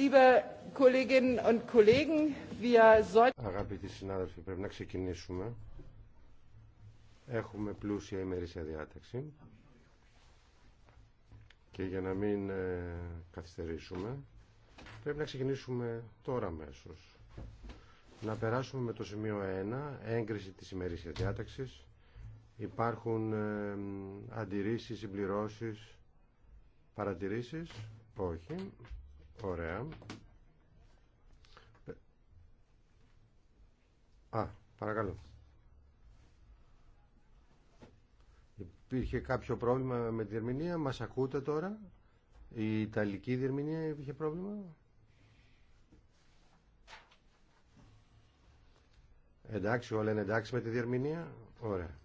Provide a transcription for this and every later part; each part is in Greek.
Liebe Kolleginnen und Kollegen, wir sollten... Αγαπητοί συνάδελφοι, πρέπει να ξεκινήσουμε. Έχουμε πλούσια ημερήσια διάταξη. Και για να μην ε, καθυστερήσουμε, πρέπει να ξεκινήσουμε τώρα αμέσω. Να περάσουμε με το σημείο 1, έγκριση της ημερήσια διάταξης. Υπάρχουν ε, αντιρρήσεις, συμπληρώσεις, παρατηρήσεις. Όχι. Ωραία. Α, παρακαλώ. Υπήρχε κάποιο πρόβλημα με τη διερμηνία. Μας ακούτε τώρα. Η Ιταλική διερμηνία υπήρχε πρόβλημα. Εντάξει, όλα είναι εντάξει με τη διερμηνία. Ωραία.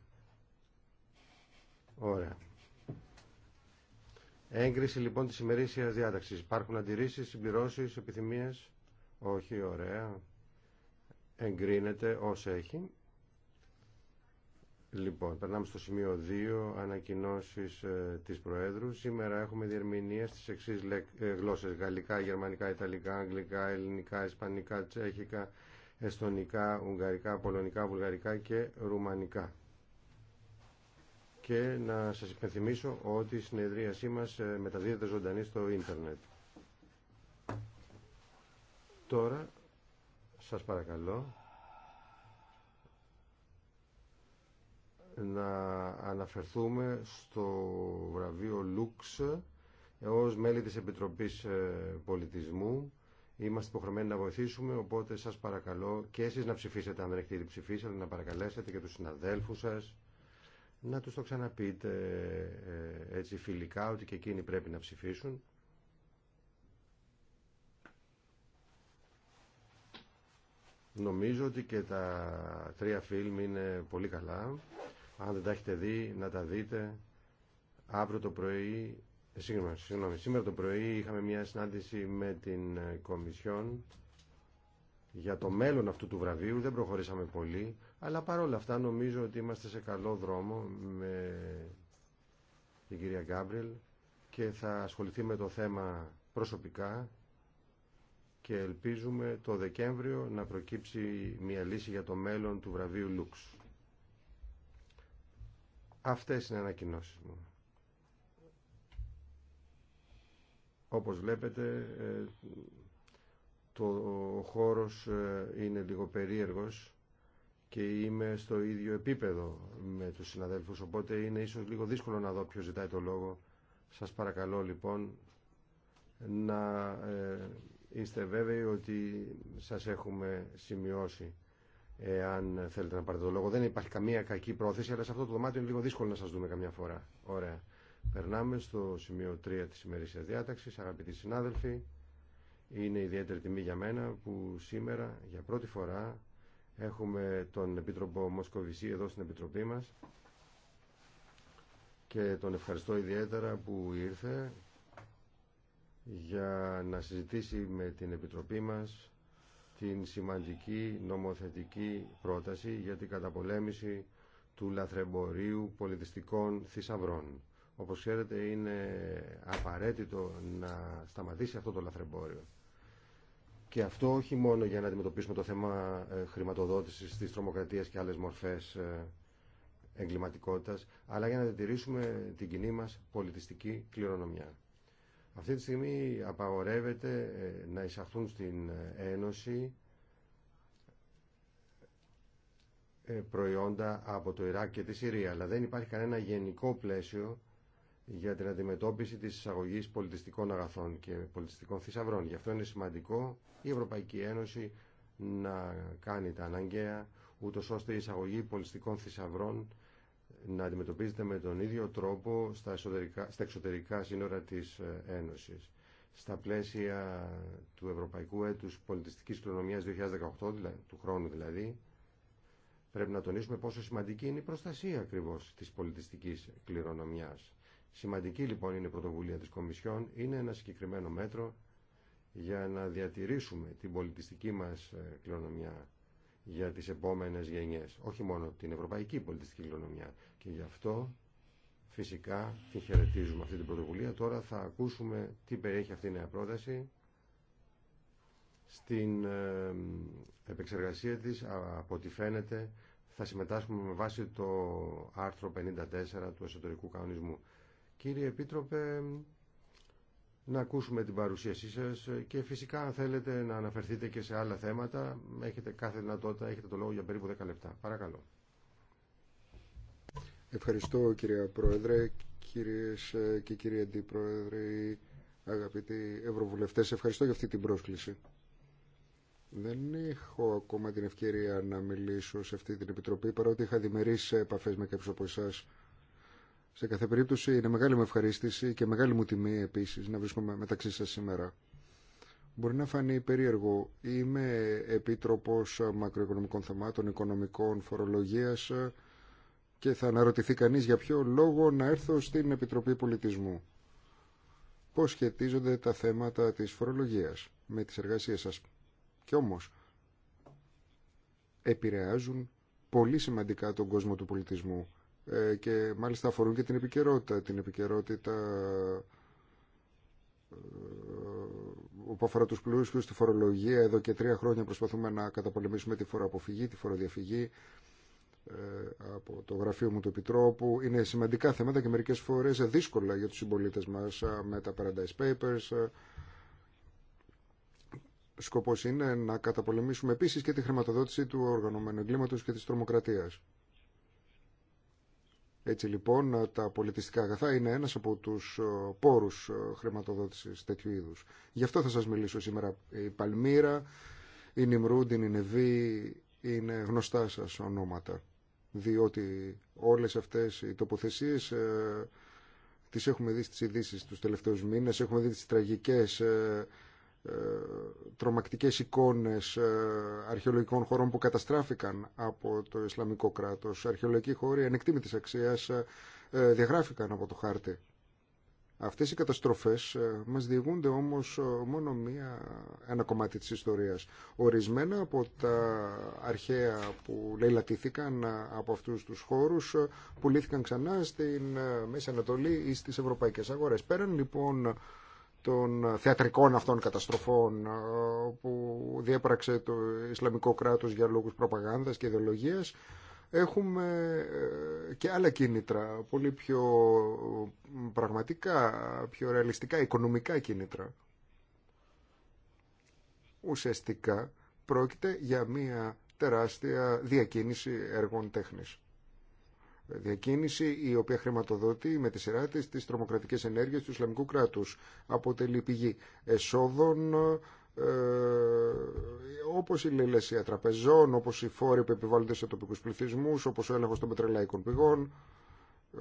Ωραία. Έγκριση λοιπόν της ημερήσιας διάταξης. Υπάρχουν αντιρρήσεις, συμπληρώσεις, επιθυμίες. Όχι, ωραία. Εγκρίνεται όσο έχει. Λοιπόν, περνάμε στο σημείο 2, ανακοινώσεις ε, της Προέδρου. Σήμερα έχουμε διερμηνία στις εξής ε, γλώσσες. Γαλλικά, γερμανικά, ιταλικά, αγγλικά, ελληνικά, ισπανικά, τσέχικα, εστονικά, ουγγαρικά, πολωνικά, βουλγαρικά και ρουμανικά και να σας υπενθυμίσω ότι η συνεδρίασή μας ε, μεταδίδεται ζωντανή στο ίντερνετ. Τώρα, σας παρακαλώ να αναφερθούμε στο βραβείο Λούξ ε, ως μέλη της Επιτροπής ε, Πολιτισμού. Είμαστε υποχρεωμένοι να βοηθήσουμε, οπότε σας παρακαλώ και εσείς να ψηφίσετε αν δεν έχετε ήδη ψηφίσει, αλλά να παρακαλέσετε και τους συναδέλφους σας να τους το ξαναπείτε ε, ε, έτσι φιλικά ότι και εκείνοι πρέπει να ψηφίσουν. Νομίζω ότι και τα τρία φιλμ είναι πολύ καλά. Αν δεν τα έχετε δει, να τα δείτε. Αύριο το πρωί, ε, συγγνώμη, σήμερα το πρωί είχαμε μια συνάντηση με την Κομισιόν για το μέλλον αυτού του βραβείου. Δεν προχωρήσαμε πολύ. Αλλά παρόλα αυτά νομίζω ότι είμαστε σε καλό δρόμο με την κυρία Γκάμπριελ και θα ασχοληθεί με το θέμα προσωπικά και ελπίζουμε το Δεκέμβριο να προκύψει μια λύση για το μέλλον του βραβείου Λουξ. Αυτές είναι ανακοινώσεις μου. Όπως βλέπετε, ε, το, χώρος ε, είναι λίγο περίεργος και είμαι στο ίδιο επίπεδο με τους συναδέλφους, οπότε είναι ίσως λίγο δύσκολο να δω ποιο ζητάει το λόγο. Σας παρακαλώ λοιπόν να ε, είστε βέβαιοι ότι σας έχουμε σημειώσει εάν θέλετε να πάρετε το λόγο. Δεν υπάρχει καμία κακή πρόθεση, αλλά σε αυτό το δωμάτιο είναι λίγο δύσκολο να σας δούμε καμιά φορά. Ωραία. Περνάμε στο σημείο 3 της ημερήσια διάταξης, αγαπητοί συνάδελφοι. Είναι ιδιαίτερη τιμή για μένα που σήμερα για πρώτη φορά Έχουμε τον Επίτροπο Μοσκοβισή εδώ στην Επιτροπή μας και τον ευχαριστώ ιδιαίτερα που ήρθε για να συζητήσει με την Επιτροπή μας την σημαντική νομοθετική πρόταση για την καταπολέμηση του λαθρεμπορίου πολιτιστικών θησαυρών. Όπως ξέρετε είναι απαραίτητο να σταματήσει αυτό το λαθρεμπόριο. Και αυτό όχι μόνο για να αντιμετωπίσουμε το θέμα ε, χρηματοδότησης της τρομοκρατίας και άλλες μορφές ε, εγκληματικότητας, αλλά για να διατηρήσουμε την κοινή μας πολιτιστική κληρονομιά. Αυτή τη στιγμή απαγορεύεται ε, να εισαχθούν στην Ένωση προϊόντα από το Ιράκ και τη Συρία, αλλά δεν υπάρχει κανένα γενικό πλαίσιο για την αντιμετώπιση της εισαγωγή πολιτιστικών αγαθών και πολιτιστικών θησαυρών. Γι' αυτό είναι σημαντικό η Ευρωπαϊκή Ένωση να κάνει τα αναγκαία, ούτω ώστε η εισαγωγή πολιτιστικών θησαυρών να αντιμετωπίζεται με τον ίδιο τρόπο στα, εσωτερικά, στα εξωτερικά σύνορα της ε, Ένωσης. Στα πλαίσια του Ευρωπαϊκού Έτους Πολιτιστικής Κληρονομιάς 2018, του χρόνου δηλαδή, πρέπει να τονίσουμε πόσο σημαντική είναι η προστασία ακριβώς της πολιτιστικής κληρονομιάς Σημαντική λοιπόν είναι η πρωτοβουλία της Κομισιόν, είναι ένα συγκεκριμένο μέτρο για να διατηρήσουμε την πολιτιστική μας ε, κληρονομιά για τις επόμενες γενιές, όχι μόνο την ευρωπαϊκή πολιτιστική κληρονομιά. Και γι' αυτό φυσικά την χαιρετίζουμε αυτή την πρωτοβουλία. Τώρα θα ακούσουμε τι περιέχει αυτή η νέα πρόταση στην ε, επεξεργασία της, από ό,τι φαίνεται, θα συμμετάσχουμε με βάση το άρθρο 54 του εσωτερικού κανονισμού. Κύριε Επίτροπε, να ακούσουμε την παρουσίασή σας και φυσικά αν θέλετε να αναφερθείτε και σε άλλα θέματα, έχετε κάθε δυνατότητα, έχετε το λόγο για περίπου 10 λεπτά. Παρακαλώ. Ευχαριστώ κύριε Πρόεδρε, κύριε ε, και κύριοι Αντιπρόεδροι, αγαπητοί Ευρωβουλευτές. Ευχαριστώ για αυτή την πρόσκληση. Δεν έχω ακόμα την ευκαιρία να μιλήσω σε αυτή την Επιτροπή, παρότι είχα διμερείς επαφές με κάποιους από εσάς σε κάθε περίπτωση είναι μεγάλη μου ευχαρίστηση και μεγάλη μου τιμή επίσης να βρίσκομαι μεταξύ σας σήμερα. Μπορεί να φανεί περίεργο. Είμαι επίτροπος μακροοικονομικών θεμάτων, οικονομικών, φορολογίας και θα αναρωτηθεί κανείς για ποιο λόγο να έρθω στην Επιτροπή Πολιτισμού. Πώς σχετίζονται τα θέματα της φορολογίας με τις εργασίες σας. Και όμως επηρεάζουν πολύ σημαντικά τον κόσμο του πολιτισμού ε, και μάλιστα αφορούν και την επικαιρότητα. Την επικαιρότητα ε, που αφορά τους πλούσιους, τη φορολογία. Εδώ και τρία χρόνια προσπαθούμε να καταπολεμήσουμε τη φοροαποφυγή, τη φοροδιαφυγή ε, από το γραφείο μου του Επιτρόπου. Είναι σημαντικά θέματα και μερικές φορές δύσκολα για τους συμπολίτε μας με τα Paradise Papers. Σκοπός είναι να καταπολεμήσουμε επίσης και τη χρηματοδότηση του οργανωμένου εγκλήματος και της τρομοκρατίας. Έτσι λοιπόν τα πολιτιστικά αγαθά είναι ένας από τους ε, πόρους ε, χρηματοδότησης τέτοιου είδους. Γι' αυτό θα σας μιλήσω σήμερα. Η Παλμύρα, η Νιμρούντ, η Νινεβή είναι γνωστά σας ονόματα. Διότι όλες αυτές οι τοποθεσίες ε, τις έχουμε δει στις ειδήσει τους τελευταίους μήνες, έχουμε δει τις τραγικές τρομακτικές εικόνες ε, αρχαιολογικών χωρών που καταστράφηκαν από το Ισλαμικό κράτος. Αρχαιολογικοί χώροι ανεκτήμητης αξίας ε, ε, διαγράφηκαν από το χάρτη. Αυτές οι καταστροφές μας διηγούνται όμως μόνο μία, ένα κομμάτι της ιστορίας. Ορισμένα από τα αρχαία που λαιλατήθηκαν από αυτούς τους χώρους πουλήθηκαν ξανά στην Μέση Ανατολή ή στις ευρωπαϊκές αγορές. Πέραν λοιπόν των θεατρικών αυτών καταστροφών ε, που διέπραξε το Ισλαμικό κράτος για λόγους προπαγάνδας και ιδεολογίας έχουμε ε, και άλλα κίνητρα, πολύ πιο πραγματικά, πιο ρεαλιστικά, οικονομικά κίνητρα. Ουσιαστικά πρόκειται για μια τεράστια διακίνηση έργων τέχνης διακίνηση η οποία χρηματοδοτεί με τη σειρά της τις τρομοκρατικές ενέργειες του Ισλαμικού κράτους. Αποτελεί πηγή εσόδων ε, όπως η λελεσία τραπεζών, όπως οι φόροι που επιβάλλονται σε τοπικούς πληθυσμούς, όπως ο έλεγχος των πετρελαϊκών πηγών. Ε,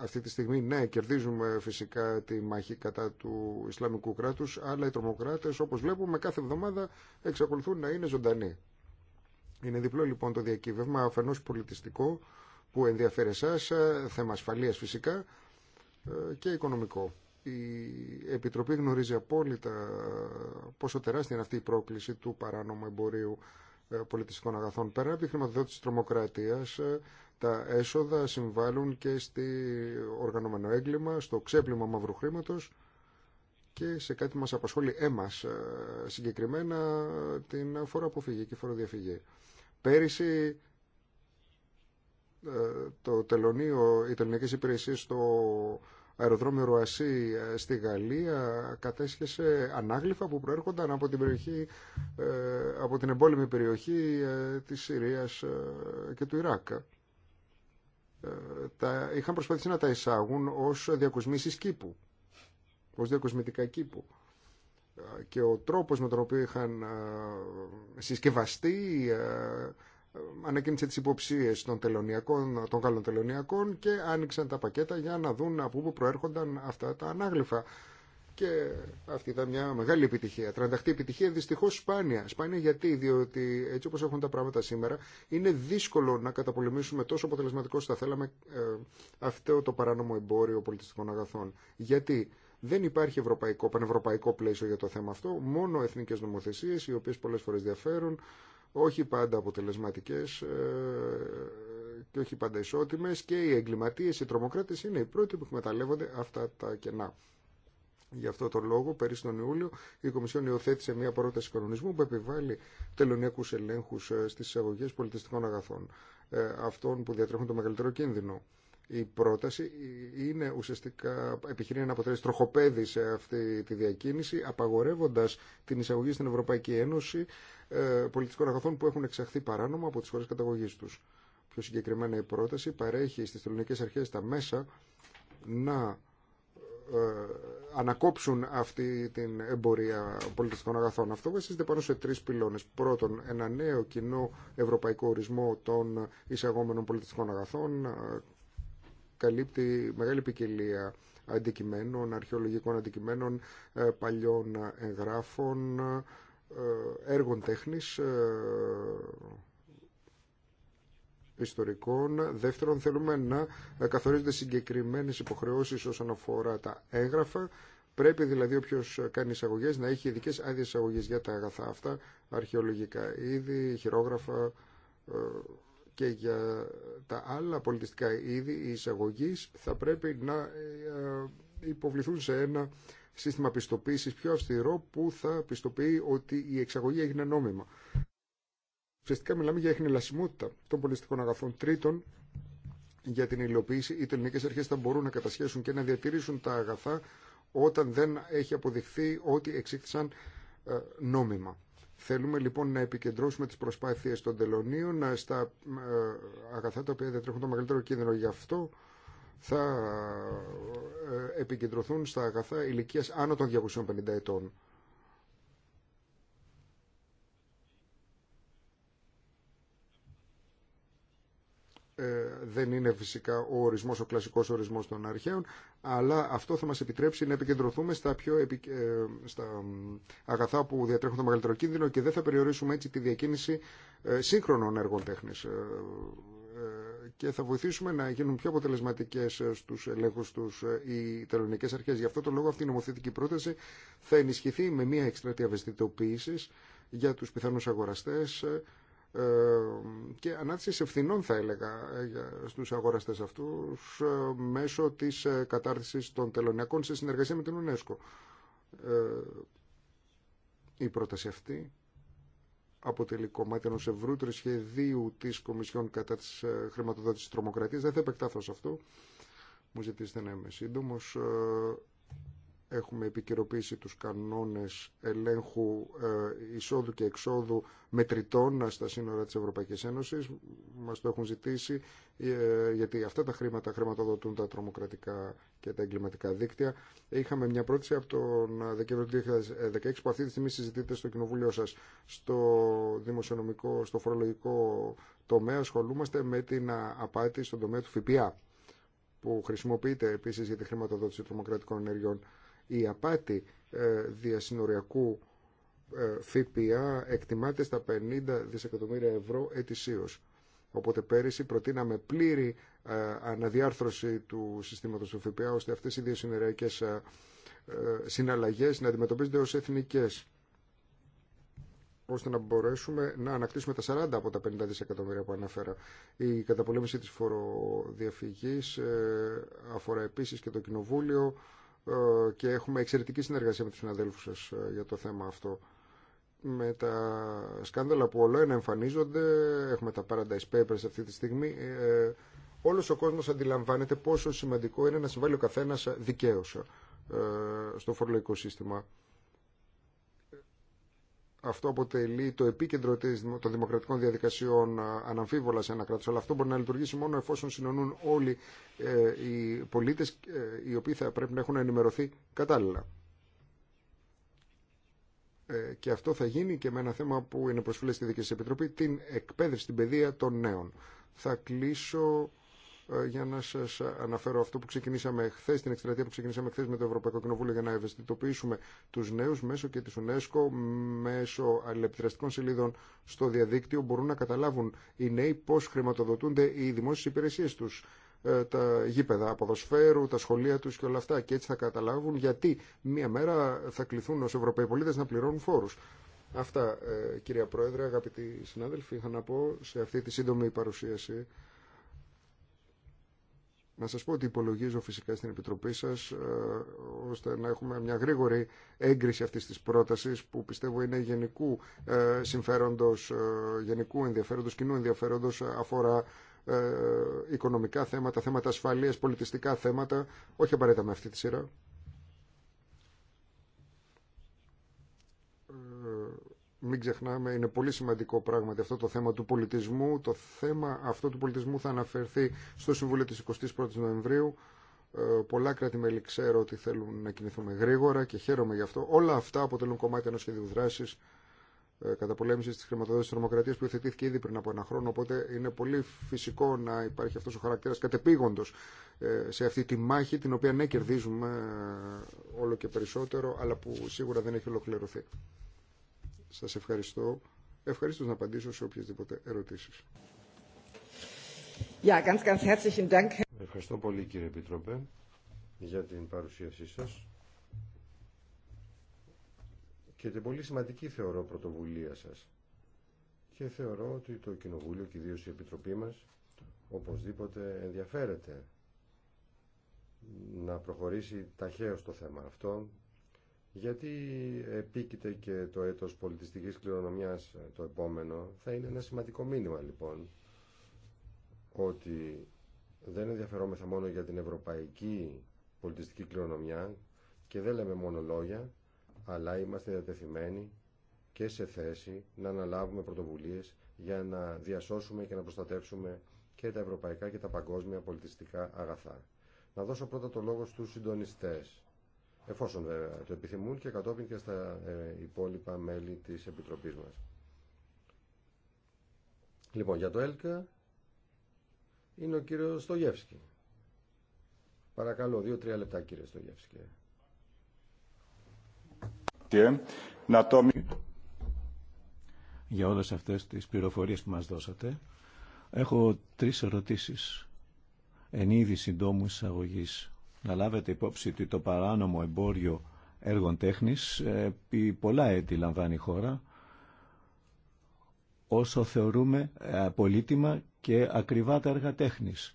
αυτή τη στιγμή, ναι, κερδίζουμε φυσικά τη μάχη κατά του Ισλαμικού κράτους, αλλά οι τρομοκράτες, όπως βλέπουμε, κάθε εβδομάδα εξακολουθούν να είναι ζωντανοί. Είναι διπλό λοιπόν το διακύβευμα, αφενός πολιτιστικό που ενδιαφέρει εσά θέμα ασφαλείας φυσικά ε, και οικονομικό. Η Επιτροπή γνωρίζει απόλυτα ε, πόσο τεράστια είναι αυτή η πρόκληση του παράνομου εμπορίου ε, πολιτιστικών αγαθών. Πέρα από τη χρηματοδότηση της τρομοκρατίας, τα έσοδα συμβάλλουν και στη οργανωμένο έγκλημα, στο ξέπλυμα μαύρου χρήματος και σε κάτι που μας απασχολεί εμάς συγκεκριμένα την φοροαποφυγή και φοροδιαφυγή. Πέρυσι ε, το τελωνείο οι τελωνιακές υπηρεσίε στο αεροδρόμιο Ρουασί ε, στη Γαλλία κατέσχεσε ανάγλυφα που προέρχονταν από την, περιοχή, ε, από την εμπόλεμη περιοχή της Συρίας και του Ιράκ. Τα, είχαν προσπαθήσει να τα εισάγουν ως διακοσμήσεις κήπου, ως διακοσμητικά κήπου και ο τρόπος με τον οποίο είχαν συσκευαστεί ανακοίνησε τις υποψίες των, τελωνιακών, των καλών τελωνιακών και άνοιξαν τα πακέτα για να δουν από πού προέρχονταν αυτά τα ανάγλυφα. Και αυτή ήταν μια μεγάλη επιτυχία. Τρανταχτή επιτυχία δυστυχώ σπάνια. Σπάνια γιατί, διότι έτσι όπω έχουν τα πράγματα σήμερα, είναι δύσκολο να καταπολεμήσουμε τόσο αποτελεσματικό όσο θα θέλαμε ε, αυτό το παράνομο εμπόριο πολιτιστικών αγαθών. Γιατί, δεν υπάρχει ευρωπαϊκό, πανευρωπαϊκό πλαίσιο για το θέμα αυτό, μόνο εθνικές νομοθεσίες οι οποίες πολλές φορές διαφέρουν, όχι πάντα αποτελεσματικές ε, και όχι πάντα ισότιμες και οι εγκληματίες, οι τρομοκράτες είναι οι πρώτοι που εκμεταλλεύονται αυτά τα κενά. Γι' αυτό τον λόγο, πέρυσι τον Ιούλιο, η Κομισιόν υιοθέτησε μια πρόταση κανονισμού που επιβάλλει τελωνιακού ελέγχου ε, στι εισαγωγέ πολιτιστικών αγαθών, ε, αυτών που διατρέχουν το μεγαλύτερο κίνδυνο. Η πρόταση είναι ουσιαστικά επιχειρεί να αποτελέσει τροχοπέδι σε αυτή τη διακίνηση, απαγορεύοντα την εισαγωγή στην Ευρωπαϊκή Ένωση ε, πολιτικών αγαθών που έχουν εξαχθεί παράνομα από τι χώρε καταγωγή του. Πιο συγκεκριμένα, η πρόταση παρέχει στι τελωνικέ αρχέ τα μέσα να ε, ανακόψουν αυτή την εμπορία πολιτιστικών αγαθών. Αυτό βασίζεται πάνω σε τρεις πυλώνες. Πρώτον, ένα νέο κοινό ευρωπαϊκό ορισμό των εισαγόμενων πολιτιστικών αγαθών, καλύπτει μεγάλη ποικιλία αντικειμένων, αρχαιολογικών αντικειμένων, ε, παλιών εγγράφων, ε, έργων τέχνης, ε, ιστορικών. Δεύτερον, θέλουμε να καθορίζονται συγκεκριμένες υποχρεώσεις όσον αφορά τα έγγραφα. Πρέπει δηλαδή όποιο κάνει εισαγωγέ να έχει ειδικέ άδειε εισαγωγή για τα αγαθά αυτά, αρχαιολογικά είδη, χειρόγραφα, και για τα άλλα πολιτιστικά είδη οι εισαγωγή θα πρέπει να ε, υποβληθούν σε ένα σύστημα πιστοποίησης πιο αυστηρό που θα πιστοποιεί ότι η εξαγωγή έγινε νόμιμα. Ουσιαστικά μιλάμε για εχνηλασιμότητα των πολιτιστικών αγαθών τρίτων για την υλοποίηση. Οι τελικέ αρχέ θα μπορούν να κατασχέσουν και να διατηρήσουν τα αγαθά όταν δεν έχει αποδειχθεί ότι εξήχθησαν ε, νόμιμα. Θέλουμε λοιπόν να επικεντρώσουμε τις προσπάθειες των τελωνίων στα ε, αγαθά τα οποία δεν τρέχουν το μεγαλύτερο κίνδυνο. Γι' αυτό θα ε, επικεντρωθούν στα αγαθά ηλικίας άνω των 250 ετών. δεν είναι φυσικά ο ορισμός, ο κλασικός ορισμός των αρχαίων, αλλά αυτό θα μας επιτρέψει να επικεντρωθούμε στα, πιο ε, στα αγαθά που διατρέχουν το μεγαλύτερο κίνδυνο και δεν θα περιορίσουμε έτσι τη διακίνηση ε, σύγχρονων έργων τέχνης ε, και θα βοηθήσουμε να γίνουν πιο αποτελεσματικέ στου ελέγχου του οι τελωνικέ αρχέ. Γι' αυτό το λόγο αυτή η νομοθετική πρόταση θα ενισχυθεί με μια εκστρατεία ευαισθητοποίηση για τους πιθανού αγοραστέ και ανάθεση ευθυνών θα έλεγα στους αγοραστές αυτούς ε, μέσω της ε, κατάρτισης των τελωνιακών σε συνεργασία με την UNESCO. Ε, η πρόταση αυτή αποτελεί κομμάτι ενός ευρύτερου σχεδίου της Κομισιόν κατά της χρηματοδότησης τρομοκρατίας. Δεν θα επεκτάθω σε αυτό. Μου ζητήσετε να είμαι σύντομο. Έχουμε επικαιροποίησει τους κανόνες ελέγχου ε, εισόδου και εξόδου μετρητών στα σύνορα της Ευρωπαϊκής Ένωσης. Μας το έχουν ζητήσει ε, γιατί αυτά τα χρήματα χρηματοδοτούν τα τρομοκρατικά και τα εγκληματικά δίκτυα. Είχαμε μια πρόταση από τον Δεκέμβριο του 2016 που αυτή τη στιγμή συζητείται στο κοινοβούλιο σας στο δημοσιονομικό, στο φορολογικό τομέα. Ασχολούμαστε με την απάτη στον τομέα του ΦΠΑ που χρησιμοποιείται επίσης για τη χρηματοδότηση τρομοκρατικών ενεργειών. Η απάτη ε, διασυνοριακού ε, ΦΠΑ εκτιμάται στα 50 δισεκατομμύρια ευρώ ετησίως. Οπότε πέρυσι προτείναμε πλήρη ε, αναδιάρθρωση του συστήματος του ΦΠΑ ώστε αυτές οι διασυνοριακές συναλλαγές να αντιμετωπίζονται ως εθνικές ώστε να μπορέσουμε να ανακτήσουμε τα 40 από τα 50 δισεκατομμύρια που αναφέρα. Η καταπολέμηση της φοροδιαφυγής αφορά επίσης και το Κοινοβούλιο ε, και έχουμε εξαιρετική συνεργασία με τους συναδέλφους σας ε, για το θέμα αυτό. Με τα σκάνδαλα που όλο ένα εμφανίζονται, έχουμε τα Paradise Papers αυτή τη στιγμή, ε, όλος ο κόσμος αντιλαμβάνεται πόσο σημαντικό είναι να συμβάλλει ο καθένας δικαίως στο φορολογικό σύστημα αυτό αποτελεί το επίκεντρο των δημοκρατικών διαδικασιών ε, αναμφίβολα σε ένα κράτος, αλλά αυτό μπορεί να λειτουργήσει μόνο εφόσον συνονούν όλοι ε, οι πολίτες ε, οι οποίοι θα πρέπει να έχουν ενημερωθεί κατάλληλα. Και αυτό θα γίνει και με ένα θέμα που είναι προσφυλές στη Δική Επιτροπή, την εκπαίδευση, την παιδεία των νέων. Θα κλείσω ε, για να σα αναφέρω αυτό που ξεκινήσαμε χθε, την εκστρατεία που ξεκινήσαμε χθε με το Ευρωπαϊκό Κοινοβούλιο για να ευαισθητοποιήσουμε του νέου μέσω και τη UNESCO, μέσω αλληλεπιδραστικών σελίδων στο διαδίκτυο, μπορούν να καταλάβουν οι νέοι πώ χρηματοδοτούνται οι δημόσιε υπηρεσίε του ε, τα γήπεδα αποδοσφαίρου τα σχολεία τους και όλα αυτά και έτσι θα καταλάβουν γιατί μία μέρα θα κληθούν ως Ευρωπαίοι πολίτες να πληρώνουν φόρους. Αυτά ε, κυρία Πρόεδρε, αγαπητοί συνάδελφοι, είχα να πω σε αυτή τη σύντομη παρουσίαση να σας πω ότι υπολογίζω φυσικά στην Επιτροπή σας ε, ώστε να έχουμε μια γρήγορη έγκριση αυτής της πρότασης που πιστεύω είναι γενικού ε, συμφέροντος, ε, γενικού ενδιαφέροντος, κοινού ενδιαφέροντος αφορά οικονομικά θέματα, θέματα ασφαλείας, πολιτιστικά θέματα, όχι απαραίτητα με αυτή τη σειρά. μην ξεχνάμε, είναι πολύ σημαντικό πράγματι αυτό το θέμα του πολιτισμού. Το θέμα αυτό του πολιτισμού θα αναφερθεί στο Συμβούλιο της 21ης Νοεμβρίου. Ε, πολλά κράτη-μέλη ξέρω ότι θέλουν να κινηθούμε γρήγορα και χαίρομαι γι' αυτό. Όλα αυτά αποτελούν κομμάτι ενός σχεδίου δράσης ε, πολέμηση της χρηματοδότησης της τρομοκρατία που υιοθετήθηκε ήδη πριν από ένα χρόνο. Οπότε είναι πολύ φυσικό να υπάρχει αυτός ο χαρακτήρα κατεπήγοντο ε, σε αυτή τη μάχη, την οποία ναι, κερδίζουμε όλο και περισσότερο, αλλά που σίγουρα δεν έχει ολοκληρωθεί. Σας ευχαριστώ. Ευχαριστώ να απαντήσω σε οποιασδήποτε ερωτήσεις. ganz, ganz Dank. Ευχαριστώ πολύ κύριε Επιτροπέ για την παρουσίασή σας και την πολύ σημαντική θεωρώ πρωτοβουλία σας και θεωρώ ότι το Κοινοβούλιο και ιδίω η Επιτροπή μας οπωσδήποτε ενδιαφέρεται να προχωρήσει ταχαίως το θέμα αυτό γιατί επίκειται και το έτος πολιτιστικής κληρονομιάς ε, το επόμενο, θα είναι ένα σημαντικό μήνυμα λοιπόν ότι δεν ενδιαφερόμεθα μόνο για την ευρωπαϊκή πολιτιστική κληρονομιά και δεν λέμε μόνο λόγια, αλλά είμαστε διατεθειμένοι και σε θέση να αναλάβουμε πρωτοβουλίες για να διασώσουμε και να προστατεύσουμε και τα ευρωπαϊκά και τα παγκόσμια πολιτιστικά αγαθά. Να δώσω πρώτα το λόγο στους συντονιστές εφόσον ε, το επιθυμούν και κατόπιν και στα ε, υπόλοιπα μέλη της Επιτροπής μας. Λοιπόν, για το ΕΛΚΑ είναι ο κύριος Στογεύσκη. Παρακαλώ, δύο-τρία λεπτά κύριε Στογεύσκη. Για όλες αυτές τις πληροφορίες που μας δώσατε, έχω τρεις ερωτήσεις. Εν είδη συντόμου εισαγωγής να λάβετε υπόψη ότι το παράνομο εμπόριο έργων τέχνης επί πολλά έτη λαμβάνει η χώρα όσο θεωρούμε ε, πολύτιμα και ακριβά τα έργα τέχνης.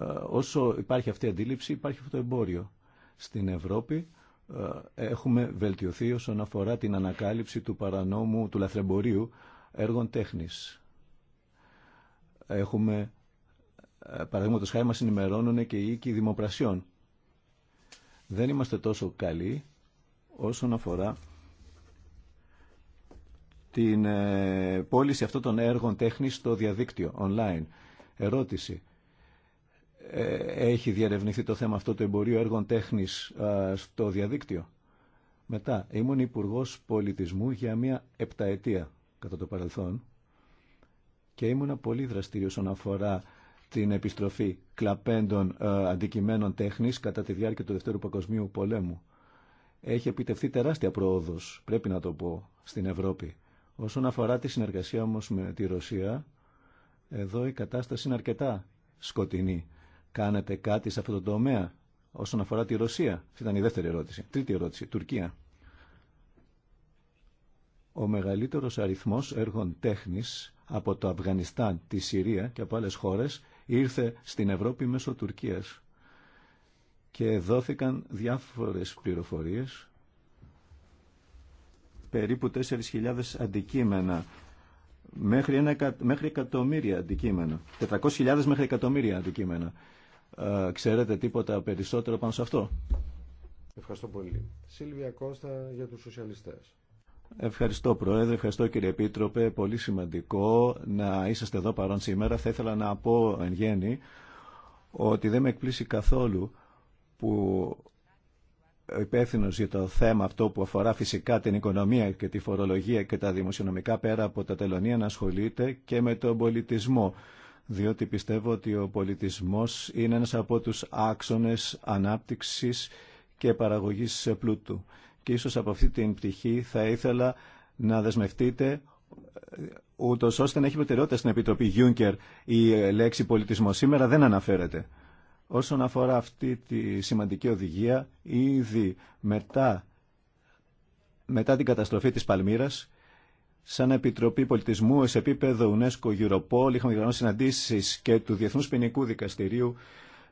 Ε, όσο υπάρχει αυτή η αντίληψη υπάρχει αυτό το εμπόριο. Στην Ευρώπη ε, έχουμε βελτιωθεί όσον αφορά την ανακάλυψη του παρανόμου, του λαθρεμπορίου έργων τέχνης. Έχουμε, παραδείγματος χάρη μας ενημερώνουν και οι οίκοι δημοπρασιών δεν είμαστε τόσο καλοί όσον αφορά την ε, πώληση αυτών των έργων τέχνης στο διαδίκτυο, online. Ερώτηση. Ε, έχει διαρευνηθεί το θέμα αυτό το εμπορίου έργων τέχνης στο διαδίκτυο. Μετά, ήμουν υπουργό πολιτισμού για μία επταετία κατά το παρελθόν και ήμουν πολύ δραστήριο όσον αφορά την επιστροφή κλαπέντων ε, αντικειμένων τέχνης κατά τη διάρκεια του Δευτέρου Παγκοσμίου Πολέμου. Έχει επιτευχθεί τεράστια πρόοδος, πρέπει να το πω, στην Ευρώπη. Όσον αφορά τη συνεργασία όμως με τη Ρωσία, εδώ η κατάσταση είναι αρκετά σκοτεινή. Κάνετε κάτι σε αυτό το τομέα όσον αφορά τη Ρωσία. Αυτή ήταν η δεύτερη ερώτηση. Τρίτη ερώτηση. Τουρκία. Ο μεγαλύτερος αριθμός έργων τέχνης από το Αφγανιστάν, τη Συρία και από άλλες χώρες ήρθε στην Ευρώπη μέσω Τουρκίας και δόθηκαν διάφορες πληροφορίες περίπου 4.000 αντικείμενα μέχρι, ένα, μέχρι εκατομμύρια αντικείμενα 400.000 μέχρι εκατομμύρια αντικείμενα ξέρετε τίποτα περισσότερο πάνω σε αυτό Ευχαριστώ πολύ Σίλβια Κώστα για τους σοσιαλιστές Ευχαριστώ Πρόεδρε, ευχαριστώ κύριε Επίτροπε. Πολύ σημαντικό να είσαστε εδώ παρόν σήμερα. Θα ήθελα να πω εν γέννη ότι δεν με εκπλήσει καθόλου που ο υπεύθυνο για το θέμα αυτό που αφορά φυσικά την οικονομία και τη φορολογία και τα δημοσιονομικά πέρα από τα τελωνία να ασχολείται και με τον πολιτισμό. Διότι πιστεύω ότι ο πολιτισμός είναι ένας από τους άξονες ανάπτυξης και παραγωγής πλούτου και ίσως από αυτή την πτυχή θα ήθελα να δεσμευτείτε ε, ούτω ώστε να έχει προτεραιότητα στην Επιτροπή Γιούνκερ η ε, λέξη πολιτισμό. Σήμερα δεν αναφέρεται. Όσον αφορά αυτή τη σημαντική οδηγία, ήδη μετά, μετά την καταστροφή της Παλμύρας, σαν Επιτροπή Πολιτισμού σε επίπεδο UNESCO Europol, είχαμε διοργανώσει συναντήσεις και του Διεθνούς Ποινικού Δικαστηρίου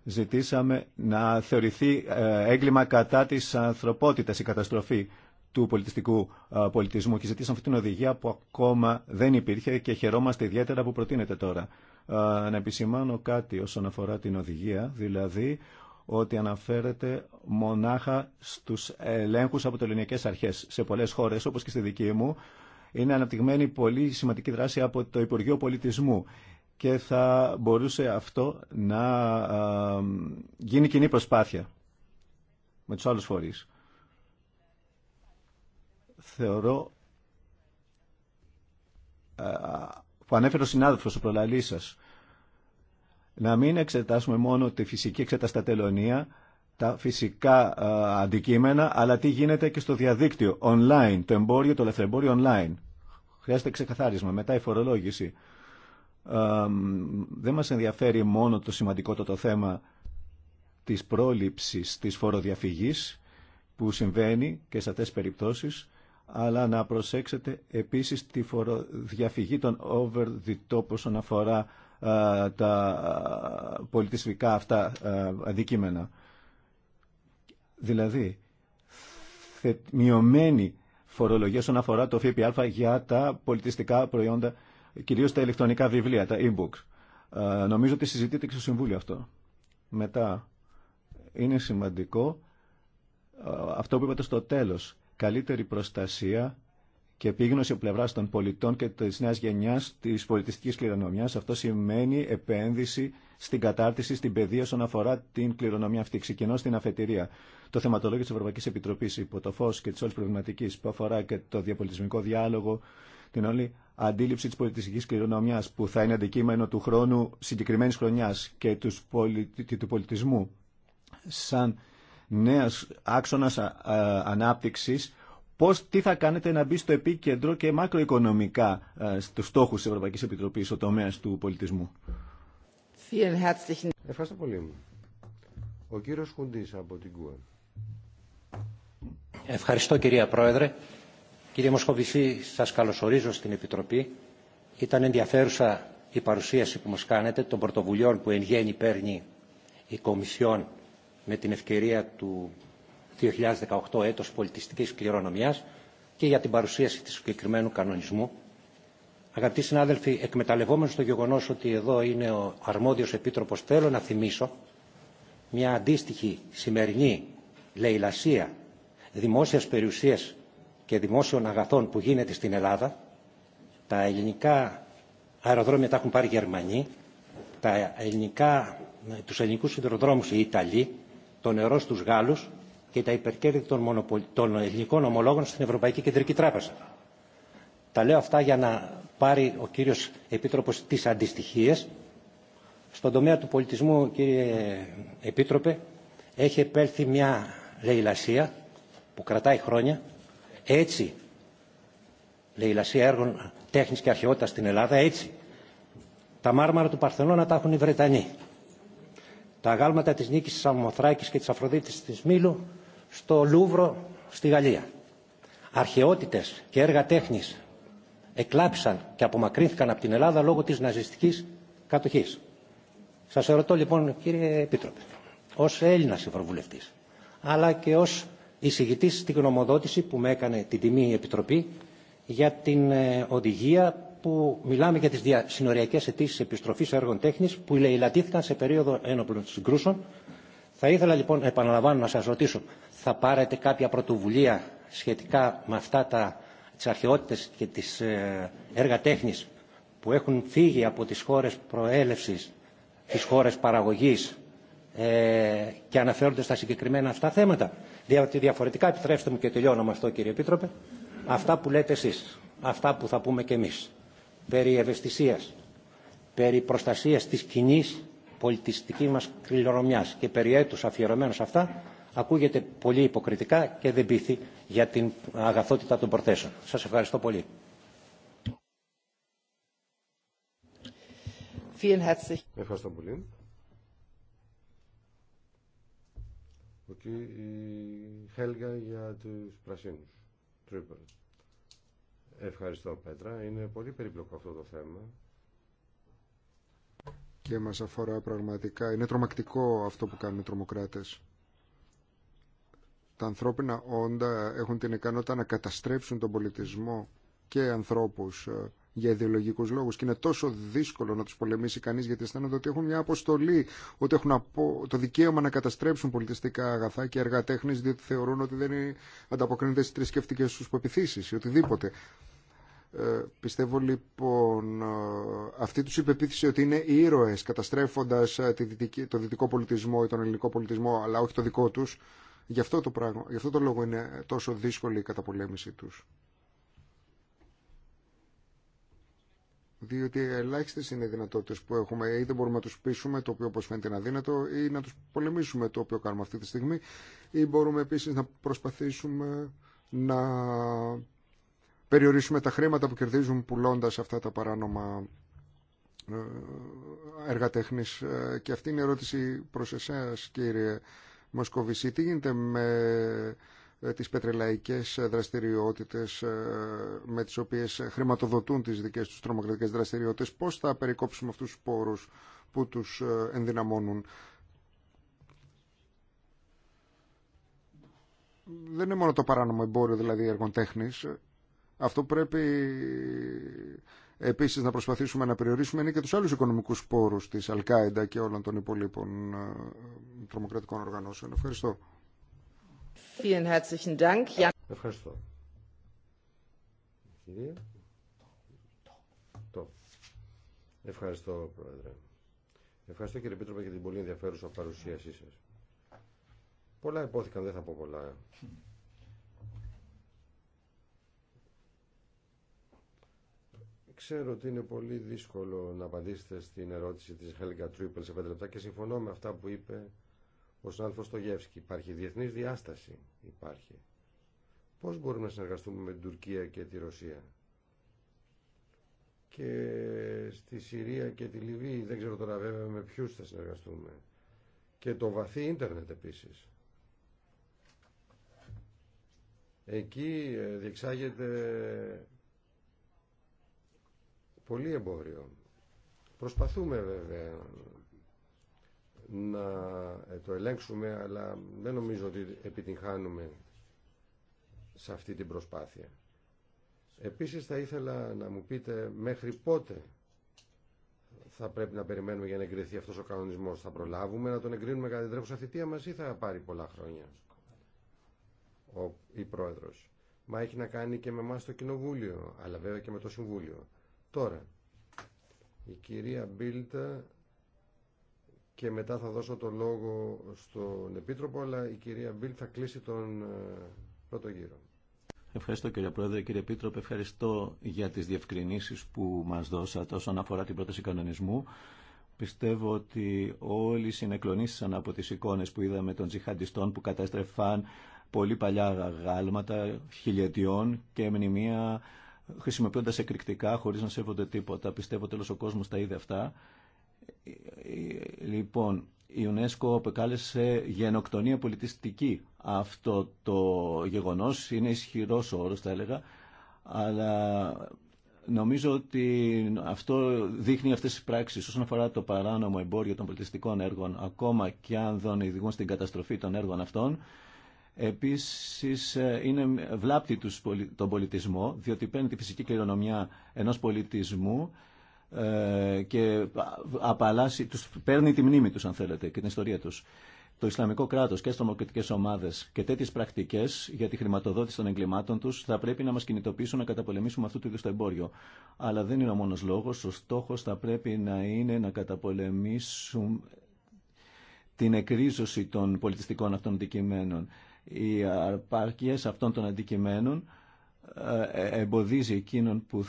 ζητήσαμε να θεωρηθεί ε, έγκλημα κατά της ανθρωπότητας η καταστροφή του πολιτιστικού ε, πολιτισμού και ζητήσαμε αυτή την οδηγία που ακόμα δεν υπήρχε και χαιρόμαστε ιδιαίτερα που προτείνεται τώρα. Ε, να επισημάνω κάτι όσον αφορά την οδηγία, δηλαδή ότι αναφέρεται μονάχα στους ελέγχους από το ελληνικές αρχές. Σε πολλές χώρες, όπως και στη δική μου, είναι αναπτυγμένη πολύ σημαντική δράση από το Υπουργείο Πολιτισμού και θα μπορούσε αυτό να γίνει κοινή προσπάθεια με τους άλλους φορείς. Θεωρώ που ανέφερε ο συνάδελφος, ο προλαλής σας, να μην εξετάσουμε μόνο τη φυσική εξεταστατελωνία, τα φυσικά αντικείμενα, αλλά τι γίνεται και στο διαδίκτυο, online, το εμπόριο, το ελευθερεμπόριο online. Χρειάζεται ξεκαθάρισμα. Μετά η φορολόγηση δεν μας ενδιαφέρει μόνο το σημαντικό το θέμα της πρόληψης της φοροδιαφυγής που συμβαίνει και σε αυτές τις περιπτώσεις, αλλά να προσέξετε επίσης τη φοροδιαφυγή των over the top όσον αφορά τα πολιτιστικά αυτά ε, αντικείμενα. Δηλαδή, θε, μειωμένη φορολογία όσον αφορά το ΦΠΑ για τα πολιτιστικά προϊόντα κυρίως τα ηλεκτρονικά βιβλία, τα e-books. Ε, νομίζω ότι συζητείται και στο Συμβούλιο αυτό. Μετά, είναι σημαντικό ε, αυτό που είπατε στο τέλος, καλύτερη προστασία και επίγνωση από πλευράς των πολιτών και της νέας γενιάς της πολιτιστικής κληρονομιάς. Αυτό σημαίνει επένδυση στην κατάρτιση, στην παιδεία όσον αφορά την κληρονομιά αυτή. Ξεκινώ στην αφετηρία. Το θεματολόγιο της Ευρωπαϊκής Επιτροπής υπό το φως και της όλης προβληματικής που αφορά και το διαπολιτισμικό διάλογο, την όλη αντίληψη της πολιτιστικής κληρονομιάς που θα είναι αντικείμενο του χρόνου συγκεκριμένης χρονιάς και του πολιτισμού σαν νέας άξονας ανάπτυξης πώς, τι θα κάνετε να μπει στο επίκεντρο και μακροοικονομικά στους στόχους της Ευρωπαϊκής Επιτροπής ο τομέας του πολιτισμού. Ευχαριστώ πολύ. Ο κύριος Χουντής από την ΚΟΕ. Ευχαριστώ κυρία Πρόεδρε. Κύριε Μοσχοβησή, σας καλωσορίζω στην Επιτροπή. Ήταν ενδιαφέρουσα η παρουσίαση που μας κάνετε των πρωτοβουλειών που εν γέννη παίρνει η Κομισιόν με την ευκαιρία του 2018 έτος πολιτιστικής κληρονομιάς και για την παρουσίαση του συγκεκριμένου κανονισμού. Αγαπητοί συνάδελφοι, εκμεταλλευόμενος το γεγονός ότι εδώ είναι ο αρμόδιος επίτροπος, θέλω να θυμίσω μια αντίστοιχη σημερινή λαιλασία δημόσιας περιουσίας και δημόσιων αγαθών που γίνεται στην Ελλάδα. Τα ελληνικά αεροδρόμια τα έχουν πάρει οι Γερμανοί, τα ελληνικά, τους ελληνικούς συνδροδρόμους οι Ιταλοί, το νερό στους Γάλλους και τα υπερκέρδη των, των ελληνικών ομολόγων στην Ευρωπαϊκή Κεντρική Τράπεζα. Τα λέω αυτά για να πάρει ο κύριος Επίτροπος τις αντιστοιχίες. Στον τομέα του πολιτισμού, κύριε Επίτροπε, έχει επέλθει μια λαιλασία που κρατάει χρόνια έτσι, λασία έργων τέχνης και αρχαιότητας στην Ελλάδα, έτσι. Τα μάρμαρα του Παρθενώνα τα έχουν οι Βρετανοί. Τα αγάλματα της νίκης της Αμμοθράκης και της Αφροδίτης της Μήλου στο Λούβρο στη Γαλλία. Αρχαιότητες και έργα τέχνης εκλάψαν και απομακρύνθηκαν από την Ελλάδα λόγω της ναζιστικής κατοχής. Σας ερωτώ λοιπόν κύριε Επίτροπε, ως Έλληνας Ευρωβουλευτής, αλλά και ως εισηγητή στην γνωμοδότηση που με έκανε την τιμή η Επιτροπή για την ε, οδηγία που μιλάμε για τι συνοριακές αιτήσει επιστροφής έργων τέχνη που λαιλατήθηκαν σε περίοδο ένοπλων συγκρούσεων. Θα ήθελα λοιπόν, επαναλαμβάνω, να σα ρωτήσω, θα πάρετε κάποια πρωτοβουλία σχετικά με αυτά τα, τις και τις ε, έργα τέχνης που έχουν φύγει από τις χώρες προέλευσης, τις χώρες παραγωγής ε, και αναφέρονται στα συγκεκριμένα αυτά θέματα. Διότι διαφορετικά, επιτρέψτε μου και τελειώνω με αυτό κύριε Επίτροπε, αυτά που λέτε εσείς, αυτά που θα πούμε και εμείς, περί ευαισθησίας, περί προστασίας της κοινή πολιτιστικής μας κληρονομιάς και περί έτους σε αυτά, ακούγεται πολύ υποκριτικά και δεν πείθει για την αγαθότητα των προθέσεων. Σας ευχαριστώ πολύ. Ευχαριστώ πολύ. Ο η Χέλγα για τους πρασίνους. Ευχαριστώ Πέτρα. Είναι πολύ περίπλοκο αυτό το θέμα. Και μας αφορά πραγματικά. Είναι τρομακτικό αυτό που κάνουν οι τρομοκράτες. Τα ανθρώπινα όντα έχουν την ικανότητα να καταστρέψουν τον πολιτισμό και ανθρώπους ε, για ιδεολογικού λόγου. Και είναι τόσο δύσκολο να του πολεμήσει κανεί γιατί αισθάνονται ότι έχουν μια αποστολή, ότι έχουν το δικαίωμα να καταστρέψουν πολιτιστικά αγαθά και έργα διότι θεωρούν ότι δεν είναι... ανταποκρίνονται στι θρησκευτικέ του πεπιθήσει ή οτιδήποτε. Ε, πιστεύω λοιπόν ε, αυτή τους υπεποίθηση ότι είναι ήρωε ήρωες καταστρέφοντας ε, το δυτικό πολιτισμό ή τον ελληνικό πολιτισμό αλλά όχι το δικό τους γι' αυτό το, γι αυτό το λόγο είναι τόσο δύσκολη η καταπολέμηση του. διότι ελάχιστε είναι οι δυνατότητε που έχουμε. Ή δεν μπορούμε να του πείσουμε, το οποίο όπω φαίνεται είναι αδύνατο, ή να του πολεμήσουμε, το οποίο κάνουμε αυτή τη στιγμή. Ή μπορούμε επίση να προσπαθήσουμε να περιορίσουμε τα χρήματα που κερδίζουν πουλώντα αυτά τα παράνομα ε, έργα τέχνης. Ε, και αυτή είναι η μπορουμε επιση να προσπαθησουμε να περιορισουμε τα χρηματα που κερδιζουν πουλωντα αυτα τα παρανομα εργατεχνη και αυτη ειναι η ερωτηση προ εσά, κύριε Μοσκοβισή. Τι γίνεται με ε, τις πετρελαϊκές ε, δραστηριότητες ε, με τις οποίες χρηματοδοτούν τις δικές τους τρομοκρατικές δραστηριότητες. Πώς θα περικόψουμε αυτούς τους πόρους που τους ενδυναμώνουν. Δεν είναι μόνο το παράνομο εμπόριο, δηλαδή έργων Αυτό πρέπει επίσης να προσπαθήσουμε να περιορίσουμε είναι και τους άλλους οικονομικούς πόρους της Αλκάιντα και όλων των υπολείπων τρομοκρατικών οργανώσεων. Ευχαριστώ. Ευχαριστώ. Ευχαριστώ, Πρόεδρε. Ευχαριστώ, κύριε Πίτροπε, για την πολύ ενδιαφέρουσα παρουσίασή σας. Πολλά υπόθηκαν, δεν θα πω πολλά. Ξέρω ότι είναι πολύ δύσκολο να απαντήσετε στην ερώτηση της Χέλικα Τρίπελ σε πέντε λεπτά και συμφωνώ με αυτά που είπε ο στο Υπάρχει διεθνής διάσταση. Υπάρχει. Πώς μπορούμε να συνεργαστούμε με την Τουρκία και τη Ρωσία. Και στη Συρία και τη Λιβύη δεν ξέρω τώρα βέβαια με ποιους θα συνεργαστούμε. Και το βαθύ ίντερνετ επίσης. Εκεί ε, διεξάγεται πολύ εμπόριο. Προσπαθούμε βέβαια να ε, το ελέγξουμε, αλλά δεν νομίζω ότι επιτυγχάνουμε σε αυτή την προσπάθεια. Επίσης θα ήθελα να μου πείτε μέχρι πότε θα πρέπει να περιμένουμε για να εγκριθεί αυτός ο κανονισμός. Θα προλάβουμε να τον εγκρίνουμε κατά την τρέχουσα θητεία μας ή θα πάρει πολλά χρόνια ο, η πρόεδρος. Μα έχει να κάνει και με εμά το Κοινοβούλιο, αλλά βέβαια και με το Συμβούλιο. Τώρα, η κυρία Μπίλτα και μετά θα δώσω το λόγο στον Επίτροπο, αλλά η κυρία Μπίλ θα κλείσει τον ε, πρώτο γύρο. Ευχαριστώ κύριε Πρόεδρε. Κύριε Επίτροπε, ευχαριστώ για τις διευκρινήσεις που μας δώσατε όσον αφορά την πρόταση κανονισμού. Πιστεύω ότι όλοι συνεκλονίσαν από τις εικόνες που είδαμε των τζιχαντιστών που καταστρεφάν πολύ παλιά γάλματα χιλιετιών και μνημεία χρησιμοποιώντας εκρηκτικά χωρίς να σέβονται τίποτα. Πιστεύω τέλος ο κόσμος τα είδε αυτά Λοιπόν, η UNESCO αποκάλεσε γενοκτονία πολιτιστική. Αυτό το γεγονός είναι ισχυρός όρος, θα έλεγα, αλλά νομίζω ότι αυτό δείχνει αυτές τις πράξεις όσον αφορά το παράνομο εμπόριο των πολιτιστικών έργων, ακόμα και αν δεν ειδηγούν στην καταστροφή των έργων αυτών. Επίσης ε, είναι βλάπτη τον πολιτισμό, διότι παίρνει τη φυσική κληρονομιά ενός πολιτισμού ε, και απαλλάσσει, τους παίρνει τη μνήμη τους αν θέλετε και την ιστορία τους. Το Ισλαμικό κράτος και στομοκριτικές ομάδες και τέτοιες πρακτικές για τη χρηματοδότηση των εγκλημάτων τους θα πρέπει να μας κινητοποιήσουν να καταπολεμήσουμε αυτού του είδους το εμπόριο. Αλλά δεν είναι ο μόνος λόγος. Ο στόχος θα πρέπει να είναι να καταπολεμήσουμε την εκρίζωση των πολιτιστικών αυτών αντικειμένων. Οι αρπάρκειες αυτών των αντικειμένων ε, ε, εμποδίζει εκείνων που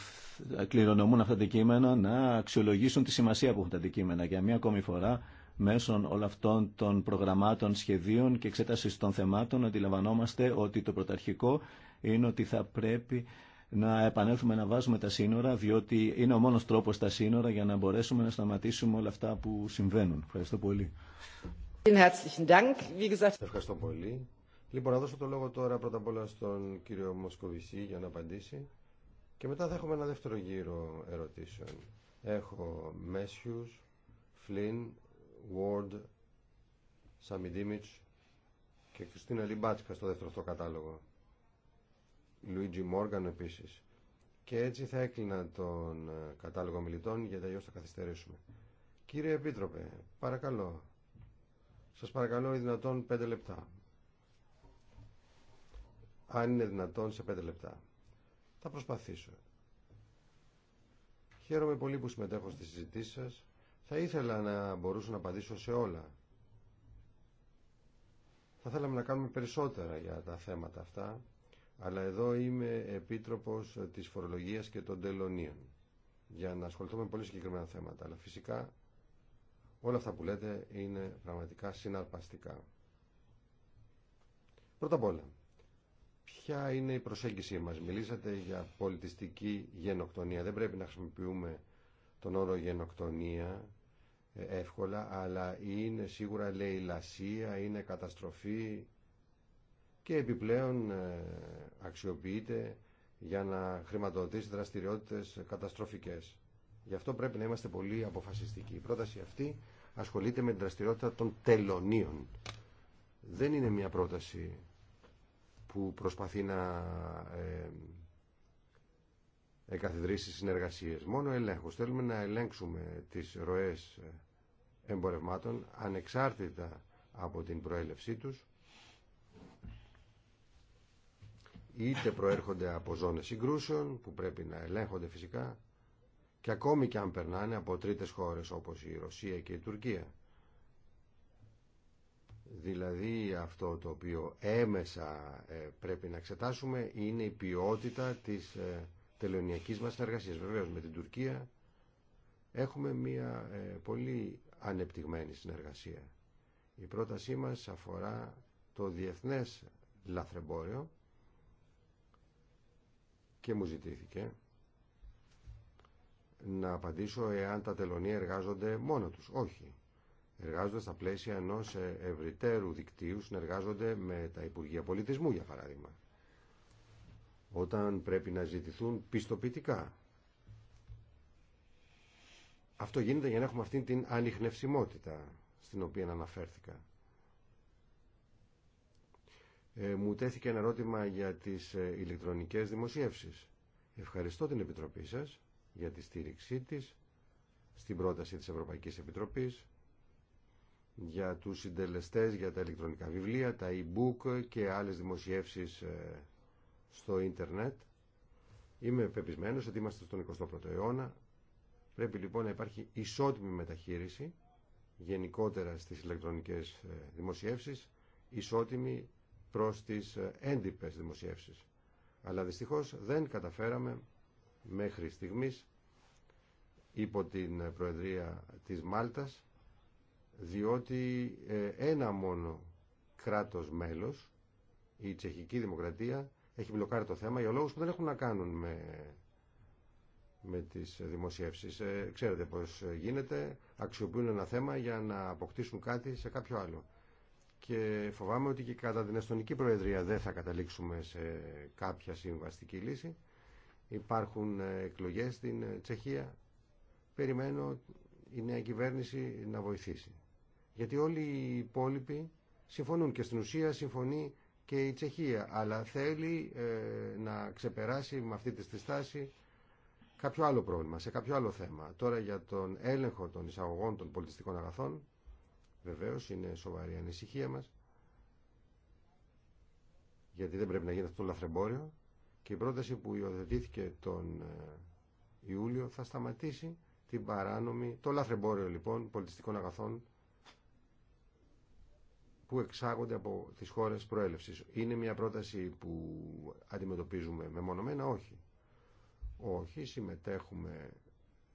κληρονομούν αυτά τα αντικείμενα να αξιολογήσουν τη σημασία που έχουν τα αντικείμενα. Για μία ακόμη φορά, μέσω όλων αυτών των προγραμμάτων, σχεδίων και εξέταση των θεμάτων, αντιλαμβανόμαστε ότι το πρωταρχικό είναι ότι θα πρέπει να επανέλθουμε να βάζουμε τα σύνορα, διότι είναι ο μόνος τρόπος τα σύνορα για να μπορέσουμε να σταματήσουμε όλα αυτά που συμβαίνουν. Ευχαριστώ πολύ. Ευχαριστώ πολύ. Λοιπόν, να δώσω το λόγο τώρα πρώτα απ' όλα στον κύριο Μοσκοβισή για να απαντήσει και μετά θα έχουμε ένα δεύτερο γύρο ερωτήσεων. Έχω Μέσιους, Φλίν, Βόρντ, Σαμιντίμιτς και Κριστίνα Λιμπάτσκα στο δεύτερο αυτό κατάλογο. Λουίτζι Μόργαν επίσης. Και έτσι θα έκλεινα τον ε, κατάλογο μιλητών γιατί αλλιώς θα καθυστερήσουμε. Κύριε Επίτροπε, παρακαλώ. Σας παρακαλώ οι δυνατόν πέντε λεπτά αν είναι δυνατόν σε πέντε λεπτά. Θα προσπαθήσω. Χαίρομαι πολύ που συμμετέχω στη συζητήση σας. Θα ήθελα να μπορούσα να απαντήσω σε όλα. Θα θέλαμε να κάνουμε περισσότερα για τα θέματα αυτά, αλλά εδώ είμαι επίτροπος της φορολογίας και των τελωνίων για να ασχοληθούμε με πολύ συγκεκριμένα θέματα. Αλλά φυσικά όλα αυτά που λέτε είναι πραγματικά συναρπαστικά. Πρώτα απ' όλα, Ποια είναι η προσέγγιση μας. Μιλήσατε για πολιτιστική γενοκτονία. Δεν πρέπει να χρησιμοποιούμε τον όρο γενοκτονία ε, εύκολα, αλλά είναι σίγουρα λασία, είναι καταστροφή και επιπλέον ε, αξιοποιείται για να χρηματοδοτήσει δραστηριότητες καταστροφικές. Γι' αυτό πρέπει να είμαστε πολύ αποφασιστικοί. Η πρόταση αυτή ασχολείται με την δραστηριότητα των τελωνίων. Δεν είναι μια πρόταση που προσπαθεί να εκαθιδρύσει συνεργασίες. Μόνο ελέγχος. Θέλουμε να ελέγξουμε τις ροές εμπορευμάτων ανεξάρτητα από την προέλευσή τους είτε προέρχονται από ζώνες συγκρούσεων που πρέπει να ελέγχονται φυσικά και ακόμη και αν περνάνε από τρίτες χώρες όπως η Ρωσία και η Τουρκία. Δηλαδή αυτό το οποίο έμεσα ε, πρέπει να εξετάσουμε είναι η ποιότητα της ε, τελωνιακής μας συνεργασίας. Βεβαίως με την Τουρκία έχουμε μια ε, πολύ ανεπτυγμένη συνεργασία. Η πρότασή μας αφορά το διεθνές λαθρεμπόριο και μου ζητήθηκε να απαντήσω εάν τα τελωνία εργάζονται μόνο τους. Όχι εργάζονται στα πλαίσια ενό ε, ευρυτέρου δικτύου, συνεργάζονται με τα Υπουργεία Πολιτισμού, για παράδειγμα. Όταν πρέπει να ζητηθούν πιστοποιητικά. Αυτό γίνεται για να έχουμε αυτή την ανιχνευσιμότητα στην οποία αναφέρθηκα. Ε, μου τέθηκε ένα ερώτημα για τις ε, ηλεκτρονικές δημοσίευσεις. Ευχαριστώ την Επιτροπή σας για τη στήριξή της στην πρόταση της Ευρωπαϊκής Επιτροπής για τους συντελεστές, για τα ηλεκτρονικά βιβλία, τα e-book και άλλες δημοσιεύσεις ε, στο ίντερνετ. Είμαι πεπισμένος ότι είμαστε στον 21ο αιώνα. Πρέπει λοιπόν να υπάρχει ισότιμη μεταχείριση γενικότερα στις ηλεκτρονικές ε, δημοσιεύσεις, ισότιμη προς τις ε, έντυπες δημοσιεύσεις. Αλλά δυστυχώς δεν καταφέραμε μέχρι στιγμής υπό την Προεδρία της Μάλτας διότι ε, ένα μόνο κράτος μέλος, η τσεχική δημοκρατία, έχει μπλοκάρει το θέμα για λόγους που δεν έχουν να κάνουν με, με τις δημοσιεύσεις. Ε, ξέρετε πώς γίνεται, αξιοποιούν ένα θέμα για να αποκτήσουν κάτι σε κάποιο άλλο. Και φοβάμαι ότι και κατά την Εστονική Προεδρία δεν θα καταλήξουμε σε κάποια συμβαστική λύση. Υπάρχουν ε, εκλογές στην Τσεχία. Περιμένω η νέα κυβέρνηση να βοηθήσει. Γιατί όλοι οι υπόλοιποι συμφωνούν και στην ουσία συμφωνεί και η Τσεχία. Αλλά θέλει ε, να ξεπεράσει με αυτή τη στάση κάποιο άλλο πρόβλημα, σε κάποιο άλλο θέμα. Τώρα για τον έλεγχο των εισαγωγών των πολιτιστικών αγαθών, βεβαίως είναι σοβαρή ανησυχία μας, γιατί δεν πρέπει να γίνεται αυτό το λαθρεμπόριο και η πρόταση που υιοθετήθηκε τον ε, Ιούλιο θα σταματήσει την παράνομη, το λαθρεμπόριο λοιπόν πολιτιστικών αγαθών που εξάγονται από τις χώρες προέλευσης. Είναι μια πρόταση που αντιμετωπίζουμε μεμονωμένα, όχι. Όχι, συμμετέχουμε,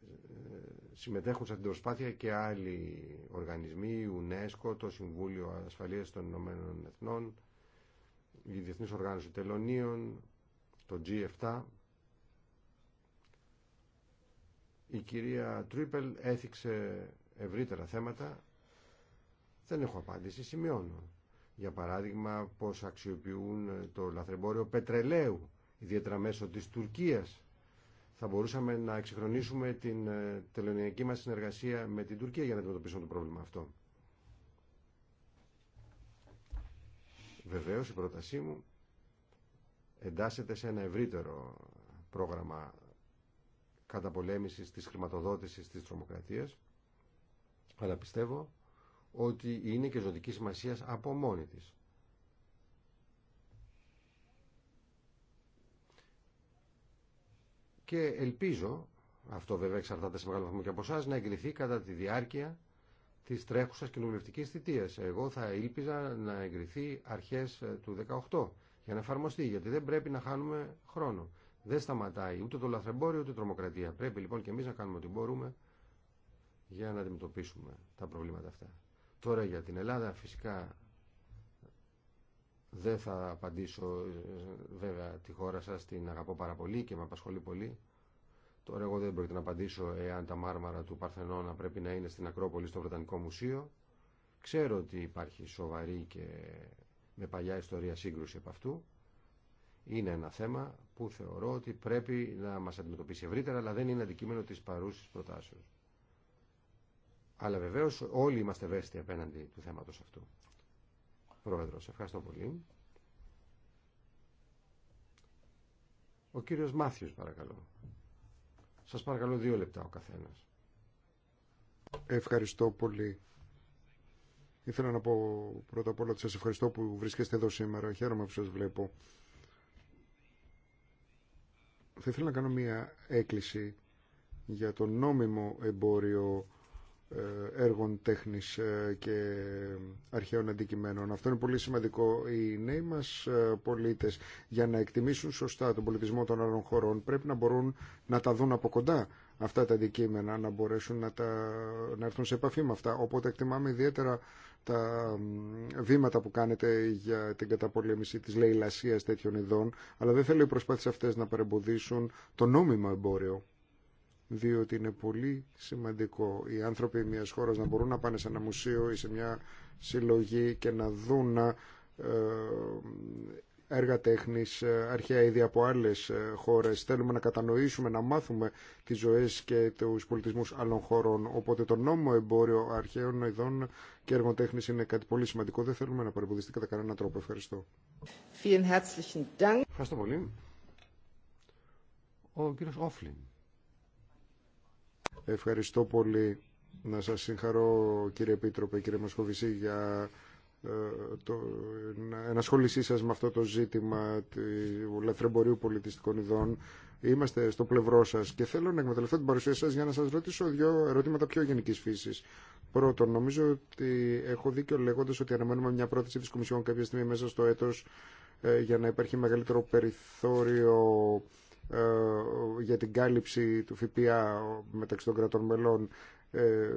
ε, συμμετέχουν σε την προσπάθεια και άλλοι οργανισμοί, UNESCO, το Συμβούλιο Ασφαλείας των Ηνωμένων Εθνών, η Διεθνής Οργάνωση Τελωνίων, το G7. Η κυρία Τρίπελ έθιξε ευρύτερα θέματα δεν έχω απάντηση, σημειώνω. Για παράδειγμα, πώς αξιοποιούν το λαθρεμπόριο πετρελαίου, ιδιαίτερα μέσω της Τουρκίας. Θα μπορούσαμε να εξυγχρονίσουμε την ε, τελωνιακή μας συνεργασία με την Τουρκία για να αντιμετωπίσουμε το πρόβλημα αυτό. Βεβαίως, η πρότασή μου εντάσσεται σε ένα ευρύτερο πρόγραμμα καταπολέμησης της χρηματοδότησης της τρομοκρατίας αλλά πιστεύω ότι είναι και ζωτική σημασία από μόνη της. Και ελπίζω, αυτό βέβαια εξαρτάται σε μεγάλο βαθμό και από εσά, να εγκριθεί κατά τη διάρκεια τη τρέχουσα κοινοβουλευτική θητεία. Εγώ θα ήλπιζα να εγκριθεί αρχέ ε, του 2018 για να εφαρμοστεί, γιατί δεν πρέπει να χάνουμε χρόνο. Δεν σταματάει ούτε το λαθρεμπόριο ούτε η τρομοκρατία. Πρέπει λοιπόν και εμεί να κάνουμε ό,τι μπορούμε για να αντιμετωπίσουμε τα προβλήματα αυτά. Τώρα για την Ελλάδα φυσικά δεν θα απαντήσω ε, βέβαια τη χώρα σας, την αγαπώ πάρα πολύ και με απασχολεί πολύ. Τώρα εγώ δεν πρόκειται να απαντήσω εάν τα μάρμαρα του Παρθενώνα πρέπει να είναι στην Ακρόπολη στο Βρετανικό Μουσείο. Ξέρω ότι υπάρχει σοβαρή και με παλιά ιστορία σύγκρουση από αυτού. Είναι ένα θέμα που θεωρώ ότι πρέπει να μας αντιμετωπίσει ευρύτερα, αλλά δεν είναι αντικείμενο της παρούσης προτάσεως. Αλλά βεβαίω όλοι είμαστε ευαίσθητοι απέναντι του θέματος αυτού. Πρόεδρος, ευχαριστώ πολύ. Ο κύριος Μάθιος παρακαλώ. Σας παρακαλώ δύο λεπτά ο καθένας. Ευχαριστώ πολύ. Ήθελα να πω πρώτα απ' όλα ότι σας ευχαριστώ που βρίσκεστε εδώ σήμερα. Χαίρομαι που σας βλέπω. Θα ήθελα να κάνω μία έκκληση για το νόμιμο εμπόριο ε, έργων τέχνης ε, και αρχαίων αντικειμένων. Αυτό είναι πολύ σημαντικό. Οι νέοι μας ε, πολίτες για να εκτιμήσουν σωστά τον πολιτισμό των άλλων χωρών πρέπει να μπορούν να τα δουν από κοντά αυτά τα αντικείμενα, να μπορέσουν να, τα, να έρθουν σε επαφή με αυτά. Οπότε εκτιμάμε ιδιαίτερα τα βήματα που κάνετε για την καταπολέμηση της λαιλασίας τέτοιων ειδών, αλλά δεν θέλω οι προσπάθειες αυτές να παρεμποδίσουν το νόμιμο εμπόριο διότι είναι πολύ σημαντικό οι άνθρωποι μιας χώρας να μπορούν να πάνε σε ένα μουσείο ή σε μια συλλογή και να δουν ε, έργα τέχνης, ε, αρχαία είδη από άλλες ε, χώρες. Θέλουμε να κατανοήσουμε, να μάθουμε τις ζωές και τους πολιτισμούς άλλων χωρών. Οπότε το νόμο εμπόριο αρχαίων ειδών και έργων τέχνης είναι κάτι πολύ σημαντικό. Δεν θέλουμε να παρεμποδιστεί κατά κανέναν τρόπο. Ευχαριστώ. Ευχαριστώ πολύ. Ο κύριος Όφλιν. Ευχαριστώ πολύ. Να σας συγχαρώ κύριε Επίτροπε, κύριε Μασχοβησή για ε, το, ενασχόλησή σας με αυτό το ζήτημα του λαθρεμπορίου πολιτιστικών ειδών. Είμαστε στο πλευρό σας και θέλω να εκμεταλλευτώ την παρουσία σας για να σας ρωτήσω δύο ερωτήματα πιο γενικής φύσης. Πρώτον, νομίζω ότι έχω δίκιο λέγοντας ότι αναμένουμε μια πρόταση της Κομισιόν κάποια στιγμή μέσα στο έτος ε, για να υπάρχει μεγαλύτερο περιθώριο ε, για την κάλυψη του ΦΠΑ μεταξύ των κρατών μελών. Ε,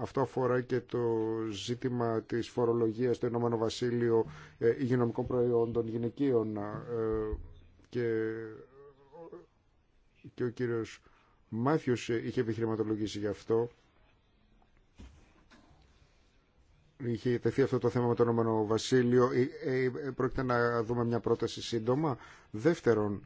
αυτό αφορά και το ζήτημα της φορολογίας στο Ηνωμένο Βασίλειο ε, υγειονομικών προϊόντων γυναικείων ε, και, και ο κύριος Μάθιος είχε επιχειρηματολογήσει γι' αυτό. Είχε τεθεί αυτό το θέμα με το Ηνωμένο Βασίλειο. πρόκειται να δούμε μια πρόταση σύντομα. Δεύτερον,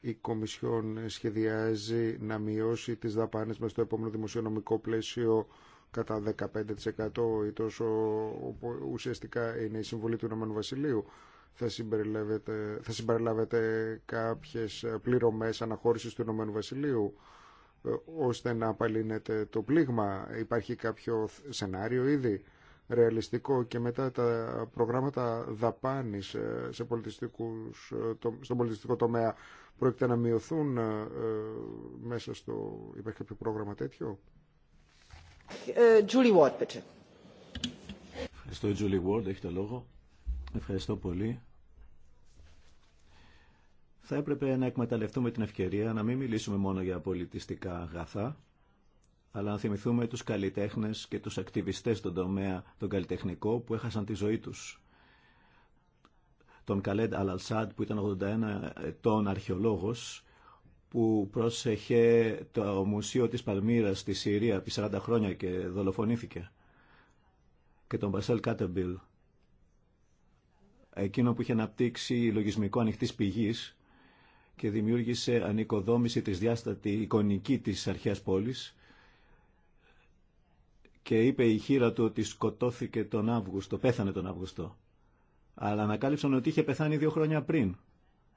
η Κομισιόν σχεδιάζει να μειώσει τις δαπάνες μας στο επόμενο δημοσιονομικό πλαίσιο κατά 15% ή τόσο ουσιαστικά είναι η συμβολή του Ηνωμένου Βασιλείου. Θα, συμπεριλάβετε, θα συμπεριλάβετε κάποιες πληρωμές αναχώρησης του Ηνωμένου Βασιλείου ε, ώστε να απαλύνεται το πλήγμα. Υπάρχει κάποιο σενάριο ήδη ρεαλιστικό και μετά τα προγράμματα δαπάνης ε, σε πολιτιστικούς, ε, στον πολιτιστικό τομέα πρόκειται να μειωθούν ε, ε, μέσα στο... Υπάρχει κάποιο πρόγραμμα τέτοιο. Ε, Ward, Ευχαριστώ, Julie Ward, έχει το λόγο. Ευχαριστώ πολύ. Θα έπρεπε να εκμεταλλευτούμε την ευκαιρία να μην μιλήσουμε μόνο για πολιτιστικά αγαθά, αλλά να θυμηθούμε τους καλλιτέχνες και τους ακτιβιστές στον τομέα τον καλλιτεχνικό που έχασαν τη ζωή τους τον Καλέντ Αλαλσάντ που ήταν 81 ετών αρχαιολόγος που πρόσεχε το Μουσείο της Παλμύρας στη Συρία επί 40 χρόνια και δολοφονήθηκε και τον Μπασέλ Κάτεμπιλ εκείνο που είχε αναπτύξει λογισμικό ανοιχτή πηγής και δημιούργησε ανοικοδόμηση της διάστατη εικονική της αρχαίας πόλης και είπε η χείρα του ότι σκοτώθηκε τον Αύγουστο, πέθανε τον Αύγουστο αλλά ανακάλυψαν ότι είχε πεθάνει δύο χρόνια πριν.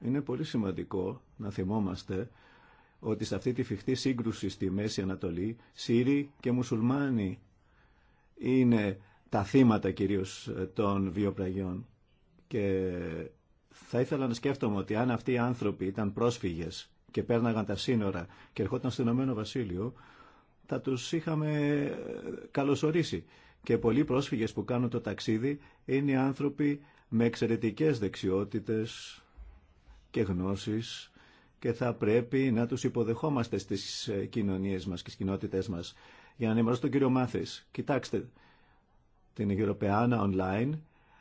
Είναι πολύ σημαντικό να θυμόμαστε ότι σε αυτή τη φιχτή σύγκρουση στη Μέση Ανατολή, Σύριοι και Μουσουλμάνοι είναι τα θύματα κυρίως ε, των βιοπραγιών. Και θα ήθελα να σκέφτομαι ότι αν αυτοί οι άνθρωποι ήταν πρόσφυγες και πέρναγαν τα σύνορα και ερχόταν στο Ηνωμένο Βασίλειο, θα τους είχαμε ε, καλωσορίσει. Και πολλοί πρόσφυγες που κάνουν το ταξίδι είναι οι άνθρωποι με εξαιρετικές δεξιότητες και γνώσεις και θα πρέπει να τους υποδεχόμαστε στις ε, κοινωνίες μας και στις κοινότητές μας. Για να ενημερώσω τον κύριο Μάθης, κοιτάξτε, την Ευρωπαϊκή Online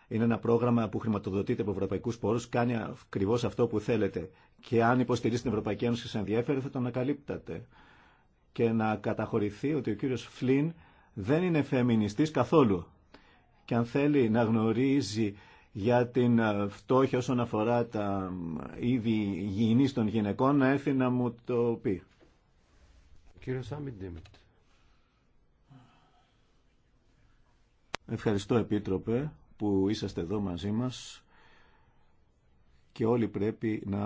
είναι ένα πρόγραμμα που χρηματοδοτείται από ευρωπαϊκούς πόρους, κάνει ακριβώ αυτό που θέλετε. Και αν υποστηρίζει την Ευρωπαϊκή Ένωση σε ενδιαφέρον θα το ανακαλύπτατε. Και να καταχωρηθεί ότι ο κύριος Φλίν δεν είναι φεμινιστής καθόλου. Και αν θέλει να γνωρίζει για την ε, φτώχεια όσον αφορά τα ε, είδη υγιεινής των γυναικών να έρθει να μου το πει. Ευχαριστώ Επίτροπε που είσαστε εδώ μαζί μας και όλοι πρέπει να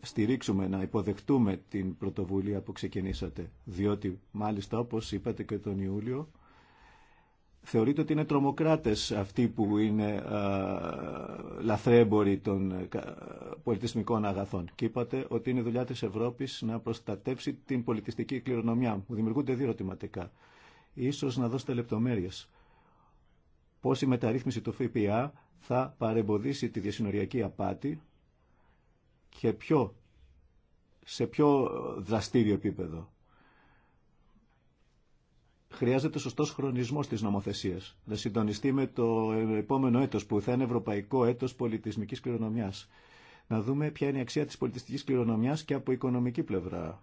στηρίξουμε, να υποδεχτούμε την πρωτοβουλία που ξεκινήσατε διότι μάλιστα όπως είπατε και τον Ιούλιο θεωρείται ότι είναι τρομοκράτες αυτοί που είναι λαθρέμποροι των πολιτισμικών αγαθών. Και είπατε ότι είναι δουλειά της Ευρώπης να προστατεύσει την πολιτιστική κληρονομιά. Μου δημιουργούνται δύο ερωτηματικά. Ίσως να δώσετε λεπτομέρειες. Πώς η μεταρρύθμιση του ΦΠΑ θα παρεμποδίσει τη διασυνοριακή απάτη και σε ποιο δραστήριο επίπεδο χρειάζεται σωστός χρονισμό τη νομοθεσία. Να συντονιστεί με το επόμενο έτος που θα είναι Ευρωπαϊκό Έτος Πολιτισμικής Κληρονομιάς. Να δούμε ποια είναι η αξία της πολιτιστικής κληρονομιάς και από οικονομική πλευρά.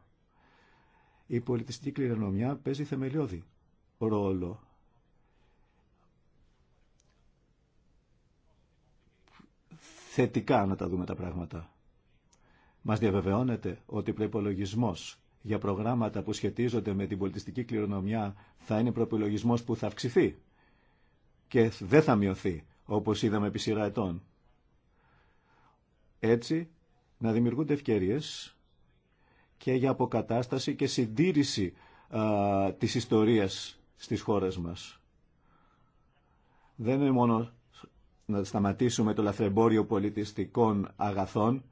Η πολιτιστική κληρονομιά παίζει θεμελιώδη ρόλο. Θετικά να τα δούμε τα πράγματα. Μας διαβεβαιώνεται ότι ο προπολογισμό για προγράμματα που σχετίζονται με την πολιτιστική κληρονομιά θα είναι προπολογισμό που θα αυξηθεί και δεν θα μειωθεί, όπως είδαμε επί σειρά ετών. Έτσι, να δημιουργούνται ευκαιρίες και για αποκατάσταση και συντήρηση α, της ιστορίας στις χώρες μας. Δεν είναι μόνο να σταματήσουμε το λαθρεμπόριο πολιτιστικών αγαθών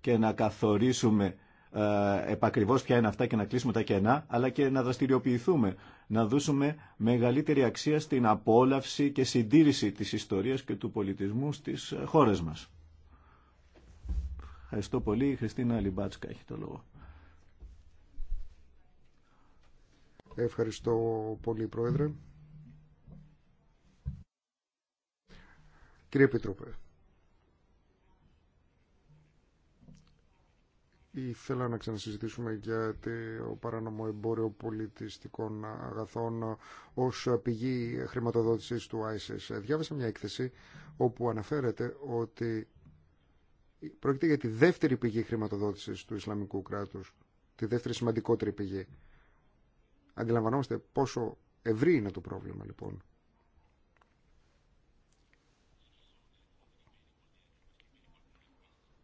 και να καθορίσουμε ε, επακριβώς ποια είναι αυτά και να κλείσουμε τα κενά, αλλά και να δραστηριοποιηθούμε, να δώσουμε μεγαλύτερη αξία στην απόλαυση και συντήρηση της ιστορίας και του πολιτισμού στις χώρες μας. Ευχαριστώ πολύ. Η Χριστίνα Λιμπάτσκα έχει το λόγο. Ευχαριστώ πολύ, Πρόεδρε. Κύριε Πίτροπε Ήθελα να ξανασυζητήσουμε για το παράνομο εμπόριο πολιτιστικών αγαθών ως πηγή χρηματοδότησης του ISIS. Διάβασα μια έκθεση όπου αναφέρεται ότι πρόκειται για τη δεύτερη πηγή χρηματοδότησης του Ισλαμικού κράτους, τη δεύτερη σημαντικότερη πηγή. Αντιλαμβανόμαστε πόσο ευρύ είναι το πρόβλημα λοιπόν.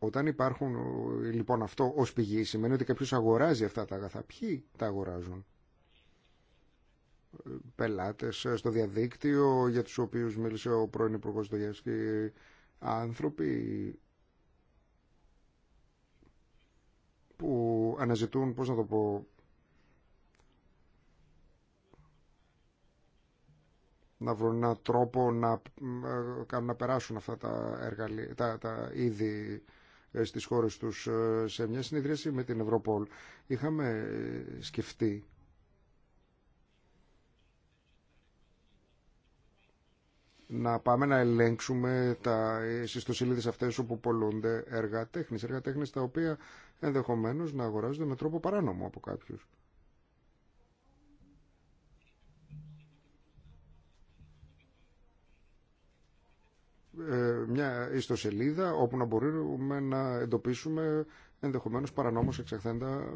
Όταν υπάρχουν λοιπόν αυτό ως πηγή σημαίνει ότι κάποιος αγοράζει αυτά τα αγαθά. Ποιοι τα αγοράζουν. Πελάτες ε, στο διαδίκτυο για τους οποίους μίλησε ο πρώην Υπουργός Δογεύσκη άνθρωποι που αναζητούν, πώς να το πω, να βρουν έναν τρόπο να, ε, να περάσουν αυτά τα, εργαλεία, τα, τα είδη ε, στις χώρες τους. Ε, σε μια συνεδρίαση με την Ευρωπόλ είχαμε ε, σκεφτεί να πάμε να ελέγξουμε τα ιστοσελίδες αυτές όπου πολλούνται έργα τέχνης, έργα τέχνης τα οποία ενδεχομένως να αγοράζονται με τρόπο παράνομο από κάποιους. Ε, μια ιστοσελίδα όπου να μπορούμε να εντοπίσουμε ενδεχομένως παρανόμως εξεχθέντα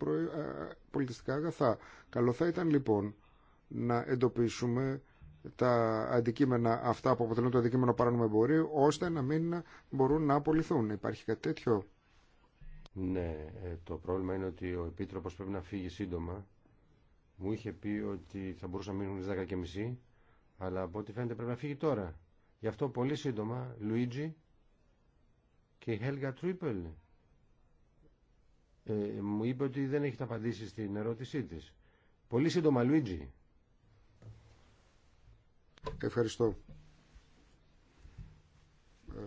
ε, ε, πολιτιστικά αγαθά. Καλό θα ήταν λοιπόν να εντοπίσουμε τα αντικείμενα αυτά που αποτελούν το αντικείμενο παράνομου εμπορίου ώστε να μην μπορούν να απολυθούν. Υπάρχει κάτι τέτοιο. Ναι, το πρόβλημα είναι ότι ο Επίτροπος πρέπει να φύγει σύντομα. Μου είχε πει ότι θα μπορούσε να μείνουν στις 10.30, αλλά από ό,τι φαίνεται πρέπει να φύγει τώρα. Γι' αυτό πολύ σύντομα, Λουίτζι και η Χέλγα Τρίπελ μου είπε ότι δεν έχει απαντήσει στην ερώτησή της. Πολύ σύντομα, Λουίτζι. Ευχαριστώ.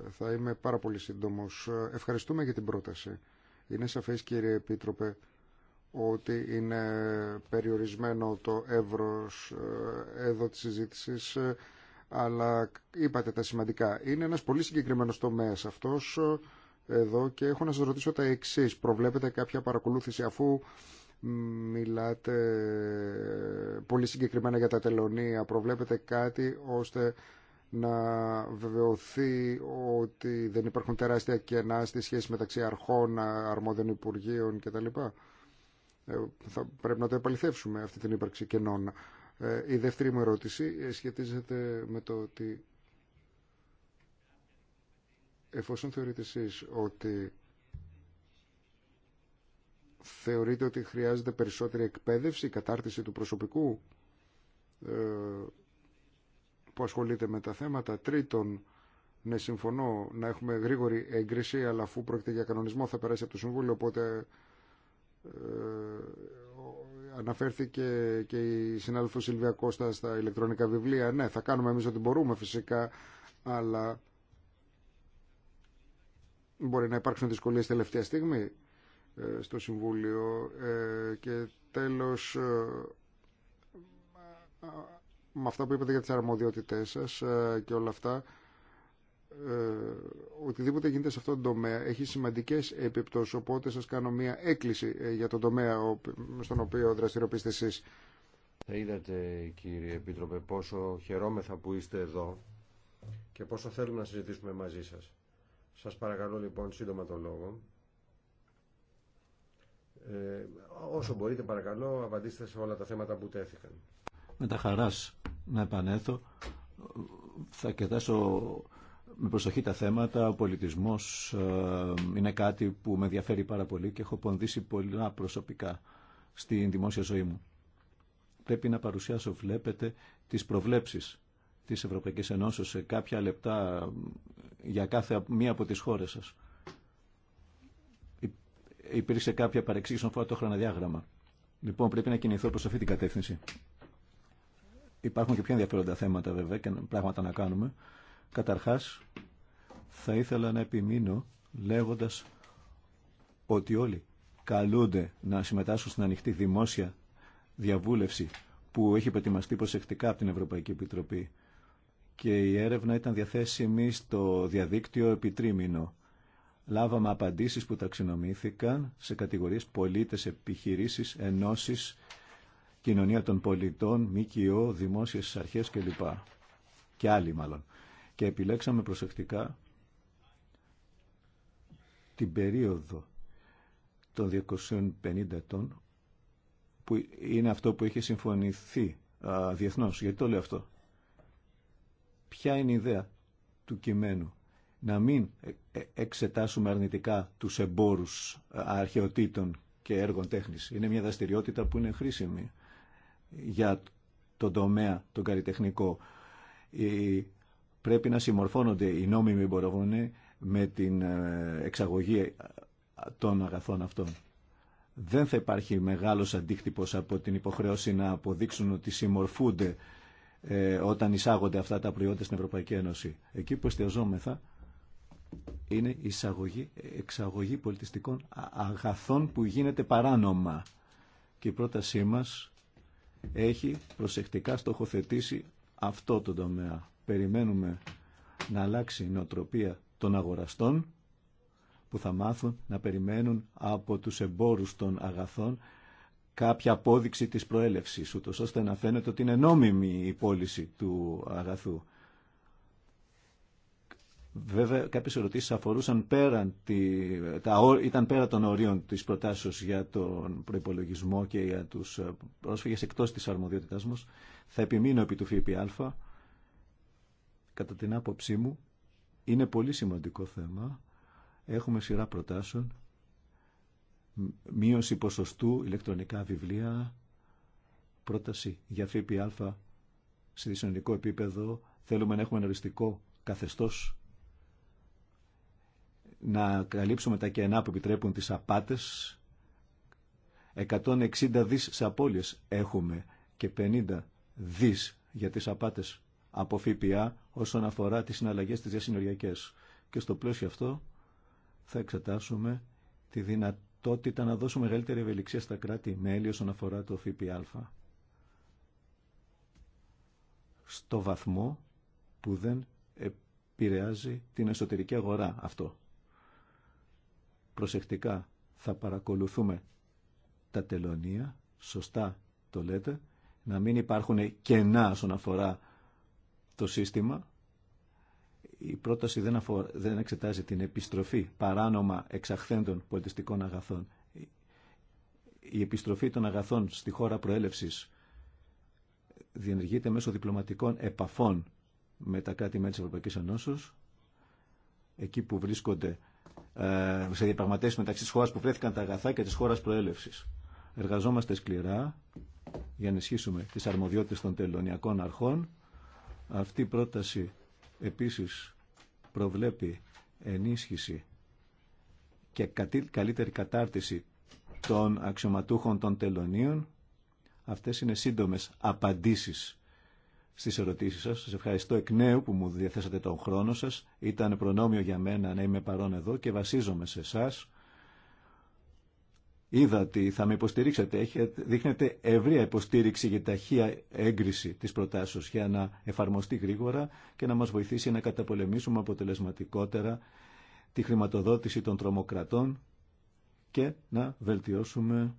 Ε, θα είμαι πάρα πολύ σύντομος. Ε, ευχαριστούμε για την πρόταση. Είναι σαφές κύριε Επίτροπε ότι είναι περιορισμένο το εύρος ε, εδώ της συζήτησης αλλά είπατε τα σημαντικά. Είναι ένας πολύ συγκεκριμένος τομέας αυτός ε, εδώ και έχω να σας ρωτήσω τα εξή. Προβλέπετε κάποια παρακολούθηση αφού μιλάτε πολύ συγκεκριμένα για τα τελωνία. Προβλέπετε κάτι ώστε να βεβαιωθεί ότι δεν υπάρχουν τεράστια κενά στη σχέση μεταξύ αρχών, αρμόδιων υπουργείων κτλ. Ε, θα πρέπει να το επαληθεύσουμε αυτή την ύπαρξη κενών. Ε, η δεύτερη μου ερώτηση ε, σχετίζεται με το ότι εφόσον θεωρείτε εσείς ότι θεωρείτε ότι χρειάζεται περισσότερη εκπαίδευση, κατάρτιση του προσωπικού ε, που ασχολείται με τα θέματα. Τρίτον, ναι, συμφωνώ να έχουμε γρήγορη έγκριση, αλλά αφού πρόκειται για κανονισμό θα περάσει από το Συμβούλιο, οπότε αναφέρθηκε και η συνάδελφος Σιλβία Κώστα στα ηλεκτρονικά βιβλία. Ναι, θα κάνουμε εμείς ό,τι μπορούμε φυσικά, αλλά μπορεί να υπάρξουν δυσκολίες τελευταία στιγμή ε, στο Συμβούλιο ε, και τέλος ε, με αυτά που είπατε για τις αρμοδιότητές σας και όλα αυτά ε, οτιδήποτε γίνεται σε αυτόν τον τομέα έχει σημαντικές επιπτώσεις οπότε σας κάνω μια έκκληση ε, για τον τομέα στον οποίο δραστηριοποιήσετε εσείς Θα είδατε κύριε Επίτροπε πόσο χαιρόμεθα που είστε εδώ και πόσο θέλουμε να συζητήσουμε μαζί σας Σας παρακαλώ λοιπόν σύντομα τον λόγο ε, όσο μπορείτε παρακαλώ απαντήστε σε όλα τα θέματα που τέθηκαν Με τα χαράς να επανέλθω θα με προσοχή τα θέματα. Ο πολιτισμός ε, είναι κάτι που με ενδιαφέρει πάρα πολύ και έχω πονδύσει πολλά προσωπικά στην δημόσια ζωή μου. Πρέπει να παρουσιάσω, βλέπετε, τις προβλέψεις της Ευρωπαϊκής Ενώσεως σε κάποια λεπτά ε, για κάθε μία από τις χώρες σας. Υπήρξε κάποια παρεξήγηση όσον αφορά το χρονοδιάγραμμα. Λοιπόν, πρέπει να κινηθώ προς αυτή την κατεύθυνση. Υπάρχουν και πιο ενδιαφέροντα θέματα βέβαια και πράγματα να κάνουμε. Καταρχάς, θα ήθελα να επιμείνω λέγοντας ότι όλοι καλούνται να συμμετάσχουν στην ανοιχτή δημόσια διαβούλευση που έχει προετοιμαστεί προσεκτικά από την Ευρωπαϊκή Επιτροπή και η έρευνα ήταν διαθέσιμη στο διαδίκτυο επί Λάβαμε απαντήσεις που ταξινομήθηκαν σε κατηγορίες πολίτες, επιχειρήσεις, ενώσεις, κοινωνία των πολιτών, ΜΚΟ, δημόσιες αρχές κλπ. Και άλλοι μάλλον και επιλέξαμε προσεκτικά την περίοδο των 250 ετών που είναι αυτό που είχε συμφωνηθεί α, διεθνώς. Γιατί το λέω αυτό. Ποια είναι η ιδέα του κειμένου. Να μην ε, ε, εξετάσουμε αρνητικά τους εμπόρους αρχαιοτήτων και έργων τέχνης. Είναι μια δραστηριότητα που είναι χρήσιμη για τον τομέα, τον καλλιτεχνικό πρέπει να συμμορφώνονται οι νόμιμοι μπορούνε με την ε, εξαγωγή ε, των αγαθών αυτών. Δεν θα υπάρχει μεγάλος αντίκτυπος από την υποχρέωση να αποδείξουν ότι συμμορφούνται ε, όταν εισάγονται αυτά τα προϊόντα στην Ευρωπαϊκή Ένωση. Εκεί που εστιαζόμεθα είναι εισαγωγή, εξαγωγή πολιτιστικών αγαθών που γίνεται παράνομα. Και η πρότασή μας έχει προσεκτικά στοχοθετήσει αυτό το τομέα περιμένουμε να αλλάξει η νοοτροπία των αγοραστών που θα μάθουν να περιμένουν από τους εμπόρους των αγαθών κάποια απόδειξη της προέλευσης, ούτως ώστε να φαίνεται ότι είναι νόμιμη η πώληση του αγαθού. Βέβαια, κάποιες ερωτήσεις αφορούσαν πέραν τη, τα, ήταν πέρα των ορίων της προτάσεως για τον προϋπολογισμό και για τους πρόσφυγες εκτός της αρμοδιότητάς μας. Θα επιμείνω επί του ΦΠΑ κατά την άποψή μου, είναι πολύ σημαντικό θέμα. Έχουμε σειρά προτάσεων. Μείωση ποσοστού ηλεκτρονικά βιβλία. Πρόταση για ΦΠΑ σε δυσονικό επίπεδο. Θέλουμε να έχουμε ένα οριστικό καθεστώς να καλύψουμε τα κενά που επιτρέπουν τις απάτες. 160 δις σε έχουμε και 50 δις για τις απάτες από ΦΠΑ όσον αφορά τις συναλλαγές της διασυνοριακές. Και στο πλαίσιο αυτό θα εξετάσουμε τη δυνατότητα να δώσουμε μεγαλύτερη ευελιξία στα κράτη-μέλη όσον αφορά το ΦΠΑ. Στο βαθμό που δεν επηρεάζει την εσωτερική αγορά αυτό. Προσεκτικά θα παρακολουθούμε τα τελωνία, σωστά το λέτε, να μην υπάρχουν κενά όσον αφορά το σύστημα, η πρόταση δεν, δεν εξετάζει την επιστροφή παράνομα εξαχθέντων πολιτιστικών αγαθών. Η επιστροφή των αγαθών στη χώρα προέλευσης διενεργείται μέσω διπλωματικών επαφών με τα κράτη-μέλη της Ευρωπαϊκής εκεί που βρίσκονται ε, σε διαπραγματεύσεις μεταξύ της χώρας που βρέθηκαν τα αγαθά και της χώρας προέλευσης. Εργαζόμαστε σκληρά για να ενισχύσουμε τις αρμοδιότητες των τελωνιακών αρχών αυτή η πρόταση επίσης προβλέπει ενίσχυση και καλύτερη κατάρτιση των αξιωματούχων των τελωνίων. Αυτές είναι σύντομες απαντήσεις στις ερωτήσεις σας. Σας ευχαριστώ εκ νέου που μου διαθέσατε τον χρόνο σας. Ήταν προνόμιο για μένα να είμαι παρόν εδώ και βασίζομαι σε εσάς Είδα ότι θα με υποστηρίξετε. Έχετε, δείχνετε υποστήριξη για ταχεία έγκριση της προτάσεως για να εφαρμοστεί γρήγορα και να μας βοηθήσει να καταπολεμήσουμε αποτελεσματικότερα τη χρηματοδότηση των τρομοκρατών και να βελτιώσουμε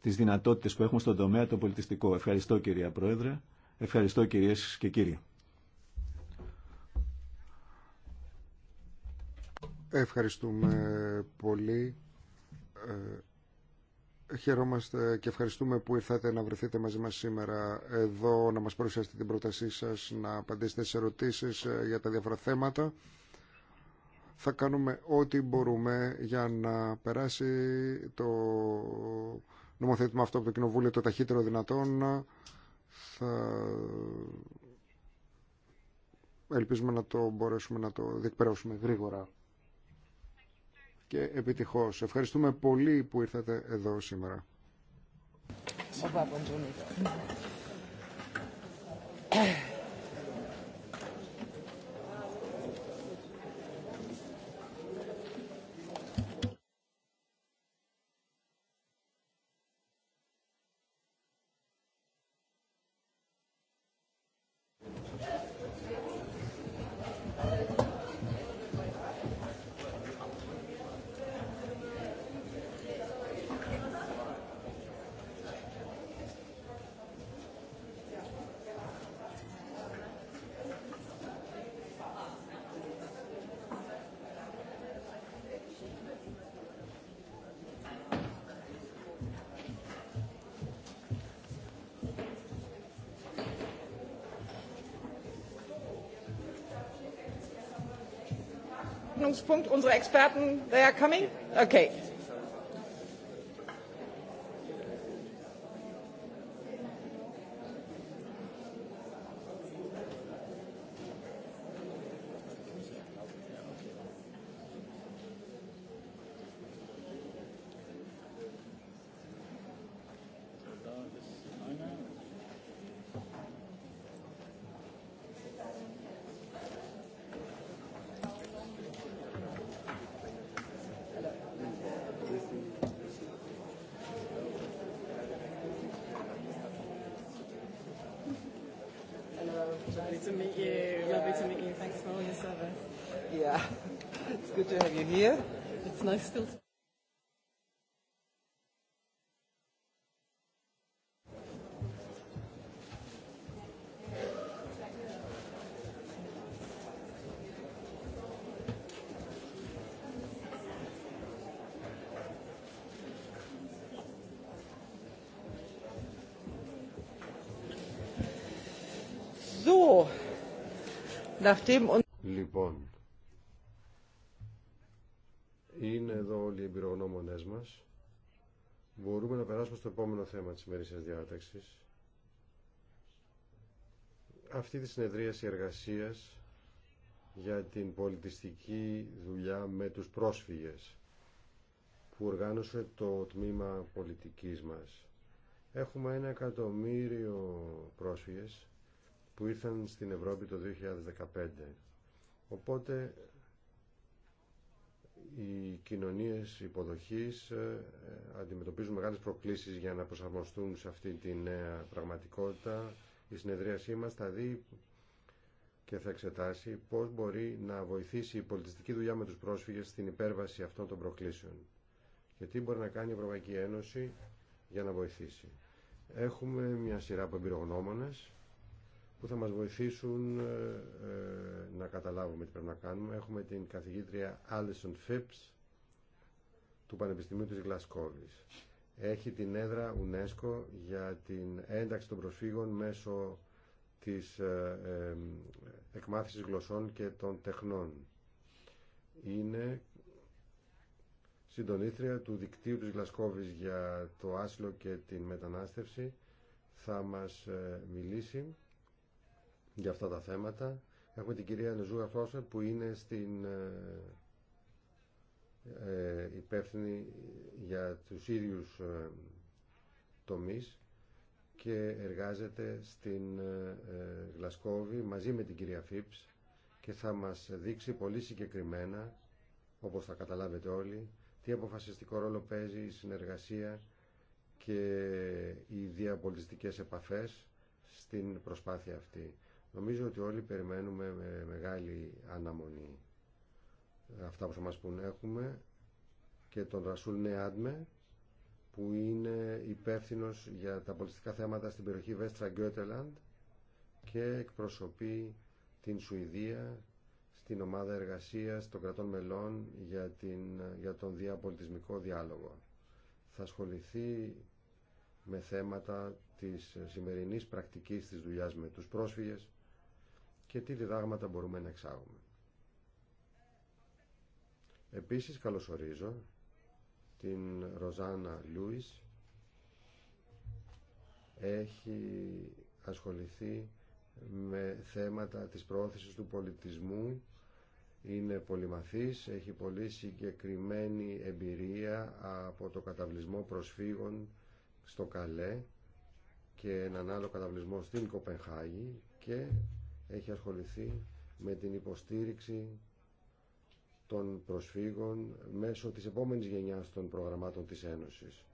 τις δυνατότητες που έχουμε στον τομέα το πολιτιστικό. Ευχαριστώ κυρία Πρόεδρε, ευχαριστώ κυρίες και κύριοι. Ευχαριστούμε πολύ. Ε, χαιρόμαστε και ευχαριστούμε που ήρθατε να βρεθείτε μαζί μας σήμερα εδώ, να μας παρουσιάσετε την πρότασή σας, να απαντήσετε σε ερωτήσεις ε, για τα διάφορα θέματα. Θα κάνουμε ό,τι μπορούμε για να περάσει το νομοθέτημα αυτό από το Κοινοβούλιο το ταχύτερο δυνατόν. Θα... Ελπίζουμε να το μπορέσουμε να το διεκπαιρώσουμε γρήγορα και επιτυχώς. Ευχαριστούμε πολύ που ήρθατε εδώ σήμερα. Punkt. Unsere Experten, they are coming? Okay. to meet you. Lovely to meet you. Thanks for all your service. Yeah, it's good to have you here. It's nice still to Λοιπόν, είναι εδώ όλοι οι εμπειρογνώμονέ μα. Μπορούμε να περάσουμε στο επόμενο θέμα τη ημερήσια διάταξη. Αυτή τη συνεδρίαση εργασία για την πολιτιστική δουλειά με τους πρόσφυγες που οργάνωσε το τμήμα πολιτικής μας. Έχουμε ένα εκατομμύριο πρόσφυγες που ήρθαν στην Ευρώπη το 2015. Οπότε οι κοινωνίες υποδοχής ε, αντιμετωπίζουν μεγάλες προκλήσεις για να προσαρμοστούν σε αυτή τη νέα πραγματικότητα. Η συνεδρίασή μας θα δει και θα εξετάσει πώς μπορεί να βοηθήσει η πολιτιστική δουλειά με τους πρόσφυγες στην υπέρβαση αυτών των προκλήσεων και τι μπορεί να κάνει η Ευρωπαϊκή Ένωση για να βοηθήσει. Έχουμε μια σειρά από εμπειρογνώμονες που θα μας βοηθήσουν ε, ε, να καταλάβουμε τι πρέπει να κάνουμε. Έχουμε την καθηγήτρια Alison Phipps του Πανεπιστημίου της Γλασκόβης. Έχει την έδρα UNESCO για την ένταξη των προσφύγων μέσω της ε, εκμάθησης γλωσσών και των τεχνών. Είναι συντονίστρια του δικτύου της Γλασκόβης για το άσυλο και την μετανάστευση. Θα μας μιλήσει για αυτά τα θέματα. Έχουμε την κυρία Νεζούγα Φρόσερ που είναι στην ε, ε, υπεύθυνη για τους ίδιους ε, τομείς και εργάζεται στην ε, ε, Γλασκόβη μαζί με την κυρία Φίπς και θα μας δείξει πολύ συγκεκριμένα, όπως θα καταλάβετε όλοι, τι αποφασιστικό ρόλο παίζει η συνεργασία και οι διαπολιτιστικές επαφές στην προσπάθεια αυτή. Νομίζω ότι όλοι περιμένουμε με μεγάλη αναμονή ε, αυτά που θα μας πούν έχουμε και τον Ρασούλ Νεάντμε που είναι υπεύθυνο για τα πολιτιστικά θέματα στην περιοχή Βέστρα Γκέτελαντ και εκπροσωπεί την Σουηδία στην ομάδα εργασίας των κρατών μελών για, την, για τον διαπολιτισμικό διάλογο. Θα ασχοληθεί με θέματα της σημερινής πρακτικής της δουλειάς με τους πρόσφυγες και τι διδάγματα μπορούμε να εξάγουμε. Επίσης καλωσορίζω την Ροζάνα Λούις έχει ασχοληθεί με θέματα της προώθησης του πολιτισμού είναι πολυμαθής, έχει πολύ συγκεκριμένη εμπειρία από το καταβλισμό προσφύγων στο Καλέ και έναν άλλο καταβλισμό στην Κοπενχάγη και έχει ασχοληθεί με την υποστήριξη των προσφύγων μέσω της επόμενης γενιάς των προγραμμάτων της Ένωσης.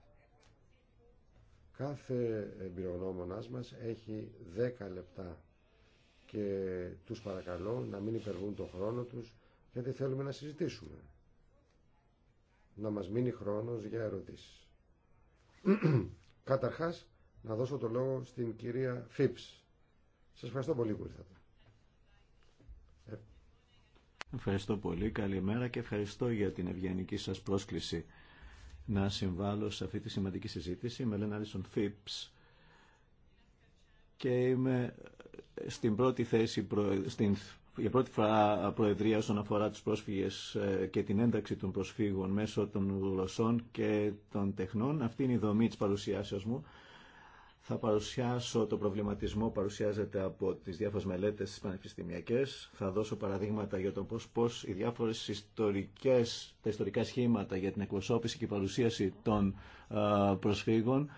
Κάθε εμπειρογνώμονας μας έχει 10 λεπτά και τους παρακαλώ να μην υπερβούν τον χρόνο τους γιατί θέλουμε να συζητήσουμε. Να μας μείνει χρόνος για ερωτήσεις. Καταρχάς, να δώσω το λόγο στην κυρία Φίπς. Σας ευχαριστώ πολύ που ήρθατε. Ευχαριστώ πολύ. Καλημέρα και ευχαριστώ για την ευγενική σας πρόσκληση να συμβάλλω σε αυτή τη σημαντική συζήτηση. Με λένε Άλισον Φίπς και είμαι στην πρώτη θέση, στην, για πρώτη φορά προεδρία όσον αφορά τις πρόσφυγες ε, και την ένταξη των προσφύγων μέσω των γλωσσών και των τεχνών. Αυτή είναι η δομή της παρουσιάσεως μου. Θα παρουσιάσω το προβληματισμό που παρουσιάζεται από τις διάφορε μελέτε τις πανεπιστημιακές. Θα δώσω παραδείγματα για το πώς, πώς οι διάφορες ιστορικές, τα ιστορικά σχήματα για την εκπροσώπηση και παρουσίαση των προσφύγων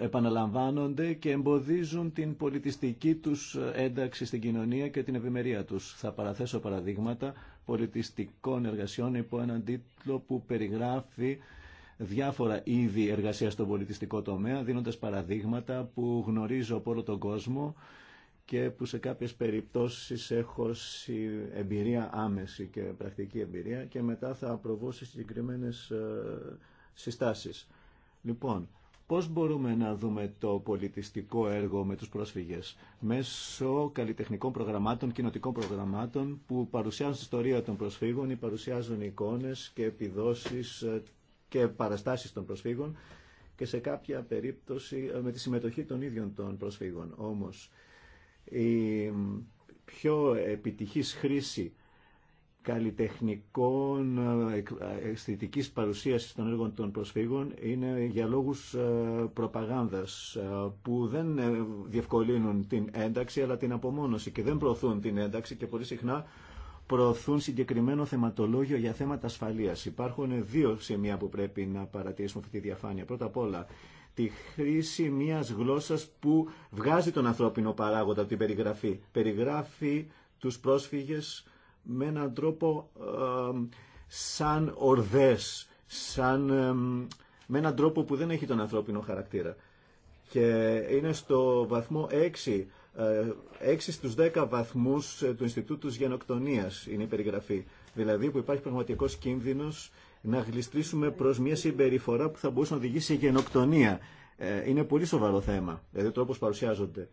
επαναλαμβάνονται και εμποδίζουν την πολιτιστική τους ένταξη στην κοινωνία και την ευημερία τους. Θα παραθέσω παραδείγματα πολιτιστικών εργασιών υπό έναν τίτλο που περιγράφει διάφορα είδη εργασία στον πολιτιστικό τομέα, δίνοντας παραδείγματα που γνωρίζω από όλο τον κόσμο και που σε κάποιες περιπτώσεις έχω εμπειρία άμεση και πρακτική εμπειρία και μετά θα προβώ σε συγκεκριμένες ε, συστάσεις. Λοιπόν, πώς μπορούμε να δούμε το πολιτιστικό έργο με τους πρόσφυγες μέσω καλλιτεχνικών προγραμμάτων, κοινοτικών προγραμμάτων που παρουσιάζουν τη ιστορία των προσφύγων ή παρουσιάζουν εικόνες και επιδόσεις ε, και παραστάσει των προσφύγων και σε κάποια περίπτωση ε, με τη συμμετοχή των ίδιων των προσφύγων. όμω. η πιο επιτυχη χρήση καλλιτεχνικών ε, ε, αισθητική παρουσίαση των έργων των προσφύγων είναι για λόγου προπαγάνδας που δεν διευκολύνουν την ένταξη αλλά την απομόνωση και δεν προωθούν την ένταξη και πολύ συχνά προωθούν συγκεκριμένο θεματολόγιο για θέματα ασφαλείας. Υπάρχουν δύο σημεία που πρέπει να παρατηρήσουμε αυτή τη διαφάνεια. Πρώτα απ' όλα, τη χρήση μιας γλώσσας που βγάζει τον ανθρώπινο παράγοντα από την περιγραφή. Περιγράφει τους πρόσφυγες με έναν τρόπο σαν ορδέ, σαν, με έναν τρόπο που δεν έχει τον ανθρώπινο χαρακτήρα. Και είναι στο βαθμό 6 6 ε, στους 10 βαθμούς του Ινστιτούτου Γενοκτονίας είναι η περιγραφή. Δηλαδή που υπάρχει πραγματικός κίνδυνος να γλιστρήσουμε προς μια συμπεριφορά που θα μπορούσε να οδηγήσει σε γενοκτονία. Ε, είναι πολύ σοβαρό θέμα, δηλαδή τρόπος παρουσιάζονται.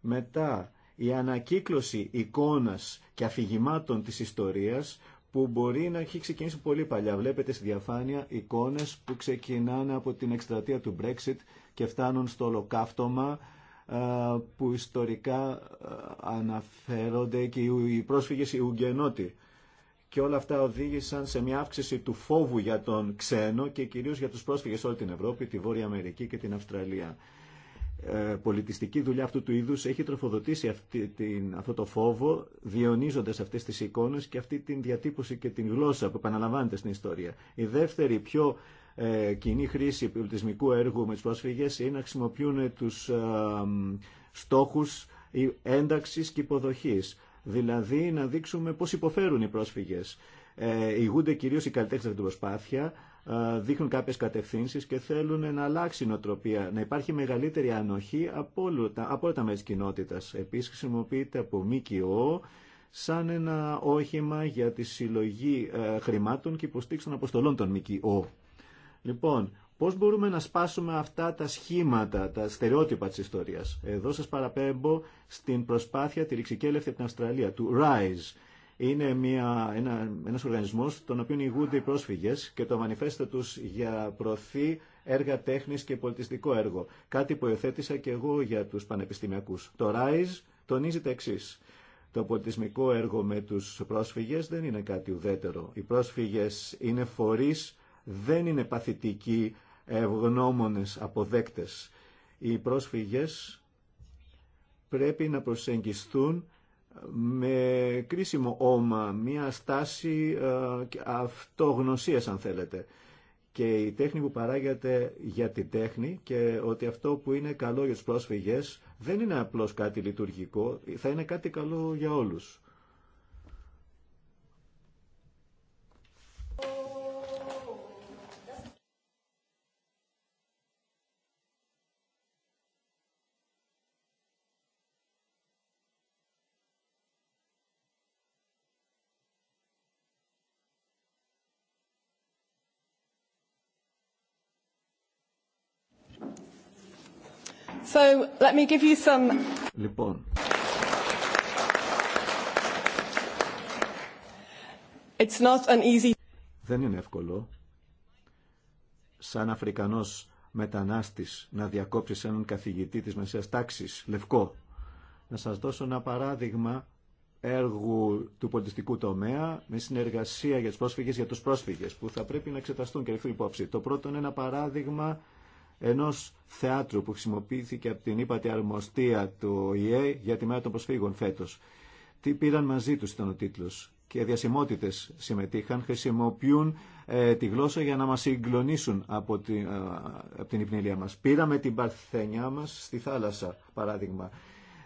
Μετά, η ανακύκλωση εικόνας και αφηγημάτων της ιστορίας που μπορεί να έχει ξεκινήσει πολύ παλιά. Βλέπετε στη διαφάνεια εικόνες που ξεκινάνε από την εκστρατεία του Brexit και φτάνουν στο ολοκαύτωμα ε, που ιστορικά ε, αναφέρονται και οι πρόσφυγες οι Ουγγενώτοι Και όλα αυτά οδήγησαν σε μια αύξηση του φόβου για τον ξένο και κυρίως για τους πρόσφυγες όλη την Ευρώπη, τη Βόρεια Αμερική και την Αυστραλία. Ε, πολιτιστική δουλειά αυτού του είδους έχει τροφοδοτήσει αυτή την, αυτό το φόβο διονύζοντας αυτές τις εικόνες και αυτή την διατύπωση και την γλώσσα που επαναλαμβάνεται στην ιστορία. Η δεύτερη πιο ε, κοινή χρήση πολιτισμικού έργου με τους πρόσφυγες είναι να χρησιμοποιούν τους ε, στόχους ένταξης και υποδοχής. Δηλαδή να δείξουμε πώς υποφέρουν οι πρόσφυγες. Ε, ηγούνται κυρίως οι καλλιτέχνες αυτή την προσπάθεια, ε, δείχνουν κάποιες κατευθύνσεις και θέλουν να αλλάξει η νοοτροπία, να υπάρχει μεγαλύτερη ανοχή από όλα τα, από όλα τα μέρη της κοινότητας. Επίσης χρησιμοποιείται από ΜΚΟ σαν ένα όχημα για τη συλλογή χρημάτων και υποστήριξη των αποστολών των ΜΚΟ. Λοιπόν, πώς μπορούμε να σπάσουμε αυτά τα σχήματα, τα στερεότυπα της ιστορίας. Εδώ σας παραπέμπω στην προσπάθεια τη ρηξικέλευτη από την Αυστραλία, του RISE. Είναι μια, ένα, ένας οργανισμός τον οποίο ηγούνται οι πρόσφυγες και το μανιφέστο τους για προθή έργα τέχνης και πολιτιστικό έργο. Κάτι που υιοθέτησα και εγώ για τους πανεπιστημιακούς. Το RISE τονίζει τα εξή. Το πολιτισμικό έργο με τους πρόσφυγες δεν είναι κάτι ουδέτερο. Οι πρόσφυγες είναι φορείς δεν είναι παθητικοί ευγνώμονες αποδέκτες. Οι πρόσφυγες πρέπει να προσεγγιστούν με κρίσιμο όμα, μια στάση ε, αυτογνωσίας αν θέλετε. Και η τέχνη που παράγεται για την τέχνη και ότι αυτό που είναι καλό για τους πρόσφυγες δεν είναι απλώς κάτι λειτουργικό, θα είναι κάτι καλό για όλους. Λοιπόν. Δεν είναι εύκολο σαν Αφρικανός μετανάστης να διακόψει έναν καθηγητή της μεσαίας τάξης, λευκό. Να σας δώσω ένα παράδειγμα έργου του πολιτιστικού τομέα με συνεργασία για τους πρόσφυγες, για τους πρόσφυγες που θα πρέπει να εξεταστούν και ληφθούν υπόψη. Το πρώτο είναι ένα παράδειγμα ενός θεάτρου που χρησιμοποιήθηκε από την ύπατη αρμοστία του Ι.Ε. για τη μέρα των προσφύγων φέτος. Τι πήραν μαζί τους ήταν ο τίτλος και διασημότητες συμμετείχαν, χρησιμοποιούν ε, τη γλώσσα για να μας συγκλονίσουν από, ε, από την υπνηλία μας. Πήραμε την παρθένιά μας στη θάλασσα, παράδειγμα.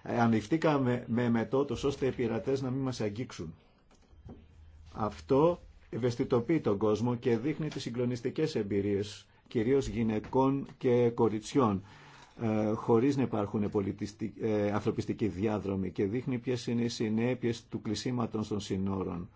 Ε, ανοιχτήκαμε με μετότος ώστε οι πειρατές να μην μας αγγίξουν. Αυτό ευαισθητοποιεί τον κόσμο και δείχνει τις συγκλονιστικές εμπειρίες κυρίως γυναικών και κοριτσιών ε, χωρίς να υπάρχουν ε, ανθρωπιστικοί διάδρομοι και δείχνει ποιες είναι οι συνέπειες του κλεισίματος των συνόρων.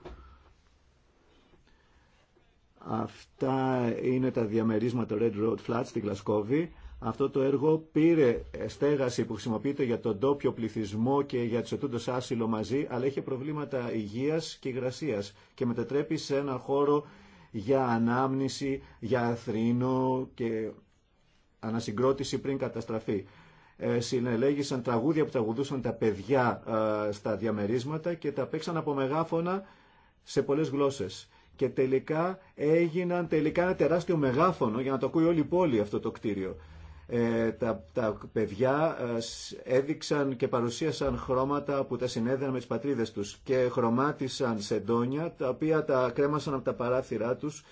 Αυτά είναι τα διαμερίσματα Red Road Flats στη Γλασκόβη. Αυτό το έργο πήρε στέγαση που χρησιμοποιείται για τον τόπιο πληθυσμό και για τους ετούντος άσυλο μαζί, αλλά είχε προβλήματα υγείας και υγρασίας και μετατρέπει σε ένα χώρο για ανάμνηση, για θρήνο και ανασυγκρότηση πριν καταστραφεί. Ε, συνελέγησαν τραγούδια που τραγουδούσαν τα παιδιά ε, στα διαμερίσματα και τα παίξαν από μεγάφωνα σε πολλές γλώσσες. Και τελικά έγιναν τελικά ένα τεράστιο μεγάφωνο για να το ακούει όλη η πόλη αυτό το κτίριο. Ε, τα, παιδιά ε, έδειξαν και παρουσίασαν χρώματα που τα συνέδεαν με τις πατρίδες τους και χρωμάτισαν σεντόνια τα οποία τα κρέμασαν από τα παράθυρά τους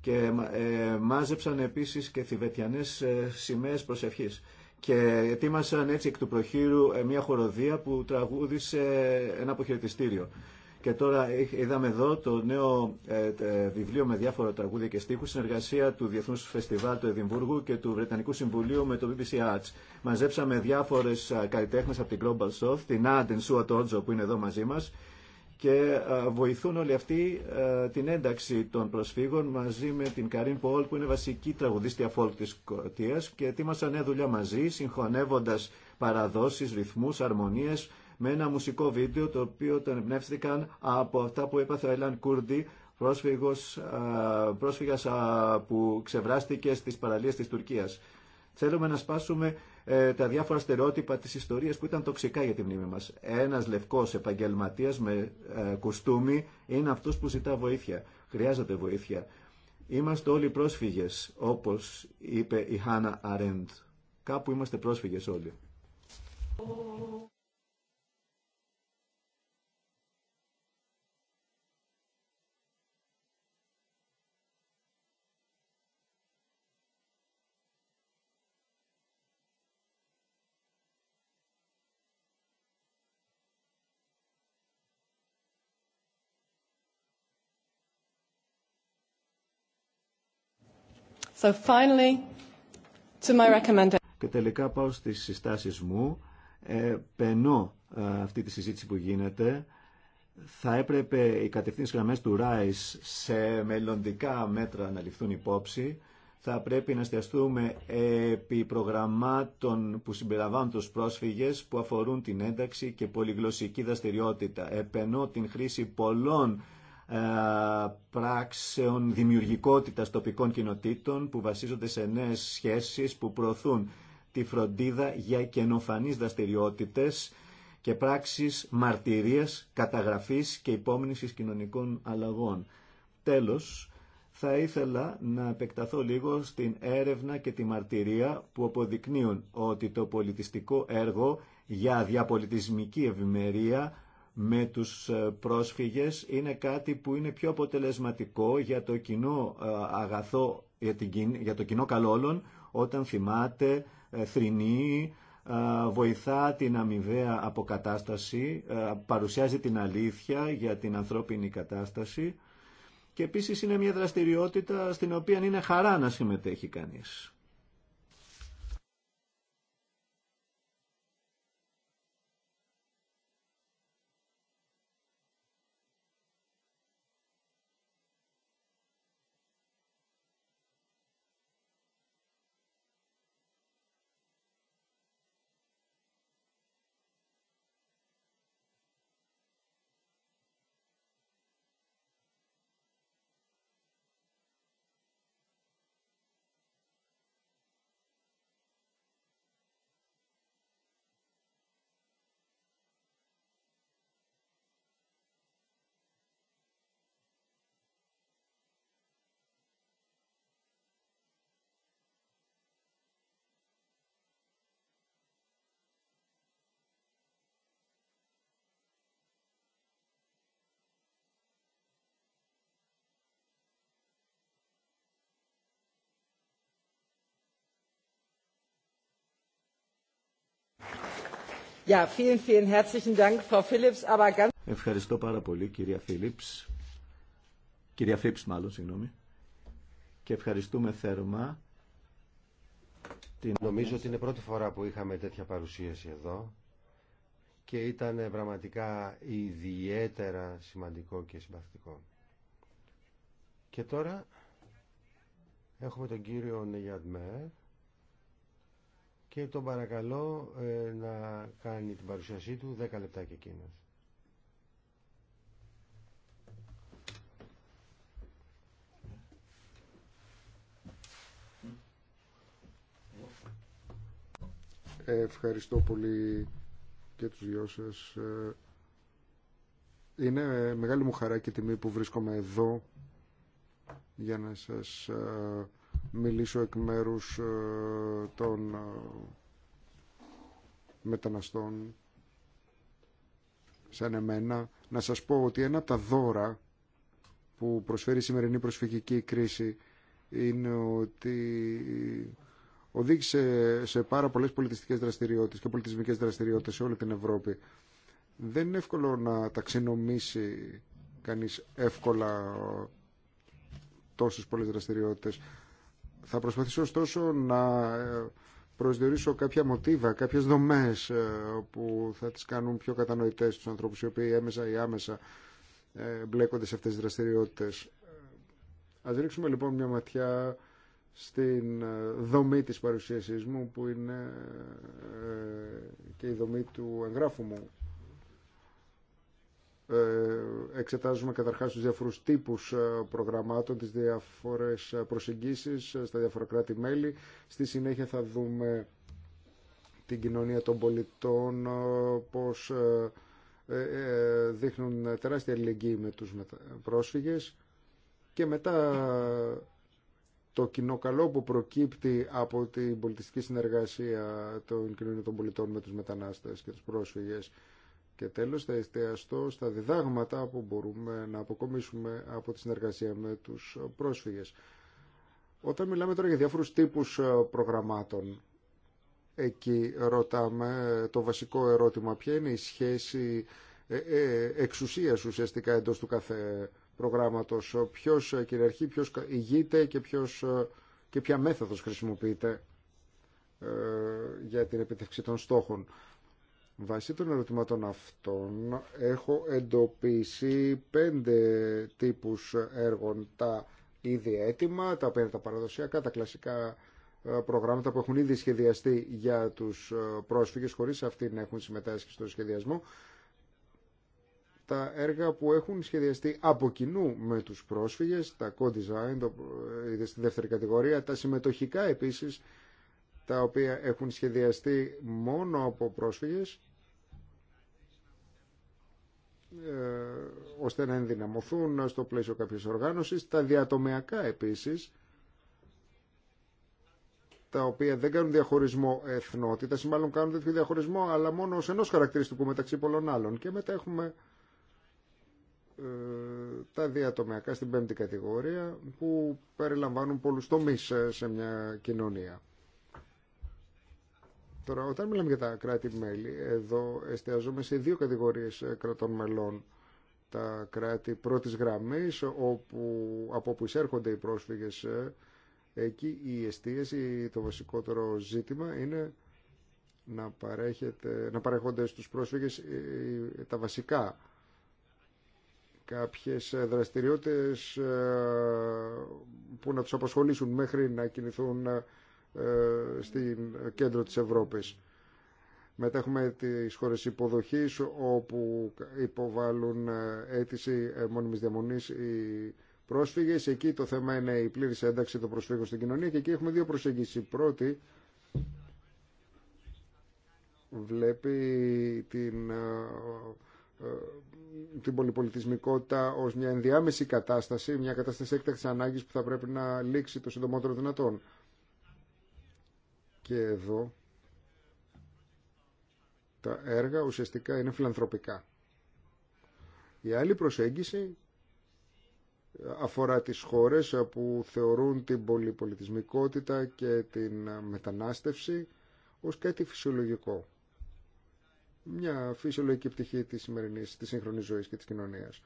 και ε, μάζεψαν επίσης και θηβετιανές σημαίες προσευχής και ετοίμασαν έτσι εκ του προχείρου μια χοροδία που τραγούδισε ένα αποχαιρετιστήριο. Και τώρα είδαμε εδώ το νέο ε, βιβλίο με διάφορα τραγούδια και στίχους, συνεργασία του Διεθνούς Φεστιβάλ του Εδιμβούργου και του Βρετανικού Συμβουλίου με το BBC Arts. Μαζέψαμε διάφορες καλλιτέχνες από την Global South, την Άντεν Σουα Τότζο που είναι εδώ μαζί μας, και βοηθούν όλοι αυτοί την ένταξη των προσφύγων μαζί με την Καρίν Πολ που είναι βασική τραγουδίστρια folk της Κορτίας και ετοίμασαν νέα δουλειά μαζί συγχωνεύοντας παραδόσεις, ρυθμούς, αρμονίες με ένα μουσικό βίντεο το οποίο τον εμπνεύστηκαν από αυτά που έπαθε ο Ελάν Κούρντι, πρόσφυγος, που ξεβράστηκε στις παραλίες της Τουρκίας. Θέλουμε να σπάσουμε ε, τα διάφορα στερεότυπα της ιστορίας που ήταν τοξικά για τη μνήμη μας. Ένας λευκός επαγγελματίας με ε, κουστούμι είναι αυτός που ζητά βοήθεια. Χρειάζεται βοήθεια. Είμαστε όλοι πρόσφυγες, όπως είπε η Χάνα Αρέντ. Κάπου είμαστε πρόσφυγες όλοι. So Και τελικά πάω στις συστάσεις μου. Ε, πενώ ε, αυτή τη συζήτηση που γίνεται. Θα έπρεπε οι κατευθύνσεις γραμμές του ΡΑΙΣ σε μελλοντικά μέτρα να ληφθούν υπόψη. Θα πρέπει να εστιαστούμε επί προγραμμάτων που συμπεριλαμβάνουν τους πρόσφυγες που αφορούν την ένταξη και πολυγλωσσική δραστηριότητα. Επενώ την χρήση πολλών ε, πράξεων δημιουργικότητας τοπικών κοινοτήτων που βασίζονται σε νέες σχέσεις που προωθούν τη φροντίδα για καινοφανείς δραστηριότητε και πράξεις μαρτυρίας, καταγραφής και υπόμνησης κοινωνικών αλλαγών. Τέλος, θα ήθελα να επεκταθώ λίγο στην έρευνα και τη μαρτυρία που αποδεικνύουν ότι το πολιτιστικό έργο για διαπολιτισμική ευημερία με τους ε, πρόσφυγες είναι κάτι που είναι πιο αποτελεσματικό για το κοινό ε, αγαθό, για, για το κοινό καλό όλων, όταν θυμάται, ε, θρηνεί, βοηθά την αμοιβαία αποκατάσταση, παρουσιάζει την αλήθεια για την ανθρώπινη κατάσταση και επίσης είναι μια δραστηριότητα στην οποία είναι χαρά να συμμετέχει κανείς. Ευχαριστώ πάρα πολύ, κυρία Φίλιπς Κυρία Φίλιπς, μάλλον, συγγνώμη. Και ευχαριστούμε θερμά. Την... Νομίζω ότι είναι πρώτη φορά που είχαμε τέτοια παρουσίαση εδώ και ήταν πραγματικά ιδιαίτερα σημαντικό και συμπαθητικό. Και τώρα έχουμε τον κύριο Μερ και τον παρακαλώ ε, να κάνει την παρουσίασή του 10 λεπτά και εκείνος. Ευχαριστώ πολύ και τους δυο σας. Ε, είναι μεγάλη μου χαρά και τιμή που βρίσκομαι εδώ για να σας ε, μιλήσω εκ μέρους ε, των ε, μεταναστών σαν εμένα να σας πω ότι ένα από τα δώρα που προσφέρει η σημερινή προσφυγική κρίση είναι ότι οδήγησε σε πάρα πολλές πολιτιστικές δραστηριότητες και πολιτισμικές δραστηριότητες σε όλη την Ευρώπη. Δεν είναι εύκολο να ταξινομήσει κανείς εύκολα τόσες πολλές δραστηριότητες. Θα προσπαθήσω ωστόσο να ε, προσδιορίσω κάποια μοτίβα, κάποιες δομές ε, που θα τις κάνουν πιο κατανοητές τους ανθρώπους οι οποίοι έμεσα ή άμεσα ε, μπλέκονται σε αυτές τις δραστηριότητες. Ας ρίξουμε λοιπόν μια ματιά στην δομή της παρουσίασής μου που είναι και η δομή του εγγράφου μου ε, εξετάζουμε καταρχάς τους διάφορους τύπους ε, προγραμμάτων, τις διάφορες ε, προσεγγίσεις στα διάφορα κράτη-μέλη. Στη συνέχεια θα δούμε την κοινωνία των πολιτών, πώς δείχνουν τεράστια αλληλεγγύη με τους πρόσφυγες και μετά το κοινό καλό που προκύπτει από την πολιτιστική συνεργασία των κοινωνίων των πολιτών με τους μετανάστες και τους πρόσφυγες και τέλος θα εστιαστώ στα διδάγματα που μπορούμε να αποκομίσουμε από τη συνεργασία με τους πρόσφυγες. Όταν μιλάμε τώρα για διάφορους τύπους ε, προγραμμάτων, εκεί ρωτάμε το βασικό ερώτημα ποια είναι η σχέση ε, ε, εξουσίας ουσιαστικά εντός του κάθε προγράμματος, ποιος κυριαρχεί, ποιος ηγείται και, ποιος, και ποια μέθοδος χρησιμοποιείται για την επιτευξή των στόχων. Βασί των ερωτημάτων αυτών έχω εντοπίσει πέντε τύπους έργων. Τα ήδη έτοιμα, τα οποία παραδοσιακά, τα κλασικά ε, προγράμματα που έχουν ήδη σχεδιαστεί για τους ε, πρόσφυγες χωρίς αυτοί να έχουν συμμετάσχει στο σχεδιασμό. Τα έργα που έχουν σχεδιαστεί από κοινού με τους πρόσφυγες, τα co-design, το, στη ε, δεύτερη κατηγορία, τα συμμετοχικά επίσης, τα οποία έχουν σχεδιαστεί μόνο από πρόσφυγες ε, ώστε να ενδυναμωθούν στο πλαίσιο κάποιες οργάνωσης, τα διατομεακά επίσης, τα οποία δεν κάνουν διαχωρισμό εθνότητας, μάλλον κάνουν τέτοιο διαχωρισμό, αλλά μόνο ως ενός χαρακτηριστικού μεταξύ πολλών άλλων. Και μετά έχουμε ε, τα διατομεακά στην πέμπτη κατηγορία, που περιλαμβάνουν πολλούς τομείς ε, σε μια κοινωνία. Τώρα, όταν μιλάμε για τα κράτη-μέλη, εδώ εστιαζόμαι σε δύο κατηγορίες ε, κρατών μελών. Τα κράτη πρώτης γραμμής, όπου, από όπου εισέρχονται οι πρόσφυγες, ε, εκεί η εστίαση, το βασικότερο ζήτημα είναι να, παρέχεται, να παρέχονται στους πρόσφυγες ε, τα βασικά κάποιες δραστηριότητες που να τους απασχολήσουν μέχρι να κινηθούν ε, στην κέντρο της Ευρώπης. Μετά έχουμε τις χώρες υποδοχής όπου υποβάλλουν ε, αίτηση ε, μόνιμης διαμονής οι πρόσφυγες. Εκεί το θέμα είναι η πλήρης ένταξη των προσφύγων στην κοινωνία και εκεί έχουμε δύο προσεγγίσεις. πρώτη βλέπει την, την πολυπολιτισμικότητα ως μια ενδιάμεση κατάσταση, μια κατάσταση έκτακτης ανάγκης που θα πρέπει να λήξει το συντομότερο δυνατόν. Και εδώ τα έργα ουσιαστικά είναι φιλανθρωπικά. Η άλλη προσέγγιση αφορά τις χώρες που θεωρούν την πολυπολιτισμικότητα και την μετανάστευση ως κάτι φυσιολογικό. Μια φυσιολογική πτυχή της σημερινής, της σύγχρονης ζωής και της κοινωνίας.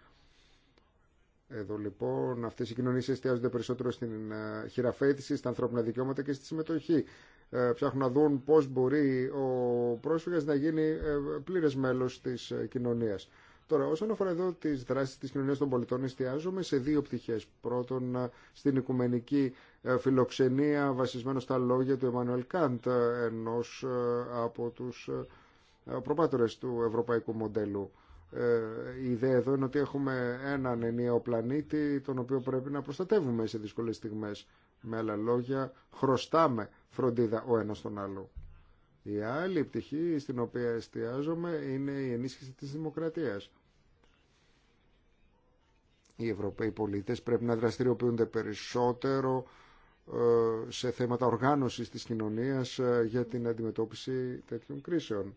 Εδώ λοιπόν αυτές οι κοινωνίες εστιάζονται περισσότερο στην ε, χειραφέτηση, στα ανθρώπινα δικαιώματα και στη συμμετοχή. Ε, ψάχνουν να δουν πώς μπορεί ο πρόσφυγας να γίνει ε, πλήρες μέλος της ε, κοινωνίας. Τώρα, όσον αφορά εδώ τι δράσει τη κοινωνία των πολιτών, εστιάζομαι σε δύο πτυχέ. Πρώτον, στην οικουμενική φιλοξενία βασισμένο στα λόγια του Εμμανουέλ Καντ, ενό από του προπάτορε του ευρωπαϊκού μοντέλου. Η ιδέα εδώ είναι ότι έχουμε έναν ενιαίο πλανήτη, τον οποίο πρέπει να προστατεύουμε σε δύσκολε στιγμές. Με άλλα λόγια, χρωστάμε φροντίδα ο ένας τον άλλο. Η άλλη πτυχή στην οποία εστιάζομαι είναι η ενίσχυση της δημοκρατίας. Οι Ευρωπαίοι πολίτες πρέπει να δραστηριοποιούνται περισσότερο ε, σε θέματα οργάνωσης της κοινωνίας ε, για την αντιμετώπιση τέτοιων κρίσεων.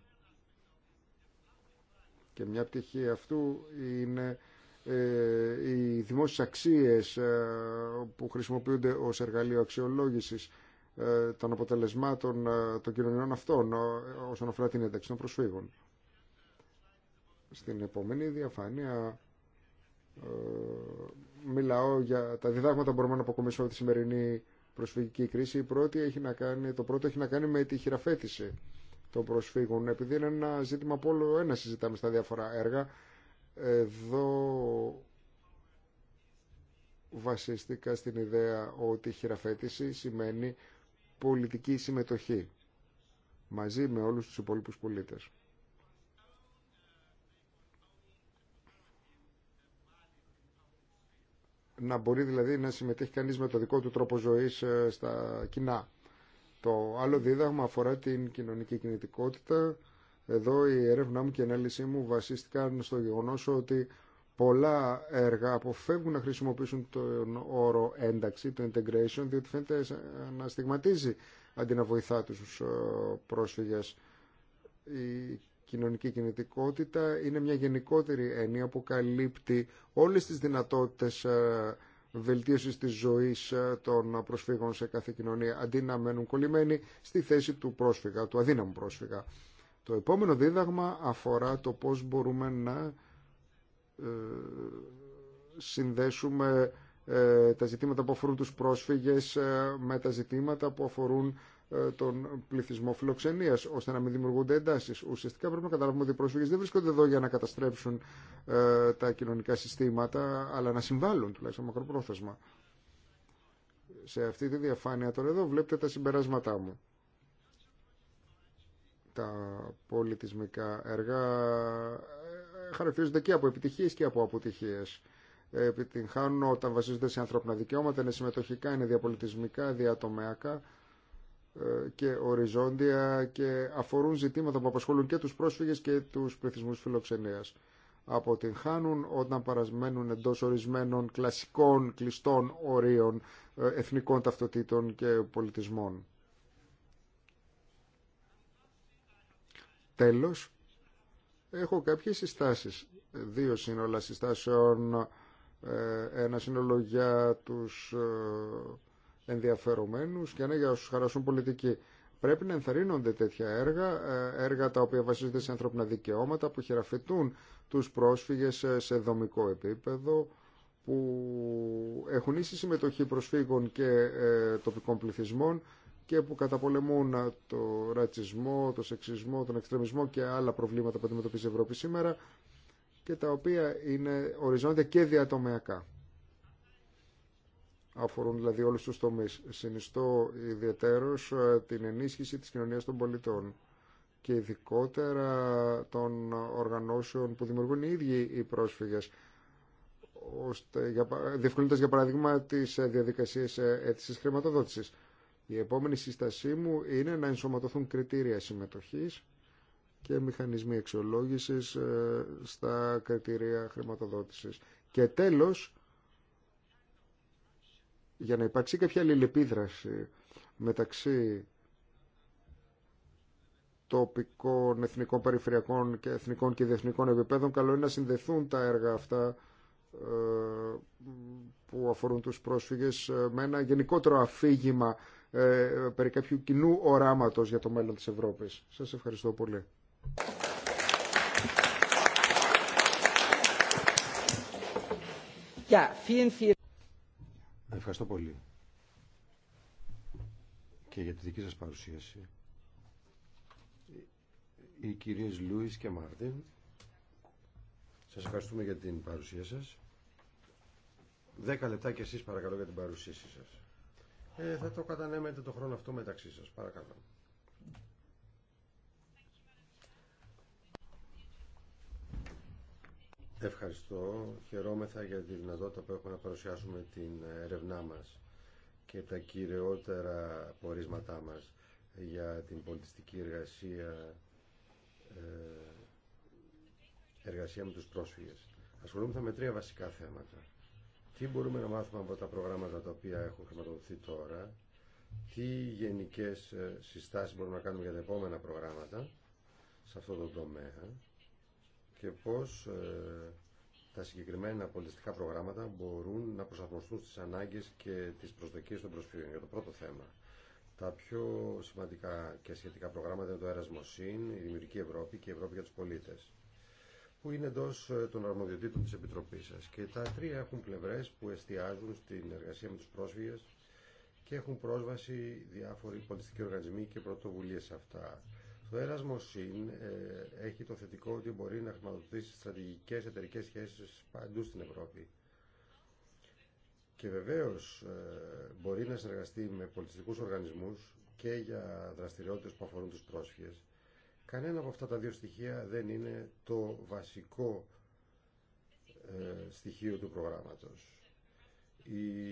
Και μια πτυχή αυτού είναι ε, οι δημόσιες αξίες που χρησιμοποιούνται ως εργαλείο αξιολόγησης ε, των αποτελεσμάτων ε, των κοινωνιών αυτών όσον αφορά την ένταξη των προσφύγων. Στην επόμενη διαφάνεια ε, μιλάω για τα διδάγματα που μπορούμε να αποκομίσουμε από τη σημερινή προσφυγική κρίση. Η πρώτη έχει να κάνει, το πρώτο έχει να κάνει με τη χειραφέτηση των προσφύγων, επειδή είναι ένα ζήτημα που όλο ένα συζητάμε στα διάφορα έργα. Εδώ βασίστηκα στην ιδέα ότι η χειραφέτηση σημαίνει πολιτική συμμετοχή μαζί με όλους τους υπόλοιπους πολίτες. Να μπορεί δηλαδή να συμμετέχει κανείς με το δικό του τρόπο ζωής ε, στα κοινά. Το άλλο δίδαγμα αφορά την κοινωνική κινητικότητα. Εδώ η έρευνά μου και η ανάλυση μου βασίστηκαν στο γεγονός ότι πολλά έργα αποφεύγουν να χρησιμοποιήσουν τον όρο ένταξη, το integration, διότι φαίνεται να στιγματίζει αντί να βοηθά τους ε, πρόσφυγες. Η κοινωνική κινητικότητα είναι μια γενικότερη έννοια που καλύπτει όλες τις δυνατότητες ε, βελτίωσης της ζωής ε, των προσφύγων σε κάθε κοινωνία, αντί να μένουν κολλημένοι στη θέση του πρόσφυγα, του αδύναμου πρόσφυγα. Το επόμενο δίδαγμα αφορά το πώς μπορούμε να ε, συνδέσουμε ε, τα ζητήματα που αφορούν τους πρόσφυγες ε, με τα ζητήματα που αφορούν τον πληθυσμό φιλοξενία, ώστε να μην δημιουργούνται εντάσει. Ουσιαστικά πρέπει να καταλάβουμε ότι οι πρόσφυγε δεν βρίσκονται εδώ για να καταστρέψουν τα κοινωνικά συστήματα, αλλά να συμβάλλουν τουλάχιστον μακροπρόθεσμα. Σε αυτή τη διαφάνεια τώρα εδώ βλέπετε τα συμπεράσματά μου. Τα πολιτισμικά έργα χαρακτηρίζονται και από επιτυχίε και από αποτυχίε. Επιτυγχάνουν όταν βασίζονται σε ανθρώπινα δικαιώματα, είναι συμμετοχικά, είναι διαπολιτισμικά, διατομέακα ε, και οριζόντια και αφορούν ζητήματα που απασχολούν και τους πρόσφυγες και τους πληθυσμού φιλοξενία. Αποτυγχάνουν όταν παρασμένουν εντό ορισμένων κλασικών κλειστών ορίων ε, εθνικών ταυτοτήτων και πολιτισμών. Τέλος, έχω κάποιες συστάσεις, δύο σύνολα συστάσεων, ε, ένα σύνολο για τους ε, ενδιαφερομένους και ένα για όσους χαράσουν πολιτική. Πρέπει να ενθαρρύνονται τέτοια έργα, ε, έργα τα οποία βασίζονται σε ανθρώπινα δικαιώματα, που χειραφετούν τους πρόσφυγες σε δομικό επίπεδο, που έχουν ίση συμμετοχή προσφύγων και τοπικών πληθυσμών, και που καταπολεμούν το ρατσισμό, το σεξισμό, τον εξτρεμισμό και άλλα προβλήματα που αντιμετωπίζει η Ευρώπη σήμερα και τα οποία είναι οριζόντια και διατομεακά. Αφορούν δηλαδή όλους τους τομείς. Συνιστώ ιδιαίτερως ε, την ενίσχυση της κοινωνίας των πολιτών και ειδικότερα των οργανώσεων που δημιουργούν οι ίδιοι οι πρόσφυγες ώστε, για, για παράδειγμα τις ε, διαδικασίες ε, αίτησης χρηματοδότησης. Η επόμενη σύστασή μου είναι να ενσωματωθούν κριτήρια συμμετοχής και μηχανισμοί αξιολόγησης ε, στα κριτήρια χρηματοδότησης. Και τέλος, για να υπάρξει κάποια αλληλεπίδραση μεταξύ τοπικών, εθνικών, περιφερειακών και εθνικών και διεθνικών επιπέδων, καλό είναι να συνδεθούν τα έργα αυτά ε, που αφορούν τους πρόσφυγες ε, με ένα γενικότερο αφήγημα ε, περί κάποιου κοινού οράματος για το μέλλον της Ευρώπης. Σας ευχαριστώ πολύ. Ευχαριστώ πολύ και για τη δική σας παρουσίαση. Οι κυρίες Λούις και Μάρτιν, σας ευχαριστούμε για την παρουσία σας. Δέκα λεπτά και εσείς παρακαλώ για την παρουσίαση σας. Ε, θα το κατανέμετε το χρόνο αυτό μεταξύ σας. Παρακαλώ. Ευχαριστώ. Χαιρόμεθα για τη δυνατότητα που έχουμε να παρουσιάσουμε την ερευνά μας και τα κυριότερα πορίσματά μας για την πολιτιστική εργασία ε, εργασία με τους πρόσφυγες. Ασχολούμεθα με τρία βασικά θέματα. Τι μπορούμε να μάθουμε από τα προγράμματα τα οποία έχουν χρηματοδοτηθεί τώρα, τι γενικές ε, συστάσεις μπορούμε να κάνουμε για τα επόμενα προγράμματα σε αυτό το τομέα και πώς ε, τα συγκεκριμένα πολιτιστικά προγράμματα μπορούν να προσαρμοστούν στις ανάγκες και τις προσδοκίες των προσφύγων. Για το πρώτο θέμα, τα πιο σημαντικά και σχετικά προγράμματα είναι το Erasmus η Δημιουργική Ευρώπη και η Ευρώπη για τους πολίτες που είναι εντό ε, των αρμοδιοτήτων της Επιτροπής σας. Και τα τρία έχουν πλευρές που εστιάζουν στην εργασία με τους πρόσφυγες και έχουν πρόσβαση διάφοροι πολιτιστικοί οργανισμοί και πρωτοβουλίες σε αυτά. Το έρασμο ΣΥΝ ε, έχει το θετικό ότι μπορεί να χρηματοδοτήσει στρατηγικές εταιρικέ σχέσεις παντού στην Ευρώπη. Και βεβαίως ε, μπορεί να συνεργαστεί με πολιτιστικούς οργανισμούς και για δραστηριότητες που αφορούν τους πρόσφυγες Κανένα από αυτά τα δύο στοιχεία δεν είναι το βασικό ε, στοιχείο του προγράμματος. Οι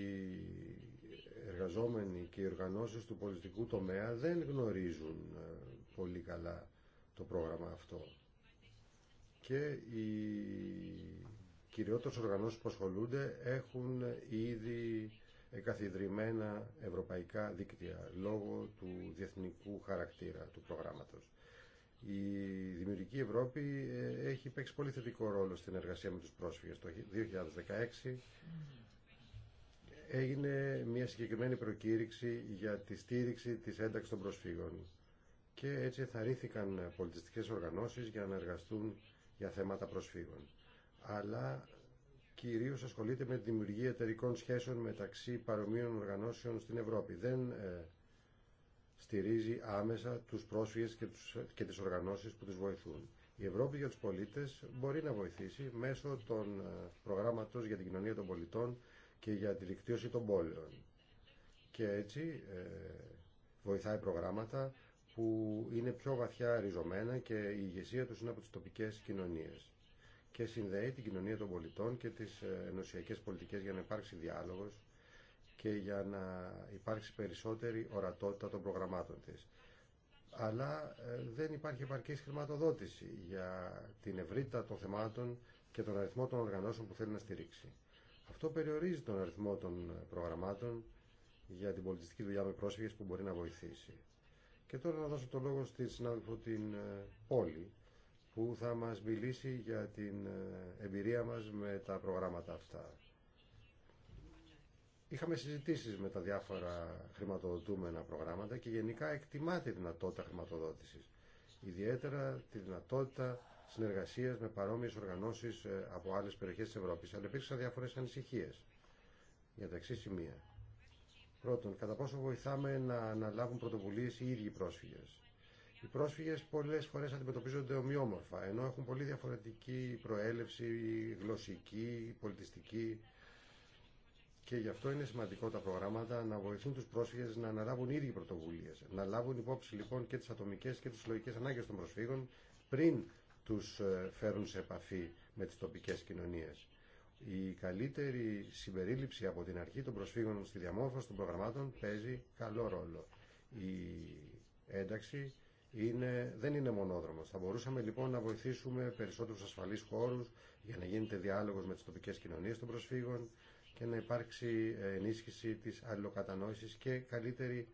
εργαζόμενοι και οι οργανώσεις του πολιτικού τομέα δεν γνωρίζουν ε, πολύ καλά το πρόγραμμα αυτό. Και οι κυριότερες οργανώσεις που ασχολούνται έχουν ε, ήδη εκαθιδρυμένα ευρωπαϊκά δίκτυα λόγω του διεθνικού χαρακτήρα του προγράμματος. Η Δημιουργική Ευρώπη ε, έχει παίξει πολύ θετικό ρόλο στην εργασία με τους πρόσφυγες. Το 2016 έγινε μια συγκεκριμένη προκήρυξη για τη στήριξη της ένταξης των προσφύγων και έτσι θαρρήθηκαν πολιτιστικές οργανώσεις για να εργαστούν για θέματα προσφύγων. Αλλά κυρίως ασχολείται με τη δημιουργία εταιρικών σχέσεων μεταξύ παρομοίων οργανώσεων στην Ευρώπη. Ε, στηρίζει άμεσα τους πρόσφυγες και, τους, και τις οργανώσεις που τους βοηθούν. Η Ευρώπη για τους πολίτες μπορεί να βοηθήσει μέσω των ε, προγράμματων για την κοινωνία των πολιτών και για τη δικτύωση των πόλεων. Και έτσι ε, βοηθάει προγράμματα που είναι πιο βαθιά ριζωμένα και η ηγεσία τους είναι από τις τοπικές κοινωνίες και συνδέει την κοινωνία των πολιτών και τις ε, ενωσιακές πολιτικές για να υπάρξει διάλογος και για να υπάρξει περισσότερη ορατότητα των προγραμμάτων της. Αλλά ε, δεν υπάρχει επαρκής χρηματοδότηση για την ευρύτητα των θεμάτων και τον αριθμό των οργανώσεων που θέλει να στηρίξει. Αυτό περιορίζει τον αριθμό των προγραμμάτων για την πολιτιστική δουλειά με πρόσφυγες που μπορεί να βοηθήσει. Και τώρα να δώσω το λόγο στη συνάδελφο την ε, Πόλη που θα μας μιλήσει για την ε, εμπειρία μας με τα προγράμματα αυτά. Είχαμε συζητήσεις με τα διάφορα χρηματοδοτούμενα προγράμματα και γενικά εκτιμά τη δυνατότητα χρηματοδότησης. Ιδιαίτερα τη δυνατότητα συνεργασίας με παρόμοιες οργανώσεις ε, από άλλες περιοχές της Ευρώπης. Αλλά υπήρξαν διάφορες ανησυχίες για τα εξή σημεία. Πρώτον, κατά πόσο βοηθάμε να αναλάβουν πρωτοβουλίες οι ίδιοι πρόσφυγες. Οι πρόσφυγες πολλές φορές αντιμετωπίζονται ομοιόμορφα, ενώ έχουν πολύ διαφορετική προέλευση, γλωσσική, πολιτιστική, και γι' αυτό είναι σημαντικό τα προγράμματα να βοηθούν του πρόσφυγε να αναλάβουν ίδιοι πρωτοβουλίε. Να λάβουν υπόψη λοιπόν και τι ατομικέ και τι συλλογικέ ανάγκε των προσφύγων πριν του ε, φέρουν σε επαφή με τι τοπικέ κοινωνίε. Η καλύτερη συμπερίληψη από την αρχή των προσφύγων στη διαμόρφωση των προγραμμάτων παίζει καλό ρόλο. Η ένταξη είναι, δεν είναι μονόδρομος. Θα μπορούσαμε λοιπόν να βοηθήσουμε περισσότερους ασφαλείς χώρους για να γίνεται διάλογος με τις τοπικές κοινωνίες των προσφύγων, και να υπάρξει ε, ενίσχυση της αλληλοκατανόησης και καλύτερη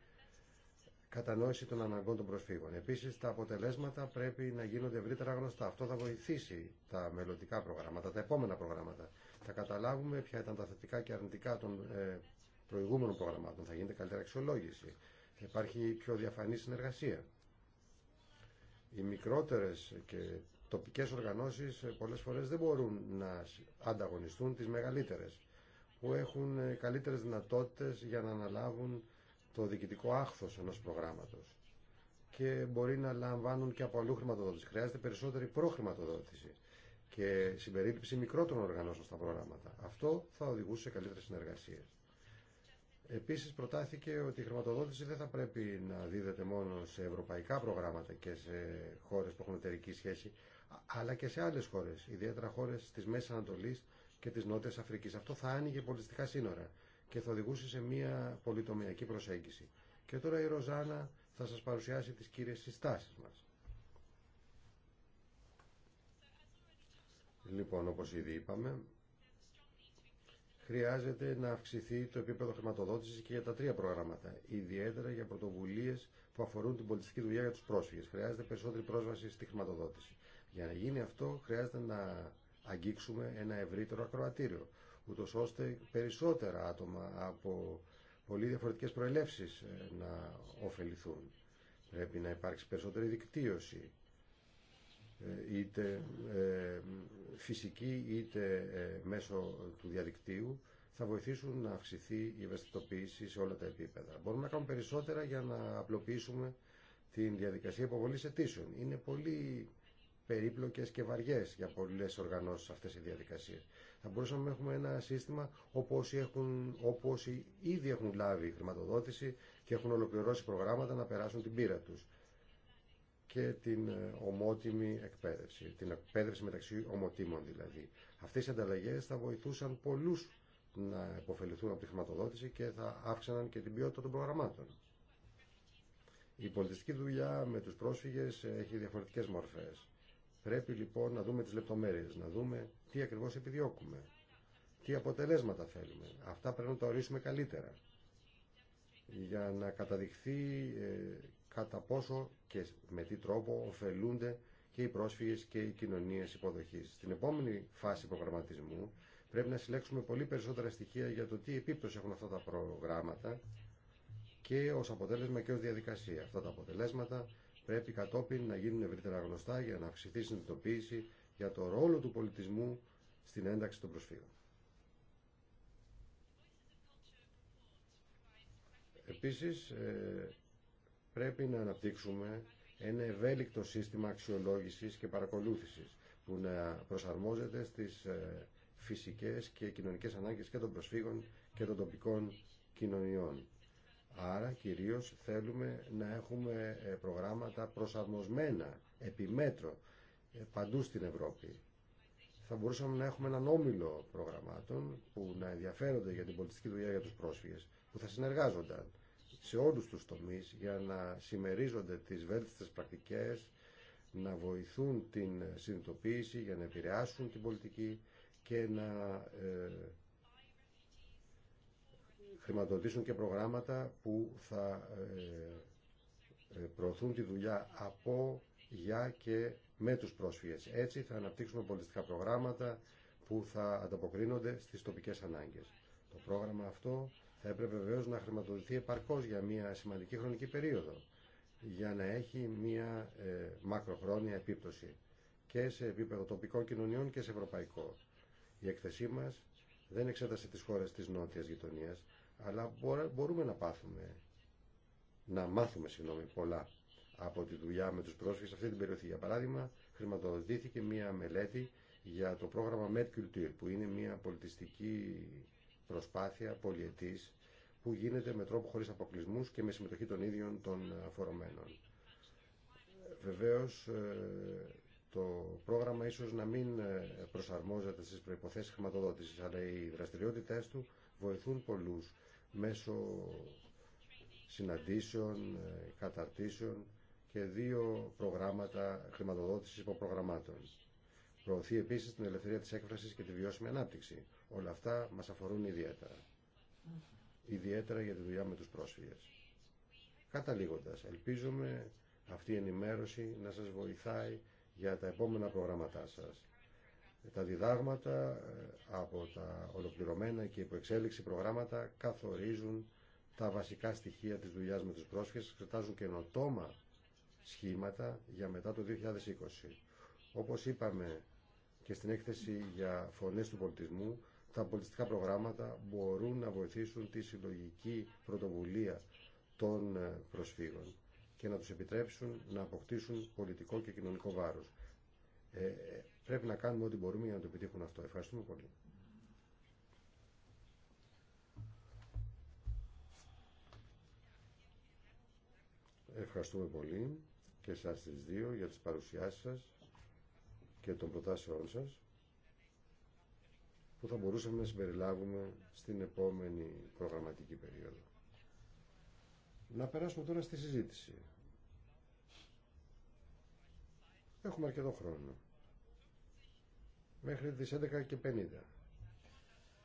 κατανόηση των αναγκών των προσφύγων. Επίσης, τα αποτελέσματα πρέπει να γίνονται ευρύτερα γνωστά. Αυτό θα βοηθήσει τα μελλοντικά προγράμματα, τα επόμενα προγράμματα. Θα καταλάβουμε ποια ήταν τα θετικά και αρνητικά των ε, προηγούμενων προγραμμάτων. Θα γίνεται καλύτερα αξιολόγηση. Θα υπάρχει πιο διαφανή συνεργασία. Οι μικρότερες και τοπικές οργανώσεις ε, πολλές φορές δεν μπορούν να ανταγωνιστούν τις μεγαλύτερες που έχουν ε, καλύτερες δυνατότητες για να αναλάβουν το διοικητικό άχθος ενός προγράμματος και μπορεί να λαμβάνουν και από αλλού χρηματοδότηση. Χρειάζεται περισσότερη προχρηματοδότηση και συμπερίληψη μικρότερων οργανώσεων στα προγράμματα. Αυτό θα οδηγούσε σε καλύτερες συνεργασίες. Επίσης προτάθηκε ότι η χρηματοδότηση δεν θα πρέπει να δίδεται μόνο σε ευρωπαϊκά προγράμματα και σε χώρες που έχουν εταιρική σχέση, αλλά και σε άλλες χώρες, ιδιαίτερα χώρες της Μέσης Ανατολής και της νότια Αφρική. Αυτό θα άνοιγε πολιτιστικά σύνορα και θα οδηγούσε σε μια πολυτομιακή προσέγγιση. Και τώρα η Ροζάνα θα σα παρουσιάσει τις κύριες συστάσεις μα. Λοιπόν, όπω ήδη είπαμε, χρειάζεται να αυξηθεί το επίπεδο χρηματοδότηση και για τα τρία προγράμματα, ιδιαίτερα για πρωτοβουλίε που αφορούν την πολιτιστική δουλειά για του πρόσφυγες. Χρειάζεται περισσότερη πρόσβαση στη χρηματοδότηση. Για να γίνει αυτό, χρειάζεται να αγγίξουμε ένα ευρύτερο ακροατήριο, ούτω ώστε περισσότερα άτομα από πολύ διαφορετικές προελεύσεις ε, να ωφεληθούν. Πρέπει να υπάρξει περισσότερη δικτύωση, ε, είτε ε, φυσική είτε μέσω του διαδικτύου, θα βοηθήσουν να αυξηθεί η ευαισθητοποίηση σε όλα τα επίπεδα. Μπορούμε να κάνουμε περισσότερα για να απλοποιήσουμε την διαδικασία υποβολής αιτήσεων. Είναι πολύ περίπλοκες και βαριέ για πολλέ οργανώσει αυτέ οι διαδικασίε. Θα μπορούσαμε να έχουμε ένα σύστημα όπου όσοι, έχουν, όπου όσοι ήδη έχουν λάβει χρηματοδότηση και έχουν ολοκληρώσει προγράμματα να περάσουν την πείρα του και την ε, ομότιμη εκπαίδευση, την εκπαίδευση μεταξύ ομοτήμων δηλαδή. Αυτές οι ανταλλαγέ θα βοηθούσαν πολλού να υποφεληθούν από τη χρηματοδότηση και θα αύξαναν και την ποιότητα των προγραμμάτων. Η πολιτιστική δουλειά με τους πρόσφυγες έχει διαφορετικές μορφές. Πρέπει λοιπόν να δούμε τις λεπτομέρειες, να δούμε τι ακριβώς επιδιώκουμε, τι αποτελέσματα θέλουμε. Αυτά πρέπει να τα ορίσουμε καλύτερα για να καταδειχθεί ε, κατά πόσο και με τι τρόπο ωφελούνται και οι πρόσφυγες και οι κοινωνίες υποδοχής. Στην επόμενη φάση προγραμματισμού πρέπει να συλλέξουμε πολύ περισσότερα στοιχεία για το τι επίπτωση έχουν αυτά τα προγράμματα και ως αποτέλεσμα και ως διαδικασία. Αυτά τα αποτελέσματα πρέπει κατόπιν να γίνουν ευρύτερα γνωστά για να αυξηθεί η συνειδητοποίηση για το ρόλο του πολιτισμού στην ένταξη των προσφύγων. Επίσης, ε, πρέπει να αναπτύξουμε ένα ευέλικτο σύστημα αξιολόγησης και παρακολούθησης που να προσαρμόζεται στις ε, φυσικές και κοινωνικές ανάγκες και των προσφύγων και των τοπικών κοινωνιών. Άρα κυρίως θέλουμε να έχουμε ε, προγράμματα προσαρμοσμένα, επιμέτρο, ε, παντού στην Ευρώπη. Θα μπορούσαμε να έχουμε έναν όμιλο προγραμμάτων που να ενδιαφέρονται για την πολιτιστική δουλειά για τους πρόσφυγες, που θα συνεργάζονταν σε όλους τους τομείς για να συμμερίζονται τις βέλτιστες πρακτικές, να βοηθούν την συνειδητοποίηση για να επηρεάσουν την πολιτική και να ε, χρηματοδοτήσουν και προγράμματα που θα ε, ε, προωθούν τη δουλειά από, για και με τους πρόσφυγες. Έτσι θα αναπτύξουμε πολιτιστικά προγράμματα που θα ανταποκρίνονται στις τοπικές ανάγκες. Το πρόγραμμα αυτό θα έπρεπε βεβαίω να χρηματοδοτηθεί επαρκώς για μια σημαντική χρονική περίοδο για να έχει μια ε, μακροχρόνια επίπτωση και σε επίπεδο τοπικών κοινωνιών και σε ευρωπαϊκό. Η εκθεσή μας δεν εξέτασε τις χώρες της νότιας γειτονίας, αλλά μπορούμε να πάθουμε, να μάθουμε συγγνώμη, πολλά από τη δουλειά με τους πρόσφυγες σε αυτή την περιοχή. Για παράδειγμα, χρηματοδοτήθηκε μία μελέτη για το πρόγραμμα MedCulture, που είναι μία πολιτιστική προσπάθεια πολιετής που γίνεται με τρόπο χωρίς αποκλεισμού και με συμμετοχή των ίδιων των αφορομένων. Βεβαίως, ε, το πρόγραμμα ίσως να μην ε, προσαρμόζεται στις προϋποθέσεις χρηματοδότησης, αλλά οι δραστηριότητες του βοηθούν πολλούς μέσω συναντήσεων, ε, καταρτήσεων και δύο προγράμματα χρηματοδότησης υποπρογραμμάτων. Προωθεί επίσης την ελευθερία της έκφρασης και τη βιώσιμη ανάπτυξη. Όλα αυτά μας αφορούν ιδιαίτερα. Ιδιαίτερα για τη δουλειά με τους πρόσφυγες. Καταλήγοντας, ελπίζουμε αυτή η ενημέρωση να σας βοηθάει για τα επόμενα προγράμματά σας τα διδάγματα ε, από τα ολοκληρωμένα και υποεξέλιξη προγράμματα καθορίζουν τα βασικά στοιχεία της δουλειάς με τους πρόσφυγες, εξετάζουν καινοτόμα σχήματα για μετά το 2020. Όπως είπαμε και στην έκθεση για φωνές του πολιτισμού, τα πολιτιστικά προγράμματα μπορούν να βοηθήσουν τη συλλογική πρωτοβουλία των ε, προσφύγων και να τους επιτρέψουν να αποκτήσουν πολιτικό και κοινωνικό βάρος. Ε, Πρέπει να κάνουμε ό,τι μπορούμε για να το επιτύχουν αυτό. Ευχαριστούμε πολύ. Ευχαριστούμε πολύ και εσάς τις δύο για τις παρουσιάσεις σας και των προτάσεών σας που θα μπορούσαμε να συμπεριλάβουμε στην επόμενη προγραμματική περίοδο. Να περάσουμε τώρα στη συζήτηση. Έχουμε αρκετό χρόνο μέχρι τις 50.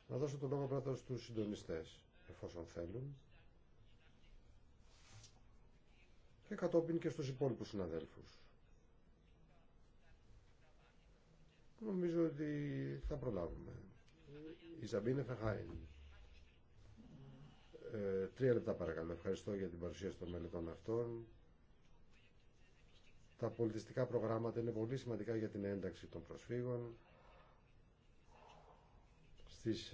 Να δώσω τον λόγο πρώτα στους συντονιστές, εφόσον θέλουν, και κατόπιν και στους υπόλοιπους συναδέλφους. Νομίζω ότι θα προλάβουμε. Η Ζαμπίνε Φεχάιν. Ε, τρία λεπτά παρακαλώ. Ευχαριστώ για την παρουσίαση των μελετών αυτών. Τα πολιτιστικά προγράμματα είναι πολύ σημαντικά για την ένταξη των προσφύγων στις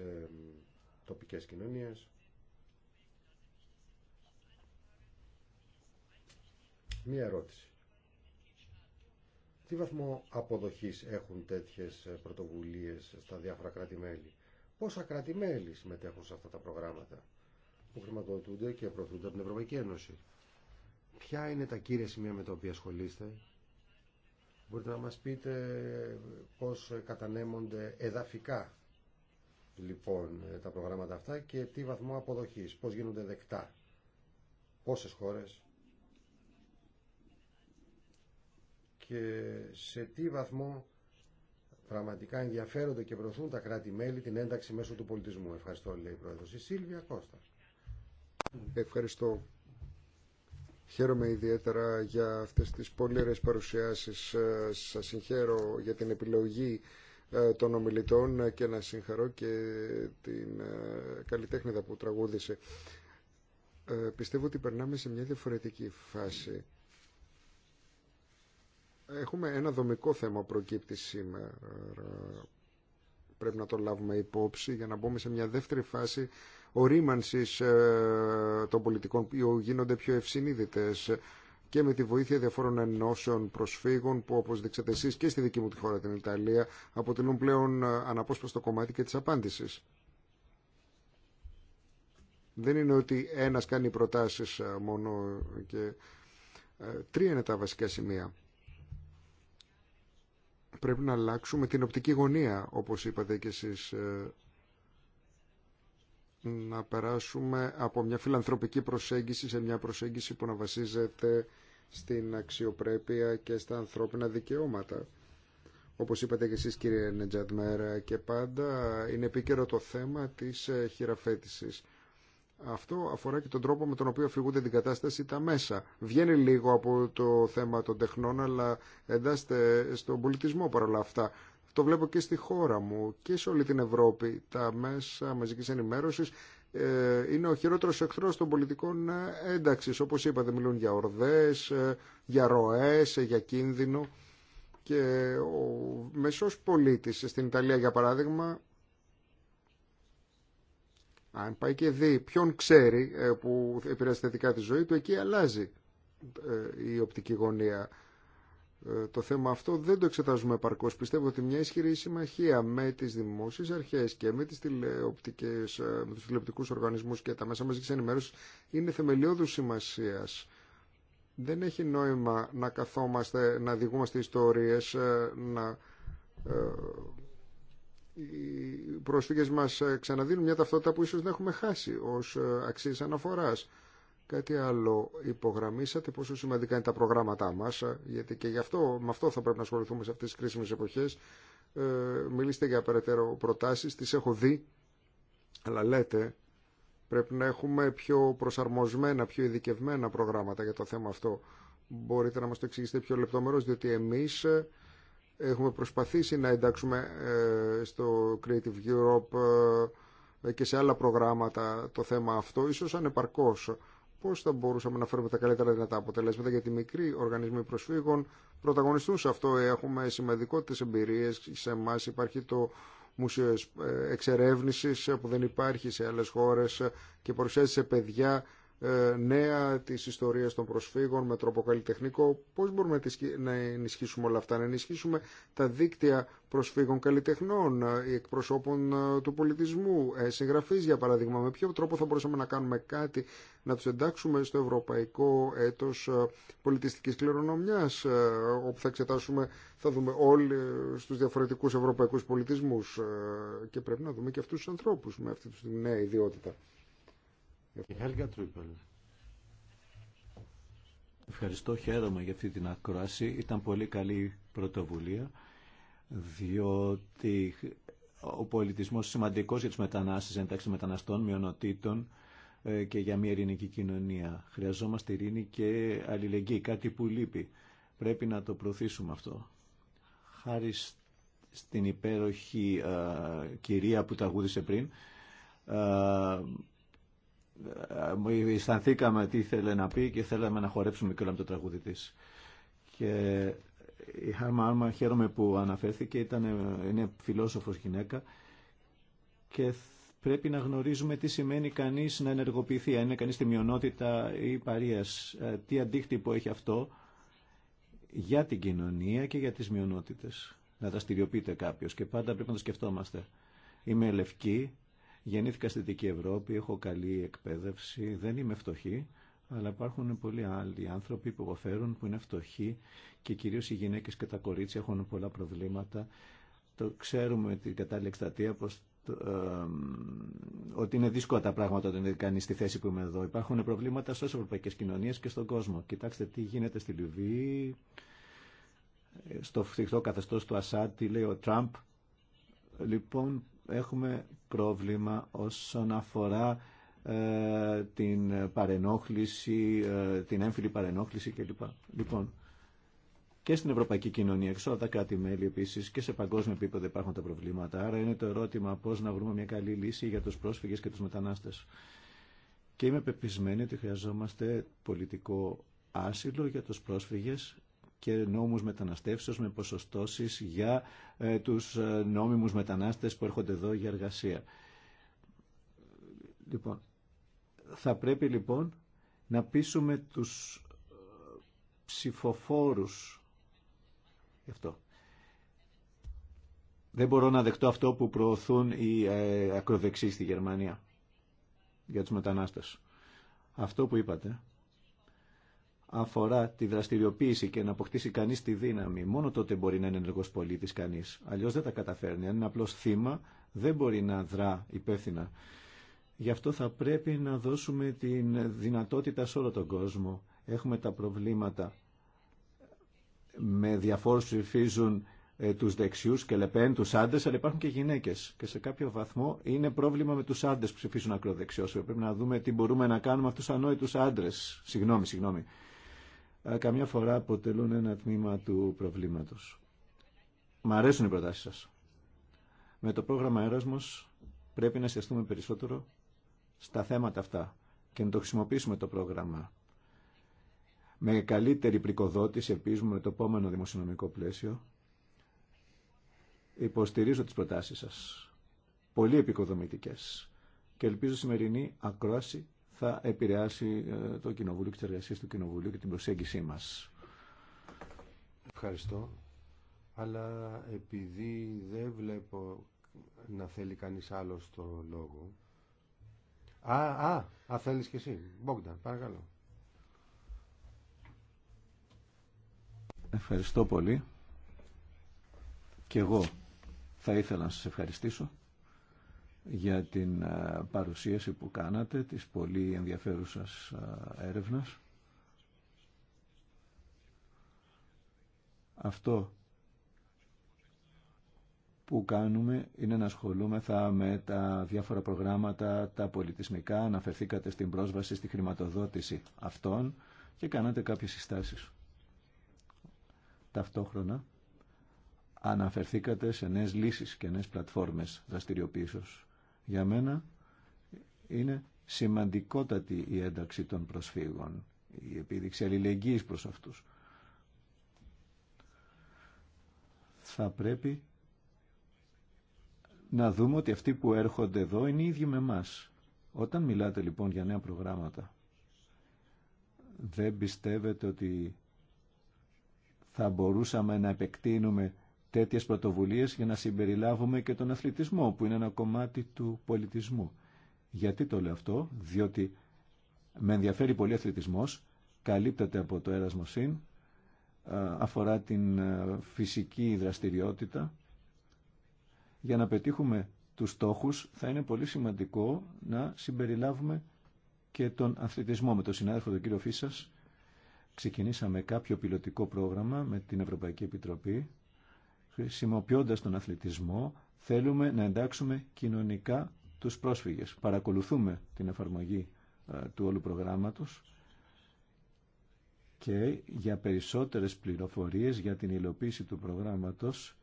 τοπικές κοινωνίες. Μία ερώτηση. Τι βαθμό αποδοχής έχουν τέτοιες ε, πρωτοβουλίες στα διάφορα κράτη-μέλη. Πόσα κράτη-μέλη συμμετέχουν σε αυτά τα προγράμματα που χρηματοδοτούνται και προωθούνται από την Ευρωπαϊκή Ένωση. Ποια είναι τα κύρια σημεία με τα οποία ασχολείστε. Μπορείτε να μας πείτε ε, πώς ε, κατανέμονται εδαφικά λοιπόν ε, τα προγράμματα αυτά και τι βαθμό αποδοχής, πώς γίνονται δεκτά, πόσες χώρες και σε τι βαθμό πραγματικά ενδιαφέρονται και προωθούν τα κράτη-μέλη την ένταξη μέσω του πολιτισμού. Ευχαριστώ, λέει η Πρόεδρος. Η Σίλβια Κώστα. Ευχαριστώ. Χαίρομαι ιδιαίτερα για αυτές τις πολύ ωραίες παρουσιάσεις. Ε, σας συγχαίρω για την επιλογή ε, των ομιλητών ε, και να συγχαρώ και την ε, καλλιτέχνηδα που τραγούδησε. Πιστεύω ότι περνάμε σε μια διαφορετική φάση. Έχουμε ένα δομικό θέμα προκύπτει σήμερα. Πρέπει να το λάβουμε υπόψη για να μπούμε σε μια δεύτερη φάση ορίμανσης των πολιτικών που γίνονται πιο ευσυνείδητες και με τη βοήθεια διαφόρων ενώσεων προσφύγων που όπως δείξατε εσεί και στη δική μου τη χώρα την Ιταλία αποτελούν πλέον ε, αναπόσπαστο κομμάτι και τη απάντηση. Δεν είναι ότι ένας κάνει προτάσεις ε, μόνο και ε, τρία είναι τα βασικά σημεία. Πρέπει να αλλάξουμε την οπτική γωνία όπως είπατε και εσείς να περάσουμε από μια φιλανθρωπική προσέγγιση σε μια προσέγγιση που να βασίζεται στην αξιοπρέπεια και στα ανθρώπινα δικαιώματα. Όπως είπατε και εσείς κύριε Νετζαντμέρα και πάντα είναι επίκαιρο το θέμα της ε, χειραφέτησης. Αυτό αφορά και τον τρόπο με τον οποίο αφηγούνται την κατάσταση τα μέσα. Βγαίνει λίγο από το θέμα των τεχνών, αλλά εντάστε στον πολιτισμό παρόλα αυτά. Το βλέπω και στη χώρα μου και σε όλη την Ευρώπη. Τα μέσα μαζικής ενημέρωσης ε, είναι ο χειρότερος εχθρός των πολιτικών ε, ένταξη. Όπως είπατε, μιλούν για ορδές, ε, για ροές, για κίνδυνο. Και ο μεσός πολίτης στην Ιταλία, για παράδειγμα, αν πάει και δει ποιον ξέρει που επηρεάζει θετικά τη ζωή του, εκεί αλλάζει η οπτική γωνία. Ε, το θέμα αυτό δεν το εξετάζουμε επαρκώ. Πιστεύω ότι μια ισχυρή συμμαχία με τι δημόσιε αρχέ και με, τις τηλεοπτικές, ε, με τους τηλεοπτικούς οργανισμούς και τα μέσα μαζική ενημέρωση είναι θεμελιώδους σημασίας. Δεν έχει νόημα να καθόμαστε, να διηγούμαστε ιστορίες, ε, να... Οι πρόσφυγες μας ξαναδίνουν μια ταυτότητα που ίσως δεν έχουμε χάσει ως αξίες αναφοράς. Κάτι άλλο, υπογραμμίσατε πόσο σημαντικά είναι τα προγράμματά μας, ε, γιατί και γι' αυτό, με αυτό θα πρέπει να ασχοληθούμε σε αυτές τις κρίσιμες εποχές. Ε, μιλήστε για περαιτέρω προτάσεις, τις έχω δει, αλλά λέτε πρέπει να έχουμε πιο προσαρμοσμένα, πιο ειδικευμένα προγράμματα για το θέμα αυτό. Μπορείτε να μας το εξηγήσετε πιο λεπτομερώς, διότι εμείς ε, έχουμε προσπαθήσει να εντάξουμε ε, στο Creative Europe και σε άλλα προγράμματα το θέμα αυτό, ίσως ανεπαρκώς πώ θα μπορούσαμε να φέρουμε τα καλύτερα δυνατά αποτελέσματα, για τη μικρή οργανισμοί προσφύγων πρωταγωνιστούν σε αυτό. Έχουμε σημαντικότητε εμπειρίε. Σε εμά υπάρχει το Μουσείο ε, Εξερεύνηση που δεν υπάρχει σε άλλε χώρε και παρουσιάζει σε παιδιά ε, νέα της ιστορίας των προσφύγων με τρόπο καλλιτεχνικό. Πώς μπορούμε να ενισχύσουμε όλα αυτά, να ενισχύσουμε τα δίκτυα προσφύγων καλλιτεχνών, ε, εκπροσώπων ε, του πολιτισμού, συγγραφείς για παράδειγμα. Με ποιο τρόπο θα μπορούσαμε να κάνουμε κάτι, να τους εντάξουμε στο ευρωπαϊκό έτος πολιτιστικής κληρονομιάς, όπου θα εξετάσουμε, θα δούμε όλοι στους διαφορετικούς ευρωπαϊκούς πολιτισμούς και πρέπει να δούμε και αυτούς τους ανθρώπους με αυτή τη νέα ιδιότητα. Ευχαριστώ, χαίρομαι για αυτή την ακρόαση. Ήταν πολύ καλή πρωτοβουλία, διότι ο πολιτισμός σημαντικός για τους μετανάστες, εντάξει μεταναστών, μειονοτήτων ε, και για μια ειρηνική κοινωνία. Χρειαζόμαστε ειρήνη και αλληλεγγύη, κάτι που λείπει. Πρέπει να το προωθήσουμε αυτό. Χάρη στην υπέροχη ε, κυρία που ταγούδησε πριν, ε, ε, ε, αισθανθήκαμε τι ήθελε να πει και θέλαμε να χορέψουμε και όλα με το τραγούδι της. Και η Χάρμα Άρμα χαίρομαι που αναφέρθηκε, ήταν, είναι φιλόσοφος γυναίκα και πρέπει να γνωρίζουμε τι σημαίνει κανείς να ενεργοποιηθεί, αν είναι κανείς στη μειονότητα ή παρείας, ε, τι αντίκτυπο έχει αυτό για την κοινωνία και για τις μειονότητες. Να δραστηριοποιείται κάποιος και πάντα πρέπει να το σκεφτόμαστε. Είμαι λευκή, Γεννήθηκα στη Δυτική Ευρώπη, έχω καλή εκπαίδευση, δεν είμαι φτωχή, αλλά υπάρχουν πολλοί άλλοι άνθρωποι που υποφέρουν, που είναι φτωχοί και κυρίως οι γυναίκες και τα κορίτσια έχουν πολλά προβλήματα. Το ξέρουμε την κατάλληλη εκστατεία ότι είναι δύσκολα τα πράγματα όταν είναι κανεί στη θέση που είμαι εδώ. Υπάρχουν προβλήματα στι ευρωπαϊκές κοινωνίες και στον κόσμο. Κοιτάξτε τι γίνεται στη Λιβύη, στο φτυχτό καθεστώ του Ασάτη, λέει ο Τραμπ. Λοιπόν, έχουμε πρόβλημα όσον αφορά ε, την παρενόχληση, ε, την έμφυλη παρενόχληση κλπ. Λοιπόν, και στην ευρωπαϊκή κοινωνία, και σε όλα τα κράτη-μέλη επίση, και σε παγκόσμιο επίπεδο υπάρχουν τα προβλήματα. Άρα είναι το ερώτημα πώ να βρούμε μια καλή λύση για του πρόσφυγε και του μετανάστε. Και είμαι πεπισμένη ότι χρειαζόμαστε πολιτικό άσυλο για του πρόσφυγε και νόμους μεταναστεύσεως με ποσοστώσεις για ε, τους ε, νόμιμους μετανάστες που έρχονται εδώ για εργασία. Λοιπόν, θα πρέπει λοιπόν να πείσουμε τους ε, ψηφοφόρους γι' αυτό. Δεν μπορώ να δεχτώ αυτό που προωθούν οι ακροδεξοί στη Γερμανία για τους μετανάστες. Αυτό που είπατε αφορά τη δραστηριοποίηση και να αποκτήσει κανεί τη δύναμη, μόνο τότε μπορεί να είναι ενεργό πολίτη κανεί. Αλλιώ δεν τα καταφέρνει. Αν είναι απλώ θύμα, δεν μπορεί να δρά υπεύθυνα. Γι' αυτό θα πρέπει να δώσουμε τη δυνατότητα σε όλο τον κόσμο. Έχουμε τα προβλήματα με διαφόρους ψηφίζουν ε, τους δεξιούς και λεπέν, τους άντρες, αλλά υπάρχουν και γυναίκες. Και σε κάποιο βαθμό είναι πρόβλημα με τους άντρες που ψηφίζουν ακροδεξιό. Πρέπει να δούμε τι μπορούμε να κάνουμε αυτούς ανόητους άντρες. Συγγνώμη, συγγνώμη. Ε, καμιά φορά αποτελούν ένα τμήμα του προβλήματος. Μ' αρέσουν οι προτάσεις σας. Με το πρόγραμμα Εράσμος πρέπει να εστιαστούμε περισσότερο στα θέματα αυτά και να το χρησιμοποιήσουμε το πρόγραμμα. Με καλύτερη πρικοδότηση ελπίζουμε το επόμενο δημοσιονομικό πλαίσιο. Υποστηρίζω τις προτάσεις σας. Πολύ επικοδομητικές. Και ελπίζω σημερινή ακρόαση θα επηρεάσει ε, το Κοινοβούλιο και τις εργασίες του Κοινοβουλίου και την προσέγγισή μας. Ευχαριστώ. Αλλά επειδή δεν βλέπω να θέλει κανείς άλλο το λόγο... Α, α, α θέλεις και εσύ. Μπόγκταν, παρακαλώ. Ευχαριστώ πολύ. Και εγώ θα ήθελα να σας ευχαριστήσω για την ε, παρουσίαση που κάνατε της πολύ ενδιαφέρουσας ε, έρευνας. Αυτό που κάνουμε είναι να ασχολούμεθα με τα διάφορα προγράμματα, τα πολιτισμικά. Αναφερθήκατε στην πρόσβαση, στη χρηματοδότηση αυτών και κάνατε κάποιες συστάσεις. Ταυτόχρονα αναφερθήκατε σε νέες λύσεις και νέες πλατφόρμες δραστηριοποίησης για μένα είναι σημαντικότατη η ένταξη των προσφύγων, η επίδειξη αλληλεγγύης προς αυτούς. Θα πρέπει να δούμε ότι αυτοί που έρχονται εδώ είναι οι ίδιοι με μας. Όταν μιλάτε λοιπόν για νέα προγράμματα, δεν πιστεύετε ότι θα μπορούσαμε να επεκτείνουμε τέτοιες πρωτοβουλίες για να συμπεριλάβουμε και τον αθλητισμό που είναι ένα κομμάτι του πολιτισμού. Γιατί το λέω αυτό, διότι με ενδιαφέρει πολύ αθλητισμός, καλύπτεται από το έρασμο συν, αφορά την φυσική δραστηριότητα. Για να πετύχουμε τους στόχους θα είναι πολύ σημαντικό να συμπεριλάβουμε και τον αθλητισμό. Με τον συνάδελφο τον κύριο Φίσας ξεκινήσαμε κάποιο πιλωτικό πρόγραμμα με την Ευρωπαϊκή Επιτροπή Χρησιμοποιώντας τον αθλητισμό θέλουμε να εντάξουμε κοινωνικά τους πρόσφυγες. Παρακολουθούμε την εφαρμογή ε, του όλου προγράμματος και για περισσότερες πληροφορίες για την υλοποίηση του προγράμματος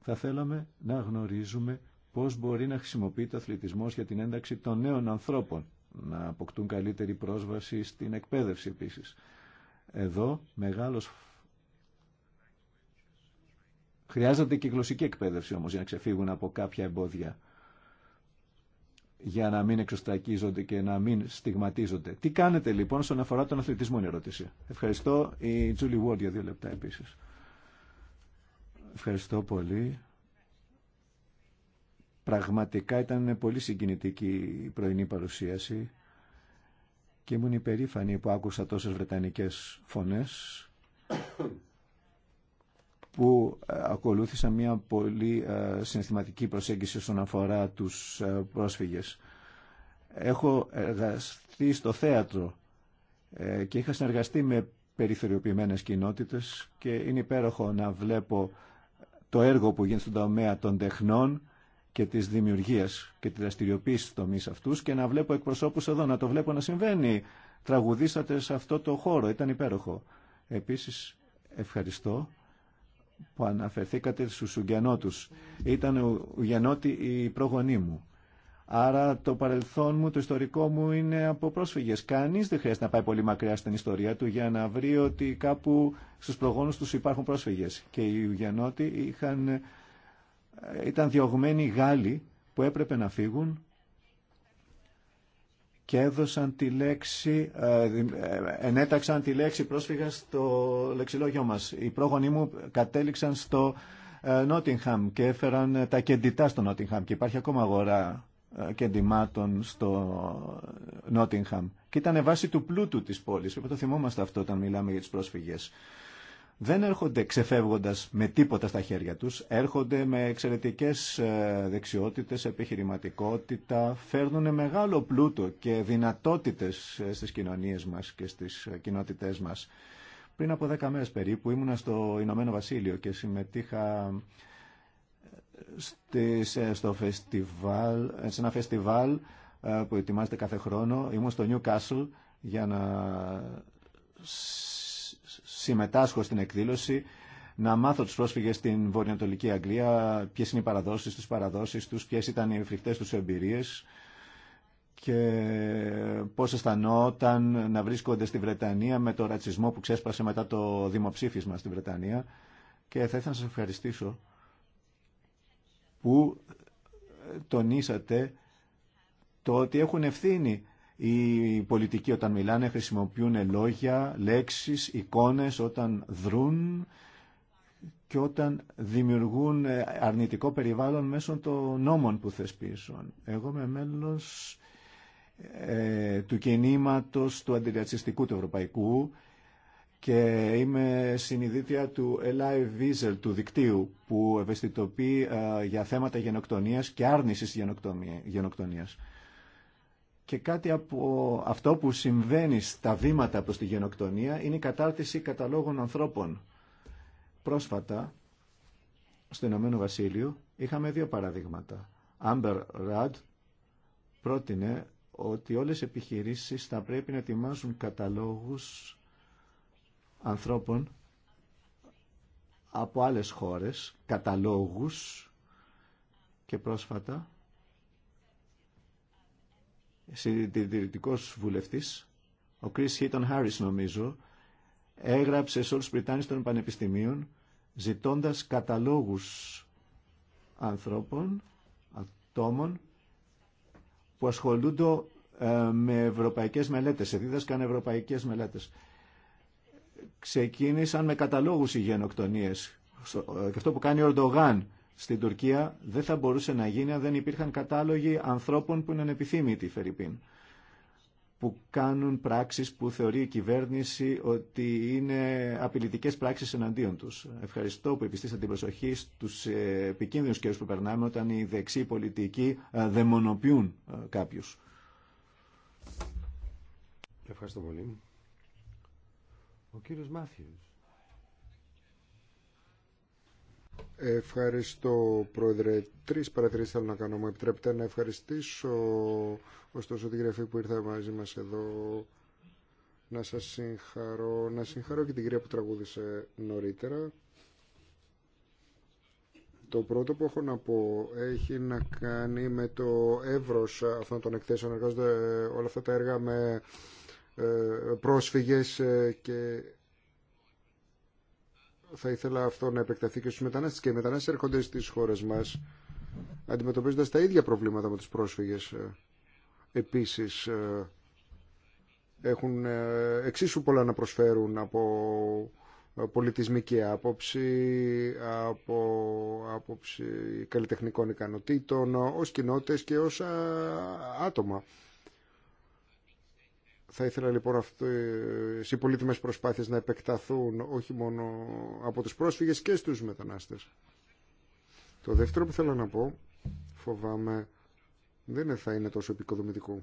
θα θέλαμε να γνωρίζουμε πώς μπορεί να χρησιμοποιείται ο αθλητισμός για την ένταξη των νέων ανθρώπων, να αποκτούν καλύτερη πρόσβαση στην εκπαίδευση επίσης. Εδώ μεγάλος Χρειάζεται και γλωσσική εκπαίδευση όμως για να ξεφύγουν από κάποια εμπόδια για να μην εξωστρακίζονται και να μην στιγματίζονται. Τι κάνετε λοιπόν στον αφορά τον αθλητισμό είναι η ερώτηση. Ευχαριστώ η Τζούλι Βόρτ για δύο λεπτά επίσης. Ευχαριστώ πολύ. Πραγματικά ήταν πολύ συγκινητική η πρωινή παρουσίαση και ήμουν υπερήφανη που άκουσα τόσες βρετανικές φωνές που ε, ακολούθησαν μια πολύ ε, συναισθηματική προσέγγιση στον αφορά τους ε, πρόσφυγες. Έχω εργαστεί στο θέατρο και είχα συνεργαστεί με περιθωριοποιημένες κοινότητες και είναι υπέροχο να βλέπω το έργο που γίνεται στον τομέα των τεχνών και της δημιουργίας και τη δραστηριοποίηση τομείς αυτούς και να βλέπω εκπροσώπους εδώ, να το βλέπω να συμβαίνει. Τραγουδήσατε σε αυτό το χώρο, ήταν υπέροχο. Επίσης, ευχαριστώ που αναφερθήκατε στους Ουγγενώτους. Ήταν Ουγγενώτη η προγονή μου. Άρα το παρελθόν μου, το ιστορικό μου είναι από πρόσφυγες. Κανείς δεν χρειάζεται να πάει πολύ μακριά στην ιστορία του για να βρει ότι κάπου στους προγόνους τους υπάρχουν πρόσφυγες. Και οι Ουγγενώτοι ήταν διωγμένοι Γάλλοι που έπρεπε να φύγουν και έδωσαν τη λέξη, ε, ε, ενέταξαν τη λέξη πρόσφυγα στο λεξιλόγιο μας. Οι πρόγονοί μου κατέληξαν στο ε, Νότιγχαμ και έφεραν τα κεντητά στο Νότιγχαμ και υπάρχει ακόμα αγορά κεντημάτων στο Νότιγχαμ. Και ήταν βάση του πλούτου της πόλης. Πρέπει να το θυμόμαστε αυτό όταν μιλάμε για τις πρόσφυγες δεν έρχονται ξεφεύγοντας με τίποτα στα χέρια τους, έρχονται με εξαιρετικές ε, δεξιότητες, επιχειρηματικότητα, φέρνουν μεγάλο πλούτο και δυνατότητες ε, στις κοινωνίες μας και στις ε, κοινότητές μας. Πριν από δέκα μέρες περίπου ήμουνα στο Ηνωμένο Βασίλειο και συμμετείχα στο φεστιβάλ, σε ένα φεστιβάλ που ετοιμάζεται κάθε χρόνο. Ήμουν στο Νιου Κάσλ για να συμμετάσχω στην εκδήλωση να μάθω τους πρόσφυγες στην βορειοανατολική Αγγλία ποιες είναι οι παραδόσεις τους, παραδόσεις τους, ποιες ήταν οι φρικτές τους εμπειρίες και πώς αισθανόταν να βρίσκονται στη Βρετανία με το ρατσισμό που ξέσπασε μετά το δημοψήφισμα στη Βρετανία και θα ήθελα να σας ευχαριστήσω που τονίσατε το ότι έχουν ευθύνη οι πολιτικοί όταν μιλάνε χρησιμοποιούν λόγια, λέξεις, εικόνες όταν δρούν και όταν δημιουργούν ε, αρνητικό περιβάλλον μέσω των νόμων που θεσπίζουν. Εγώ είμαι μέλος ε, του κινήματος του αντιρατσιστικού του ευρωπαϊκού και είμαι συνειδητία του Eli Wiesel, του δικτύου, που ευαισθητοποιεί ε, για θέματα γενοκτονίας και άρνησης γενοκτονίας. Και κάτι από αυτό που συμβαίνει στα βήματα προς τη γενοκτονία είναι η κατάρτιση καταλόγων ανθρώπων. Πρόσφατα, στο Ηνωμένο Βασίλειο, είχαμε δύο παραδείγματα. Άμπερ Ράντ πρότεινε ότι όλες οι επιχειρήσεις θα πρέπει να ετοιμάζουν καταλόγους ανθρώπων από άλλες χώρες, καταλόγους και πρόσφατα συντηρητικός βουλευτής, ο Chris Heaton Harris νομίζω, έγραψε σε όλους τους των Πανεπιστημίων ζητώντας καταλόγους ανθρώπων, ατόμων που ασχολούνται ε, με ευρωπαϊκές μελέτες, σε δίδασκαν ευρωπαϊκές μελέτες. Ξεκίνησαν με καταλόγους οι γενοκτονίες. Ε, και αυτό που κάνει ο Ερντογάν στην Τουρκία δεν θα μπορούσε να γίνει αν δεν υπήρχαν κατάλογοι ανθρώπων που είναι ανεπιθύμητοι, Φερρυπίν, που κάνουν πράξεις που θεωρεί η κυβέρνηση ότι είναι απειλητικές πράξεις εναντίον τους. Ευχαριστώ που επιστήσατε την προσοχή στους επικίνδυνους καιρούς που περνάμε όταν οι δεξιοί πολιτικοί ε, δαιμονοποιούν ε, κάποιους. Ευχαριστώ πολύ. Ο κύριος Μάθιος. Ευχαριστώ, Πρόεδρε. Τρει παρατηρήσει θέλω να κάνω. Μου επιτρέπετε να ευχαριστήσω ωστόσο την γραφή που ήρθε μαζί μα εδώ. Να σα συγχαρώ. Να συγχαρώ και την κυρία που τραγούδησε νωρίτερα. Το πρώτο που έχω να πω έχει να κάνει με το εύρος αυτών των εκθέσεων. Εργάζονται όλα αυτά τα έργα με ε, πρόσφυγες ε, και θα ήθελα αυτό να επεκταθεί και στους μετανάστες και οι μετανάστες έρχονται στις χώρες μας αντιμετωπίζοντας τα ίδια προβλήματα με τους πρόσφυγες ε, επίσης ε, έχουν ε, εξίσου πολλά να προσφέρουν από πολιτισμική άποψη, από άποψη καλλιτεχνικών ικανοτήτων, ως κοινότητες και ως άτομα. Θα ήθελα λοιπόν αυτές ε, οι πολύτιμες προσπάθειες να επεκταθούν όχι μόνο από τους πρόσφυγες και στους μετανάστες. Το δεύτερο που θέλω να πω, φοβάμαι, δεν θα είναι τόσο επικοδομητικό.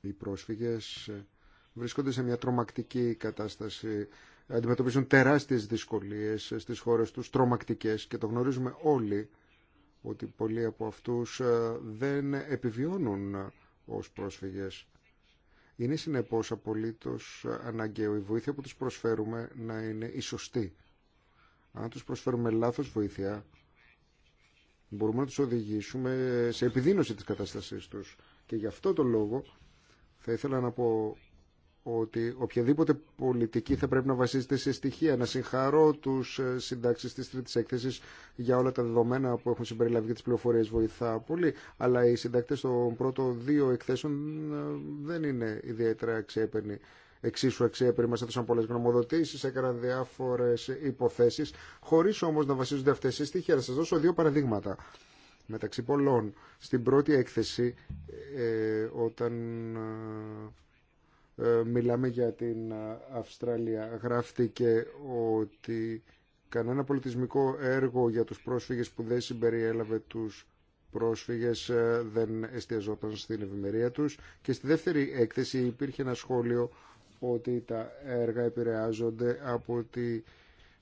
Οι πρόσφυγες ε, βρίσκονται σε μια τρομακτική κατάσταση, αντιμετωπίζουν τεράστιες δυσκολίες ε, στις χώρες τους, τρομακτικές και το γνωρίζουμε όλοι ότι πολλοί από αυτούς δεν επιβιώνουν ως πρόσφυγες. Είναι συνεπώς απολύτως αναγκαίο η βοήθεια που τους προσφέρουμε να είναι η σωστή. Αν τους προσφέρουμε λάθος βοήθεια, μπορούμε να τους οδηγήσουμε σε επιδείνωση της κατάστασής τους. Και γι' αυτό το λόγο θα ήθελα να πω ότι οποιαδήποτε πολιτική θα πρέπει να βασίζεται σε στοιχεία. Να συγχαρώ του ε, συντάξει τη τρίτη έκθεση για όλα τα δεδομένα που έχουν συμπεριλάβει και τι πληροφορίε. Βοηθά πολύ. Αλλά οι συντάκτε των πρώτων δύο εκθέσεων ε, δεν είναι ιδιαίτερα αξιέπαινοι. Εξίσου αξιέπαινοι. Μα έδωσαν πολλέ γνωμοδοτήσει, έκαναν διάφορε υποθέσει, χωρί όμω να βασίζονται αυτέ σε στοιχεία. Να σα δώσω δύο παραδείγματα μεταξύ πολλών. Στην πρώτη έκθεση, ε, όταν. Ε, μιλάμε για την ε, Αυστραλία. Γράφτηκε ότι κανένα πολιτισμικό έργο για τους πρόσφυγες που δεν συμπεριέλαβε τους πρόσφυγες ε, δεν εστιαζόταν στην ευημερία τους. Και στη δεύτερη έκθεση υπήρχε ένα σχόλιο ότι τα έργα επηρεάζονται από τη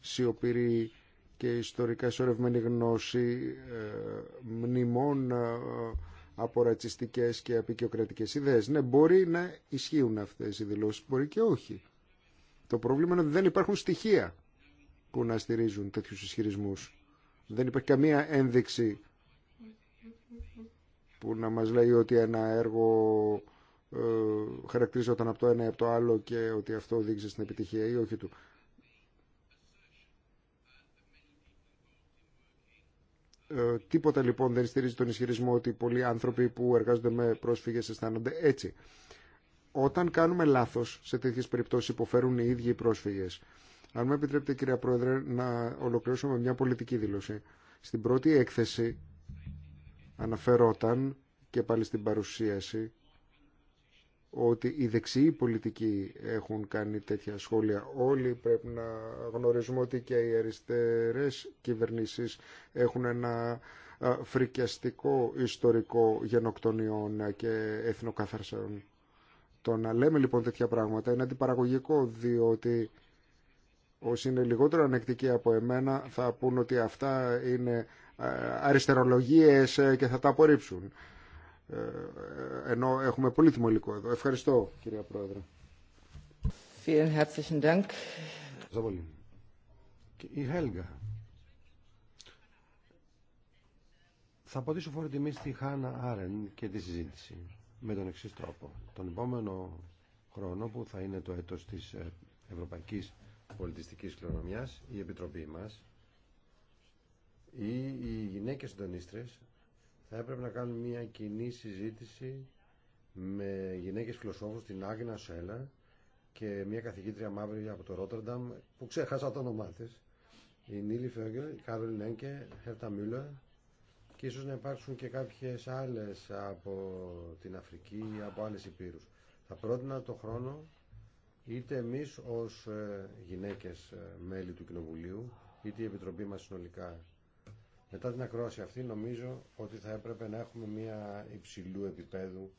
σιωπηρή και ιστορικά σωρευμένη γνώση μνημών από ρατσιστικέ και απεικιοκρατικέ ιδέες. Ναι, μπορεί να ισχύουν αυτές οι δηλώσει, μπορεί και όχι. Το πρόβλημα είναι ότι δεν υπάρχουν στοιχεία που να στηρίζουν τέτοιους ισχυρισμού. Δεν υπάρχει καμία ένδειξη που να μας λέει ότι ένα έργο ε, χαρακτηρίζονταν από το ένα ή από το άλλο και ότι αυτό οδήγησε στην επιτυχία ή όχι του. Ε, τίποτα λοιπόν δεν στηρίζει τον ισχυρισμό ότι πολλοί άνθρωποι που εργάζονται με πρόσφυγες αισθάνονται έτσι. Όταν κάνουμε λάθος, σε τέτοιες περιπτώσεις υποφέρουν οι ίδιοι οι πρόσφυγες. Αν με επιτρέπετε κυρία Πρόεδρε να ολοκληρώσω με μια πολιτική δήλωση. Στην πρώτη έκθεση αναφερόταν και πάλι στην παρουσίαση ότι οι δεξιοί πολιτικοί έχουν κάνει τέτοια σχόλια. Όλοι πρέπει να γνωρίζουμε ότι και οι αριστερές κυβερνήσεις έχουν ένα φρικιαστικό ιστορικό γενοκτονιών και εθνοκαθαρσεών. Το να λέμε λοιπόν τέτοια πράγματα είναι αντιπαραγωγικό διότι όσοι είναι λιγότερο ανεκτικοί από εμένα θα πούν ότι αυτά είναι αριστερολογίες και θα τα απορρίψουν. Ε, ε, ενώ έχουμε πολύ θυμολικό εδώ. Ευχαριστώ κυρία Πρόεδρε. Vielen herzlichen Dank. Η Χέλγα. Θα αποτίσω φορή τιμή στη Χάνα Άρεν και τη συζήτηση με τον εξή τρόπο. Τον επόμενο χρόνο που θα είναι το έτος της ε, Ευρωπαϊκής Πολιτιστικής Κληρονομιάς, η Επιτροπή μας ή οι γυναίκες συντονίστρες θα έπρεπε να κάνουμε μια κοινή συζήτηση με γυναίκες φιλοσόφους την Άγνα Σέλα και μια καθηγήτρια μαύρη από το Ρότερνταμ που ξέχασα το όνομά της η Νίλη Φέγγελ, η Κάρολ Νέγκε, Χέρτα Μιούλα και ίσως να υπάρξουν και κάποιες άλλες από την Αφρική ή από άλλες υπήρους. Θα πρότεινα το χρόνο είτε εμείς ως ε, γυναίκες ε, μέλη του Κοινοβουλίου είτε η Επιτροπή μα συνολικά μετά την ακρόαση αυτή νομίζω ότι θα έπρεπε να έχουμε μια υψηλού επίπεδου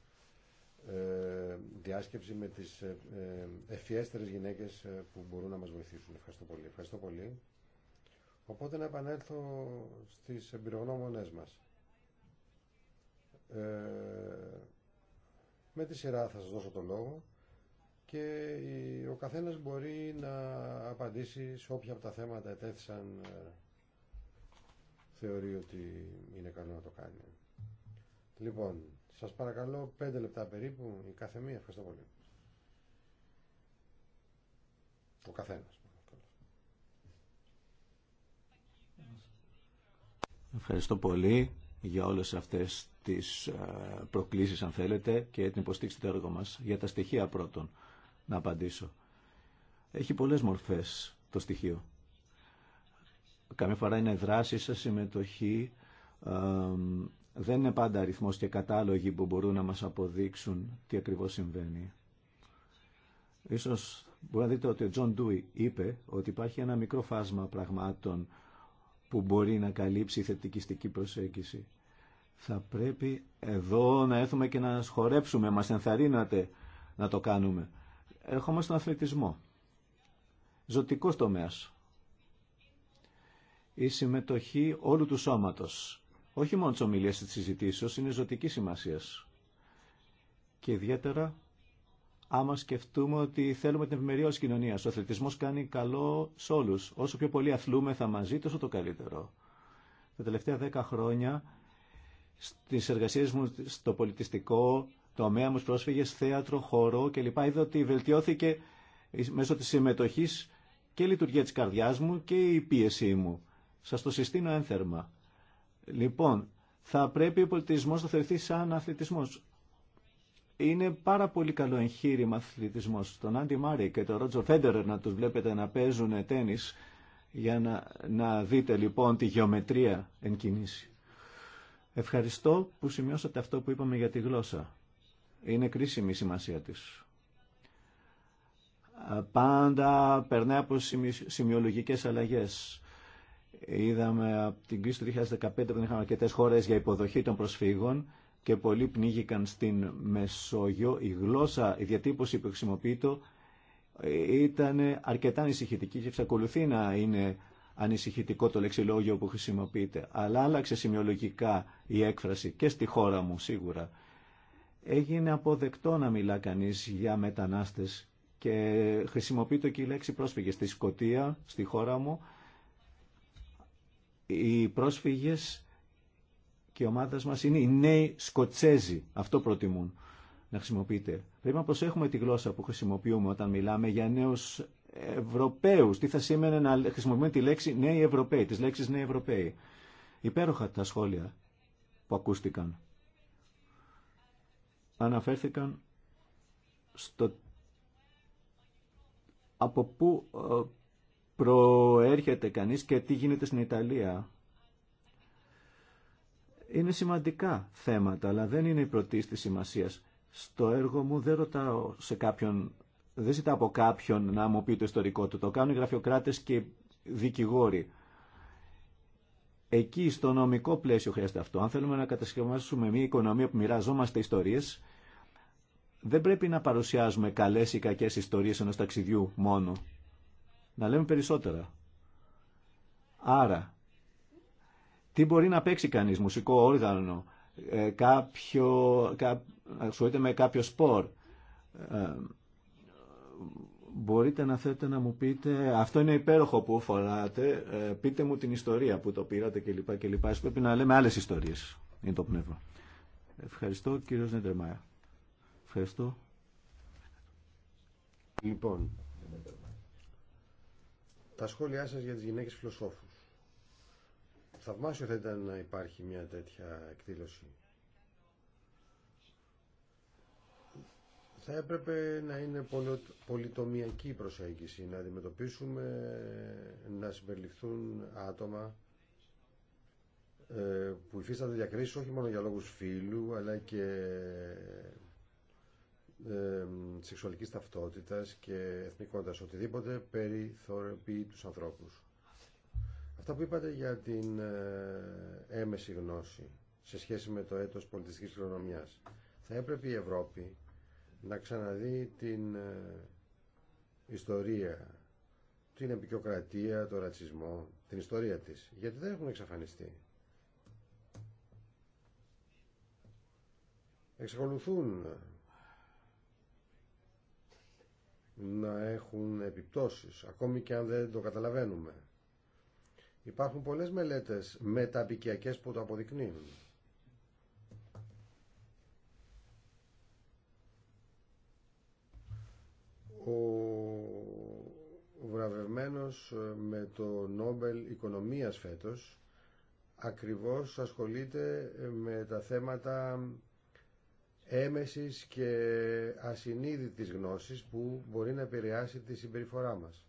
ε, διάσκεψη με τις ε, ε, ευφιέστερες γυναίκες ε, που μπορούν να μας βοηθήσουν. Ευχαριστώ πολύ. Ευχαριστώ πολύ. Οπότε να επανέλθω στις εμπειρογνώμονές μας. Ε, με τη σειρά θα σας δώσω το λόγο και ο καθένας μπορεί να απαντήσει σε όποια από τα θέματα ετέθησαν θεωρεί ότι είναι καλό να το κάνει. Λοιπόν, σας παρακαλώ πέντε λεπτά περίπου η κάθε μία. Ευχαριστώ πολύ. Ο καθένας. Ευχαριστώ πολύ για όλες αυτές τις ε, προκλήσεις αν θέλετε και την υποστήριξη του έργου μας. Για τα στοιχεία πρώτον να απαντήσω. Έχει πολλές μορφές το στοιχείο. Καμιά φορά είναι δράση σε συμμετοχή. Δεν είναι πάντα αριθμός και κατάλογοι που μπορούν να μας αποδείξουν τι ακριβώς συμβαίνει. Ίσως μπορεί να δείτε ότι ο Τζον Ντούι είπε ότι υπάρχει ένα μικρό φάσμα πραγμάτων που μπορεί να καλύψει η θετικιστική προσέγγιση. Θα πρέπει εδώ να έρθουμε και να σχορέψουμε, μας ενθαρρύνατε να το κάνουμε. Έρχομαι στον αθλητισμό. Ζωτικός τομέας η συμμετοχή όλου του σώματος. Όχι μόνο τις ομιλίες τη συζητήσεως, είναι ζωτική σημασία. Και ιδιαίτερα άμα σκεφτούμε ότι θέλουμε την ευημερία ω κοινωνία. Ο αθλητισμός κάνει καλό σε όλου. Όσο πιο πολύ θα μαζί, τόσο το καλύτερο. Τα τελευταία δέκα χρόνια στις εργασίες μου στο πολιτιστικό, το τομέα μου πρόσφυγε θέατρο, χωρό κλπ. Είδα ότι βελτιώθηκε μέσω της συμμετοχής και η λειτουργία της καρδιάς μου και η πίεση μου. Σας το συστήνω ένθερμα. Λοιπόν, θα πρέπει ο πολιτισμός να θεωρηθεί σαν αθλητισμός. Είναι πάρα πολύ καλό εγχείρημα αθλητισμός. Τον Άντι Μάρι και τον Ρότζο Φέντερερ να τους βλέπετε να παίζουν τένις για να, να δείτε λοιπόν τη γεωμετρία εν κινήσει. Ευχαριστώ που σημειώσατε αυτό που είπαμε για τη γλώσσα. Είναι κρίσιμη η σημασία της. Πάντα περνάει από σημειολογικές αλλαγές. Είδαμε από την κρίση του 2015 που είχαμε αρκετέ χώρε για υποδοχή των προσφύγων και πολλοί πνίγηκαν στην Μεσόγειο. Η γλώσσα, η διατύπωση που χρησιμοποιείται ε, ήταν αρκετά ανησυχητική και εξακολουθεί να είναι ανησυχητικό το λεξιλόγιο που χρησιμοποιείται. Αλλά άλλαξε σημειολογικά η έκφραση και στη χώρα μου σίγουρα. Έγινε αποδεκτό να μιλά κανείς για μετανάστες και χρησιμοποιείται και η λέξη πρόσφυγε στη Σκοτία, στη χώρα μου, οι πρόσφυγες και η ομάδα μας είναι οι νέοι Σκοτσέζοι. Αυτό προτιμούν να χρησιμοποιείτε. Πρέπει να προσέχουμε τη γλώσσα που χρησιμοποιούμε όταν μιλάμε για νέους Ευρωπαίους. Τι θα σήμαινε να χρησιμοποιούμε τη λέξη νέοι Ευρωπαίοι, τις λέξεις νέοι Ευρωπαίοι. Υπέροχα τα σχόλια που ακούστηκαν. Αναφέρθηκαν στο από πού ε, προέρχεται κανείς και τι γίνεται στην Ιταλία. Είναι σημαντικά θέματα, αλλά δεν είναι η πρωτή της σημασίας. Στο έργο μου δεν ρωτάω σε κάποιον, δεν ζητάω από κάποιον να μου πει το ιστορικό του. Το κάνουν οι γραφειοκράτες και οι δικηγόροι. Εκεί στο νομικό πλαίσιο χρειάζεται αυτό. Αν θέλουμε να κατασκευάσουμε μια οικονομία που μοιραζόμαστε ιστορίες, δεν πρέπει να παρουσιάζουμε καλές ή κακές ιστορίες ενό ταξιδιού μόνο να λέμε περισσότερα. Άρα, τι μπορεί να παίξει κανείς, μουσικό όργανο, ε, κάποιο, κα, ασχολείται με κάποιο σπορ. Ε, μπορείτε να θέλετε να μου πείτε, αυτό είναι υπέροχο που φοράτε, ε, πείτε μου την ιστορία που το πήρατε κλπ. κλπ. Πρέπει να λέμε άλλες ιστορίες, είναι το πνεύμα. Ευχαριστώ κύριο Νέντερμαϊα. Ευχαριστώ. Λοιπόν, τα σχόλιά σας για τις γυναίκες φιλοσόφους. Θαυμάσιο θα ήταν να υπάρχει μια τέτοια εκδήλωση. Θα έπρεπε να είναι πολυτομιακή προσέγγιση, να αντιμετωπίσουμε, να συμπεριληφθούν άτομα ε, που υφίστανται διακρίσεις όχι μόνο για λόγους φίλου, αλλά και ε, σεξουαλικής ταυτότητας και εθνικότητας, οτιδήποτε περιθωριοποιεί τους ανθρώπους. Αυτά που είπατε για την ε, έμεση γνώση σε σχέση με το έτος πολιτιστικής κληρονομιάς. Θα έπρεπε η Ευρώπη να ξαναδεί την ε, ιστορία, την επικοκρατία, το ρατσισμό, την ιστορία της. Γιατί δεν έχουν εξαφανιστεί. Εξακολουθούν να έχουν επιπτώσεις, ακόμη και αν δεν το καταλαβαίνουμε. Υπάρχουν πολλές μελέτες μεταπικιακές που το αποδεικνύουν. Ο βραβευμένος με το Νόμπελ Οικονομίας φέτος ακριβώς ασχολείται με τα θέματα έμεσης και ασυνείδητης γνώσης που μπορεί να επηρεάσει τη συμπεριφορά μας.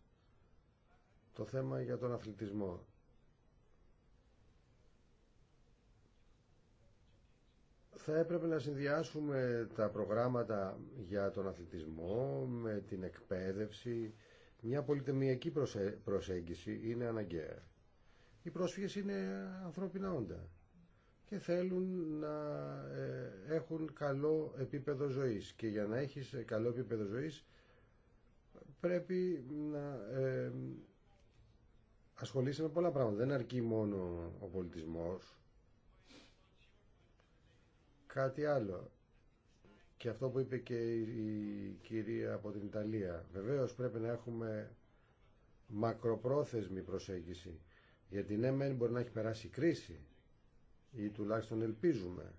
Το θέμα για τον αθλητισμό. Θα έπρεπε να συνδυάσουμε τα προγράμματα για τον αθλητισμό με την εκπαίδευση. Μια πολυτεμιακή προσέγγιση είναι αναγκαία. Οι πρόσφυγες είναι ανθρώπινα όντα και θέλουν να ε, έχουν καλό επίπεδο ζωής. Και για να έχεις ε, καλό επίπεδο ζωής πρέπει να ε, ασχολείσαι με πολλά πράγματα. Δεν αρκεί μόνο ο πολιτισμός. Κάτι άλλο. Και αυτό που είπε και η κυρία από την Ιταλία. Βεβαίως πρέπει να έχουμε μακροπρόθεσμη προσέγγιση. Γιατί ναι, μπορεί να έχει περάσει κρίση, ή τουλάχιστον ελπίζουμε.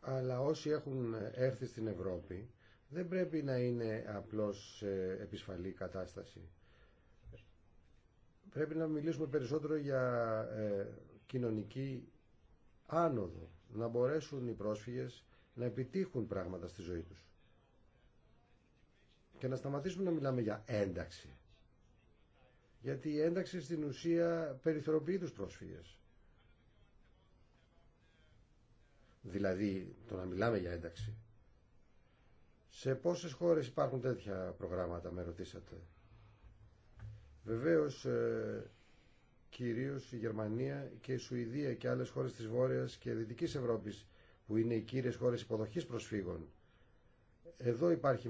Αλλά όσοι έχουν έρθει στην Ευρώπη δεν πρέπει να είναι απλώς σε επισφαλή κατάσταση. Πρέπει να μιλήσουμε περισσότερο για ε, κοινωνική άνοδο, να μπορέσουν οι πρόσφυγες να επιτύχουν πράγματα στη ζωή τους και να σταματήσουμε να μιλάμε για ένταξη γιατί η ένταξη στην ουσία περιθωροποιεί τους πρόσφυγες. Δηλαδή, το να μιλάμε για ένταξη. Σε πόσες χώρες υπάρχουν τέτοια προγράμματα, με ρωτήσατε. Βεβαίως, ε, κυρίως η Γερμανία και η Σουηδία και άλλες χώρες της Βόρειας και Δυτικής Ευρώπης, που είναι οι κύριες χώρες υποδοχής προσφύγων, εδώ υπάρχει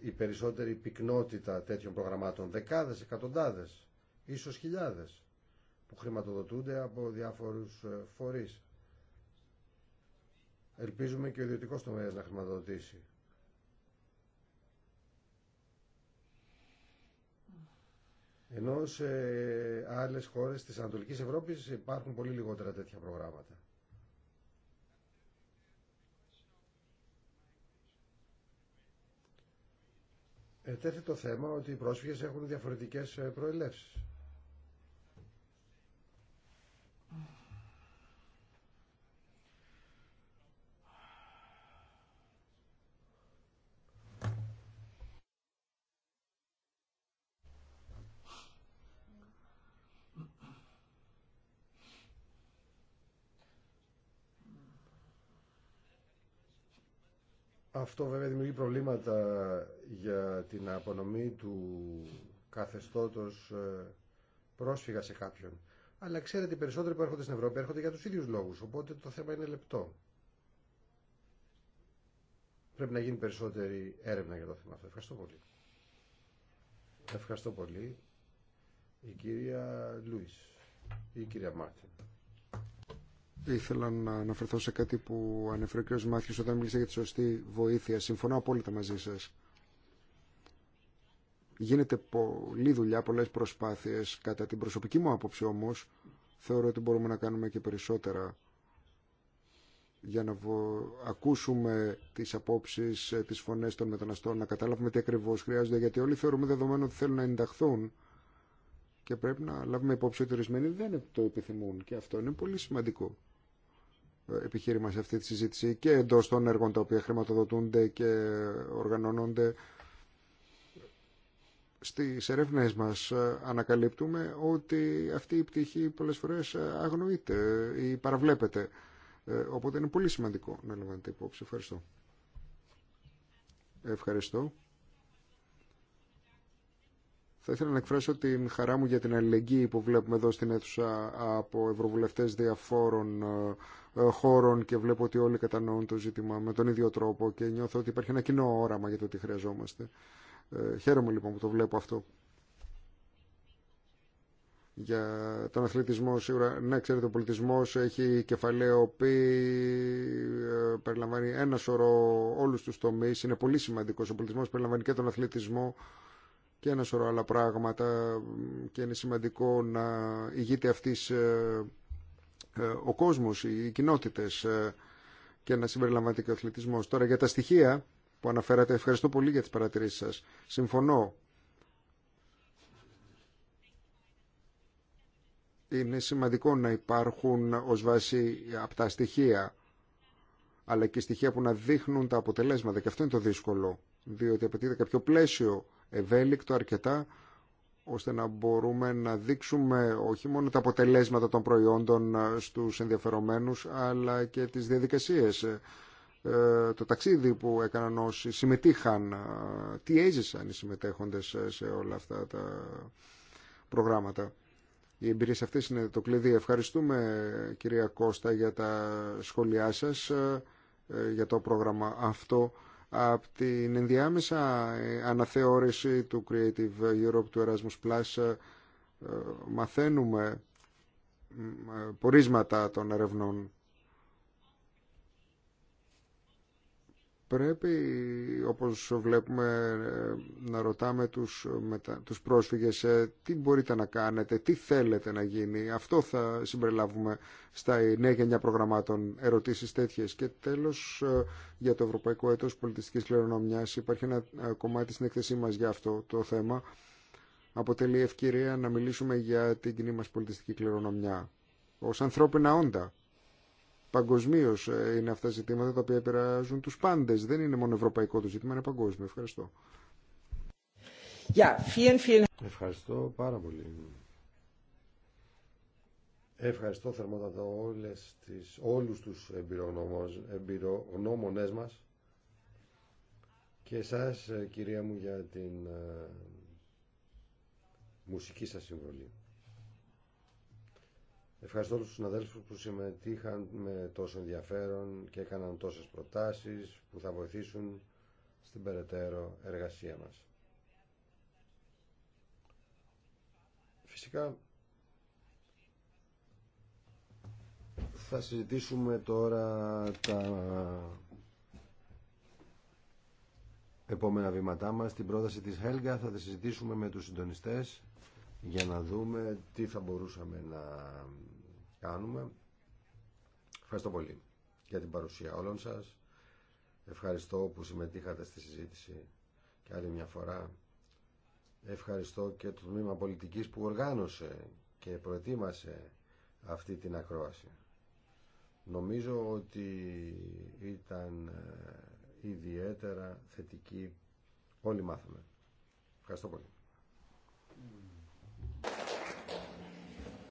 η περισσότερη πυκνότητα τέτοιων προγραμμάτων, δεκάδες, εκατοντάδες, ίσως χιλιάδες, που χρηματοδοτούνται από διάφορους ε, φορείς. Ελπίζουμε και ο ιδιωτικό τομέα να χρηματοδοτήσει. Ενώ σε άλλες χώρες της Ανατολικής Ευρώπης υπάρχουν πολύ λιγότερα τέτοια προγράμματα. ετέθη το θέμα ότι οι πρόσφυγες έχουν διαφορετικές ε, προελεύσεις. Αυτό βέβαια δημιουργεί προβλήματα για την απονομή του καθεστώτος ε, πρόσφυγα σε κάποιον. Αλλά ξέρετε, οι περισσότεροι που έρχονται στην Ευρώπη έρχονται για τους ίδιους λόγους, οπότε το θέμα είναι λεπτό. Πρέπει να γίνει περισσότερη έρευνα για το θέμα αυτό. Ευχαριστώ πολύ. Ευχαριστώ πολύ. Η κυρία Λούις ή η κυρία Μάρτιν. Ήθελα να αναφερθώ σε κάτι που ανέφερε ο κ. Μάθιος όταν μίλησε για τη σωστή βοήθεια. Συμφωνώ απόλυτα μαζί σας. Γίνεται πολλή δουλειά, πολλές προσπάθειες. Κατά την προσωπική μου άποψη όμως, θεωρώ ότι μπορούμε να κάνουμε και περισσότερα για να ακούσουμε τις απόψεις, ε, τις φωνές των μεταναστών, να καταλάβουμε τι ακριβώς χρειάζονται, γιατί όλοι θεωρούμε δεδομένο ότι θέλουν να ενταχθούν και πρέπει να λάβουμε υπόψη ότι ορισμένοι δεν το επιθυμούν και αυτό είναι πολύ σημαντικό επιχείρημα σε αυτή τη συζήτηση και εντό των έργων τα οποία χρηματοδοτούνται και οργανώνονται στι ερευνέ μας ε, ανακαλύπτουμε ότι αυτή η πτυχή πολλέ φορέ ε, αγνοείται ή παραβλέπεται. Ε, οπότε είναι πολύ σημαντικό να λαμβάνετε υπόψη. Ευχαριστώ. Ευχαριστώ. Θα ήθελα να εκφράσω την χαρά μου για την αλληλεγγύη που βλέπουμε εδώ στην αίθουσα από ευρωβουλευτές διαφόρων ε, χώρων και βλέπω ότι όλοι κατανοούν το ζήτημα με τον ίδιο τρόπο και νιώθω ότι υπάρχει ένα κοινό όραμα για το τι χρειαζόμαστε. Ε, χαίρομαι λοιπόν που το βλέπω αυτό. Για τον αθλητισμό σίγουρα, ναι ξέρετε ο πολιτισμός έχει κεφαλαίο που ε, περιλαμβάνει ένα σωρό όλους τους τομείς, είναι πολύ σημαντικός. Ο πολιτισμός περιλαμβάνει και τον αθλητισμό και ένα σωρό άλλα πράγματα και είναι σημαντικό να ηγείται αυτής ε, ε, ο κόσμος, οι κοινότητες ε, και να συμπεριλαμβάνεται και ο αθλητισμός. Τώρα για τα στοιχεία που αναφέρατε, ευχαριστώ πολύ για τις παρατηρήσεις σας. Συμφωνώ. Είναι σημαντικό να υπάρχουν ως βάση από τα στοιχεία, αλλά και στοιχεία που να δείχνουν τα αποτελέσματα. Και αυτό είναι το δύσκολο, διότι απαιτείται κάποιο πλαίσιο ευέλικτο αρκετά ώστε να μπορούμε να δείξουμε όχι μόνο τα αποτελέσματα των προϊόντων ε, στους ενδιαφερομένους αλλά και τις διαδικασίες ε, το ταξίδι που έκαναν όσοι συμμετείχαν ε, τι έζησαν οι συμμετέχοντες σε όλα αυτά τα προγράμματα οι εμπειρίες αυτές είναι το κλειδί ευχαριστούμε κυρία Κώστα για τα σχόλιά σας για το πρόγραμμα αυτό από την ενδιάμεσα ε, αναθεώρηση του Creative Europe του Erasmus Plus ε, ε, μαθαίνουμε πορίσματα των ερευνών Πρέπει, όπως βλέπουμε, ε, να ρωτάμε τους, μετα... τους πρόσφυγες ε, τι μπορείτε να κάνετε, τι θέλετε να γίνει. Αυτό θα συμπεριλάβουμε στα νέα γενιά προγραμμάτων ερωτήσεις τέτοιες. Και τέλος, ε, για το Ευρωπαϊκό Έτος Πολιτιστικής Κληρονομιάς υπάρχει ένα κομμάτι στην έκθεσή μας για αυτό το θέμα. Αποτελεί ευκαιρία να μιλήσουμε για την κοινή μας πολιτιστική κληρονομιά ως ανθρώπινα όντα παγκοσμίω ε, είναι αυτά τα ζητήματα τα οποία επηρεάζουν του πάντε. Δεν είναι μόνο ευρωπαϊκό το ζήτημα, είναι παγκόσμιο. Ευχαριστώ. Ευχαριστώ πάρα πολύ. Ευχαριστώ θερμότατα όλες τις, όλους τους εμπειρογνώμονές μας και εσάς ε, κυρία μου για την ε, μουσική σας συμβολή. Ευχαριστώ τους συναδέλφους που συμμετείχαν με τόσο ενδιαφέρον και έκαναν τόσες προτάσεις που θα βοηθήσουν στην περαιτέρω εργασία μας. Φυσικά θα συζητήσουμε τώρα τα επόμενα βήματά μας. Την πρόταση της Χέλγα θα τη συζητήσουμε με τους συντονιστές για να δούμε τι θα μπορούσαμε να Ευχαριστώ πολύ για την παρουσία όλων σας. Ευχαριστώ που συμμετείχατε στη συζήτηση και άλλη μια φορά. Ευχαριστώ και το τμήμα πολιτικής που οργάνωσε και προετοίμασε αυτή την ακρόαση. Νομίζω ότι ήταν ε, ιδιαίτερα θετική. Όλοι μάθαμε. Ευχαριστώ πολύ.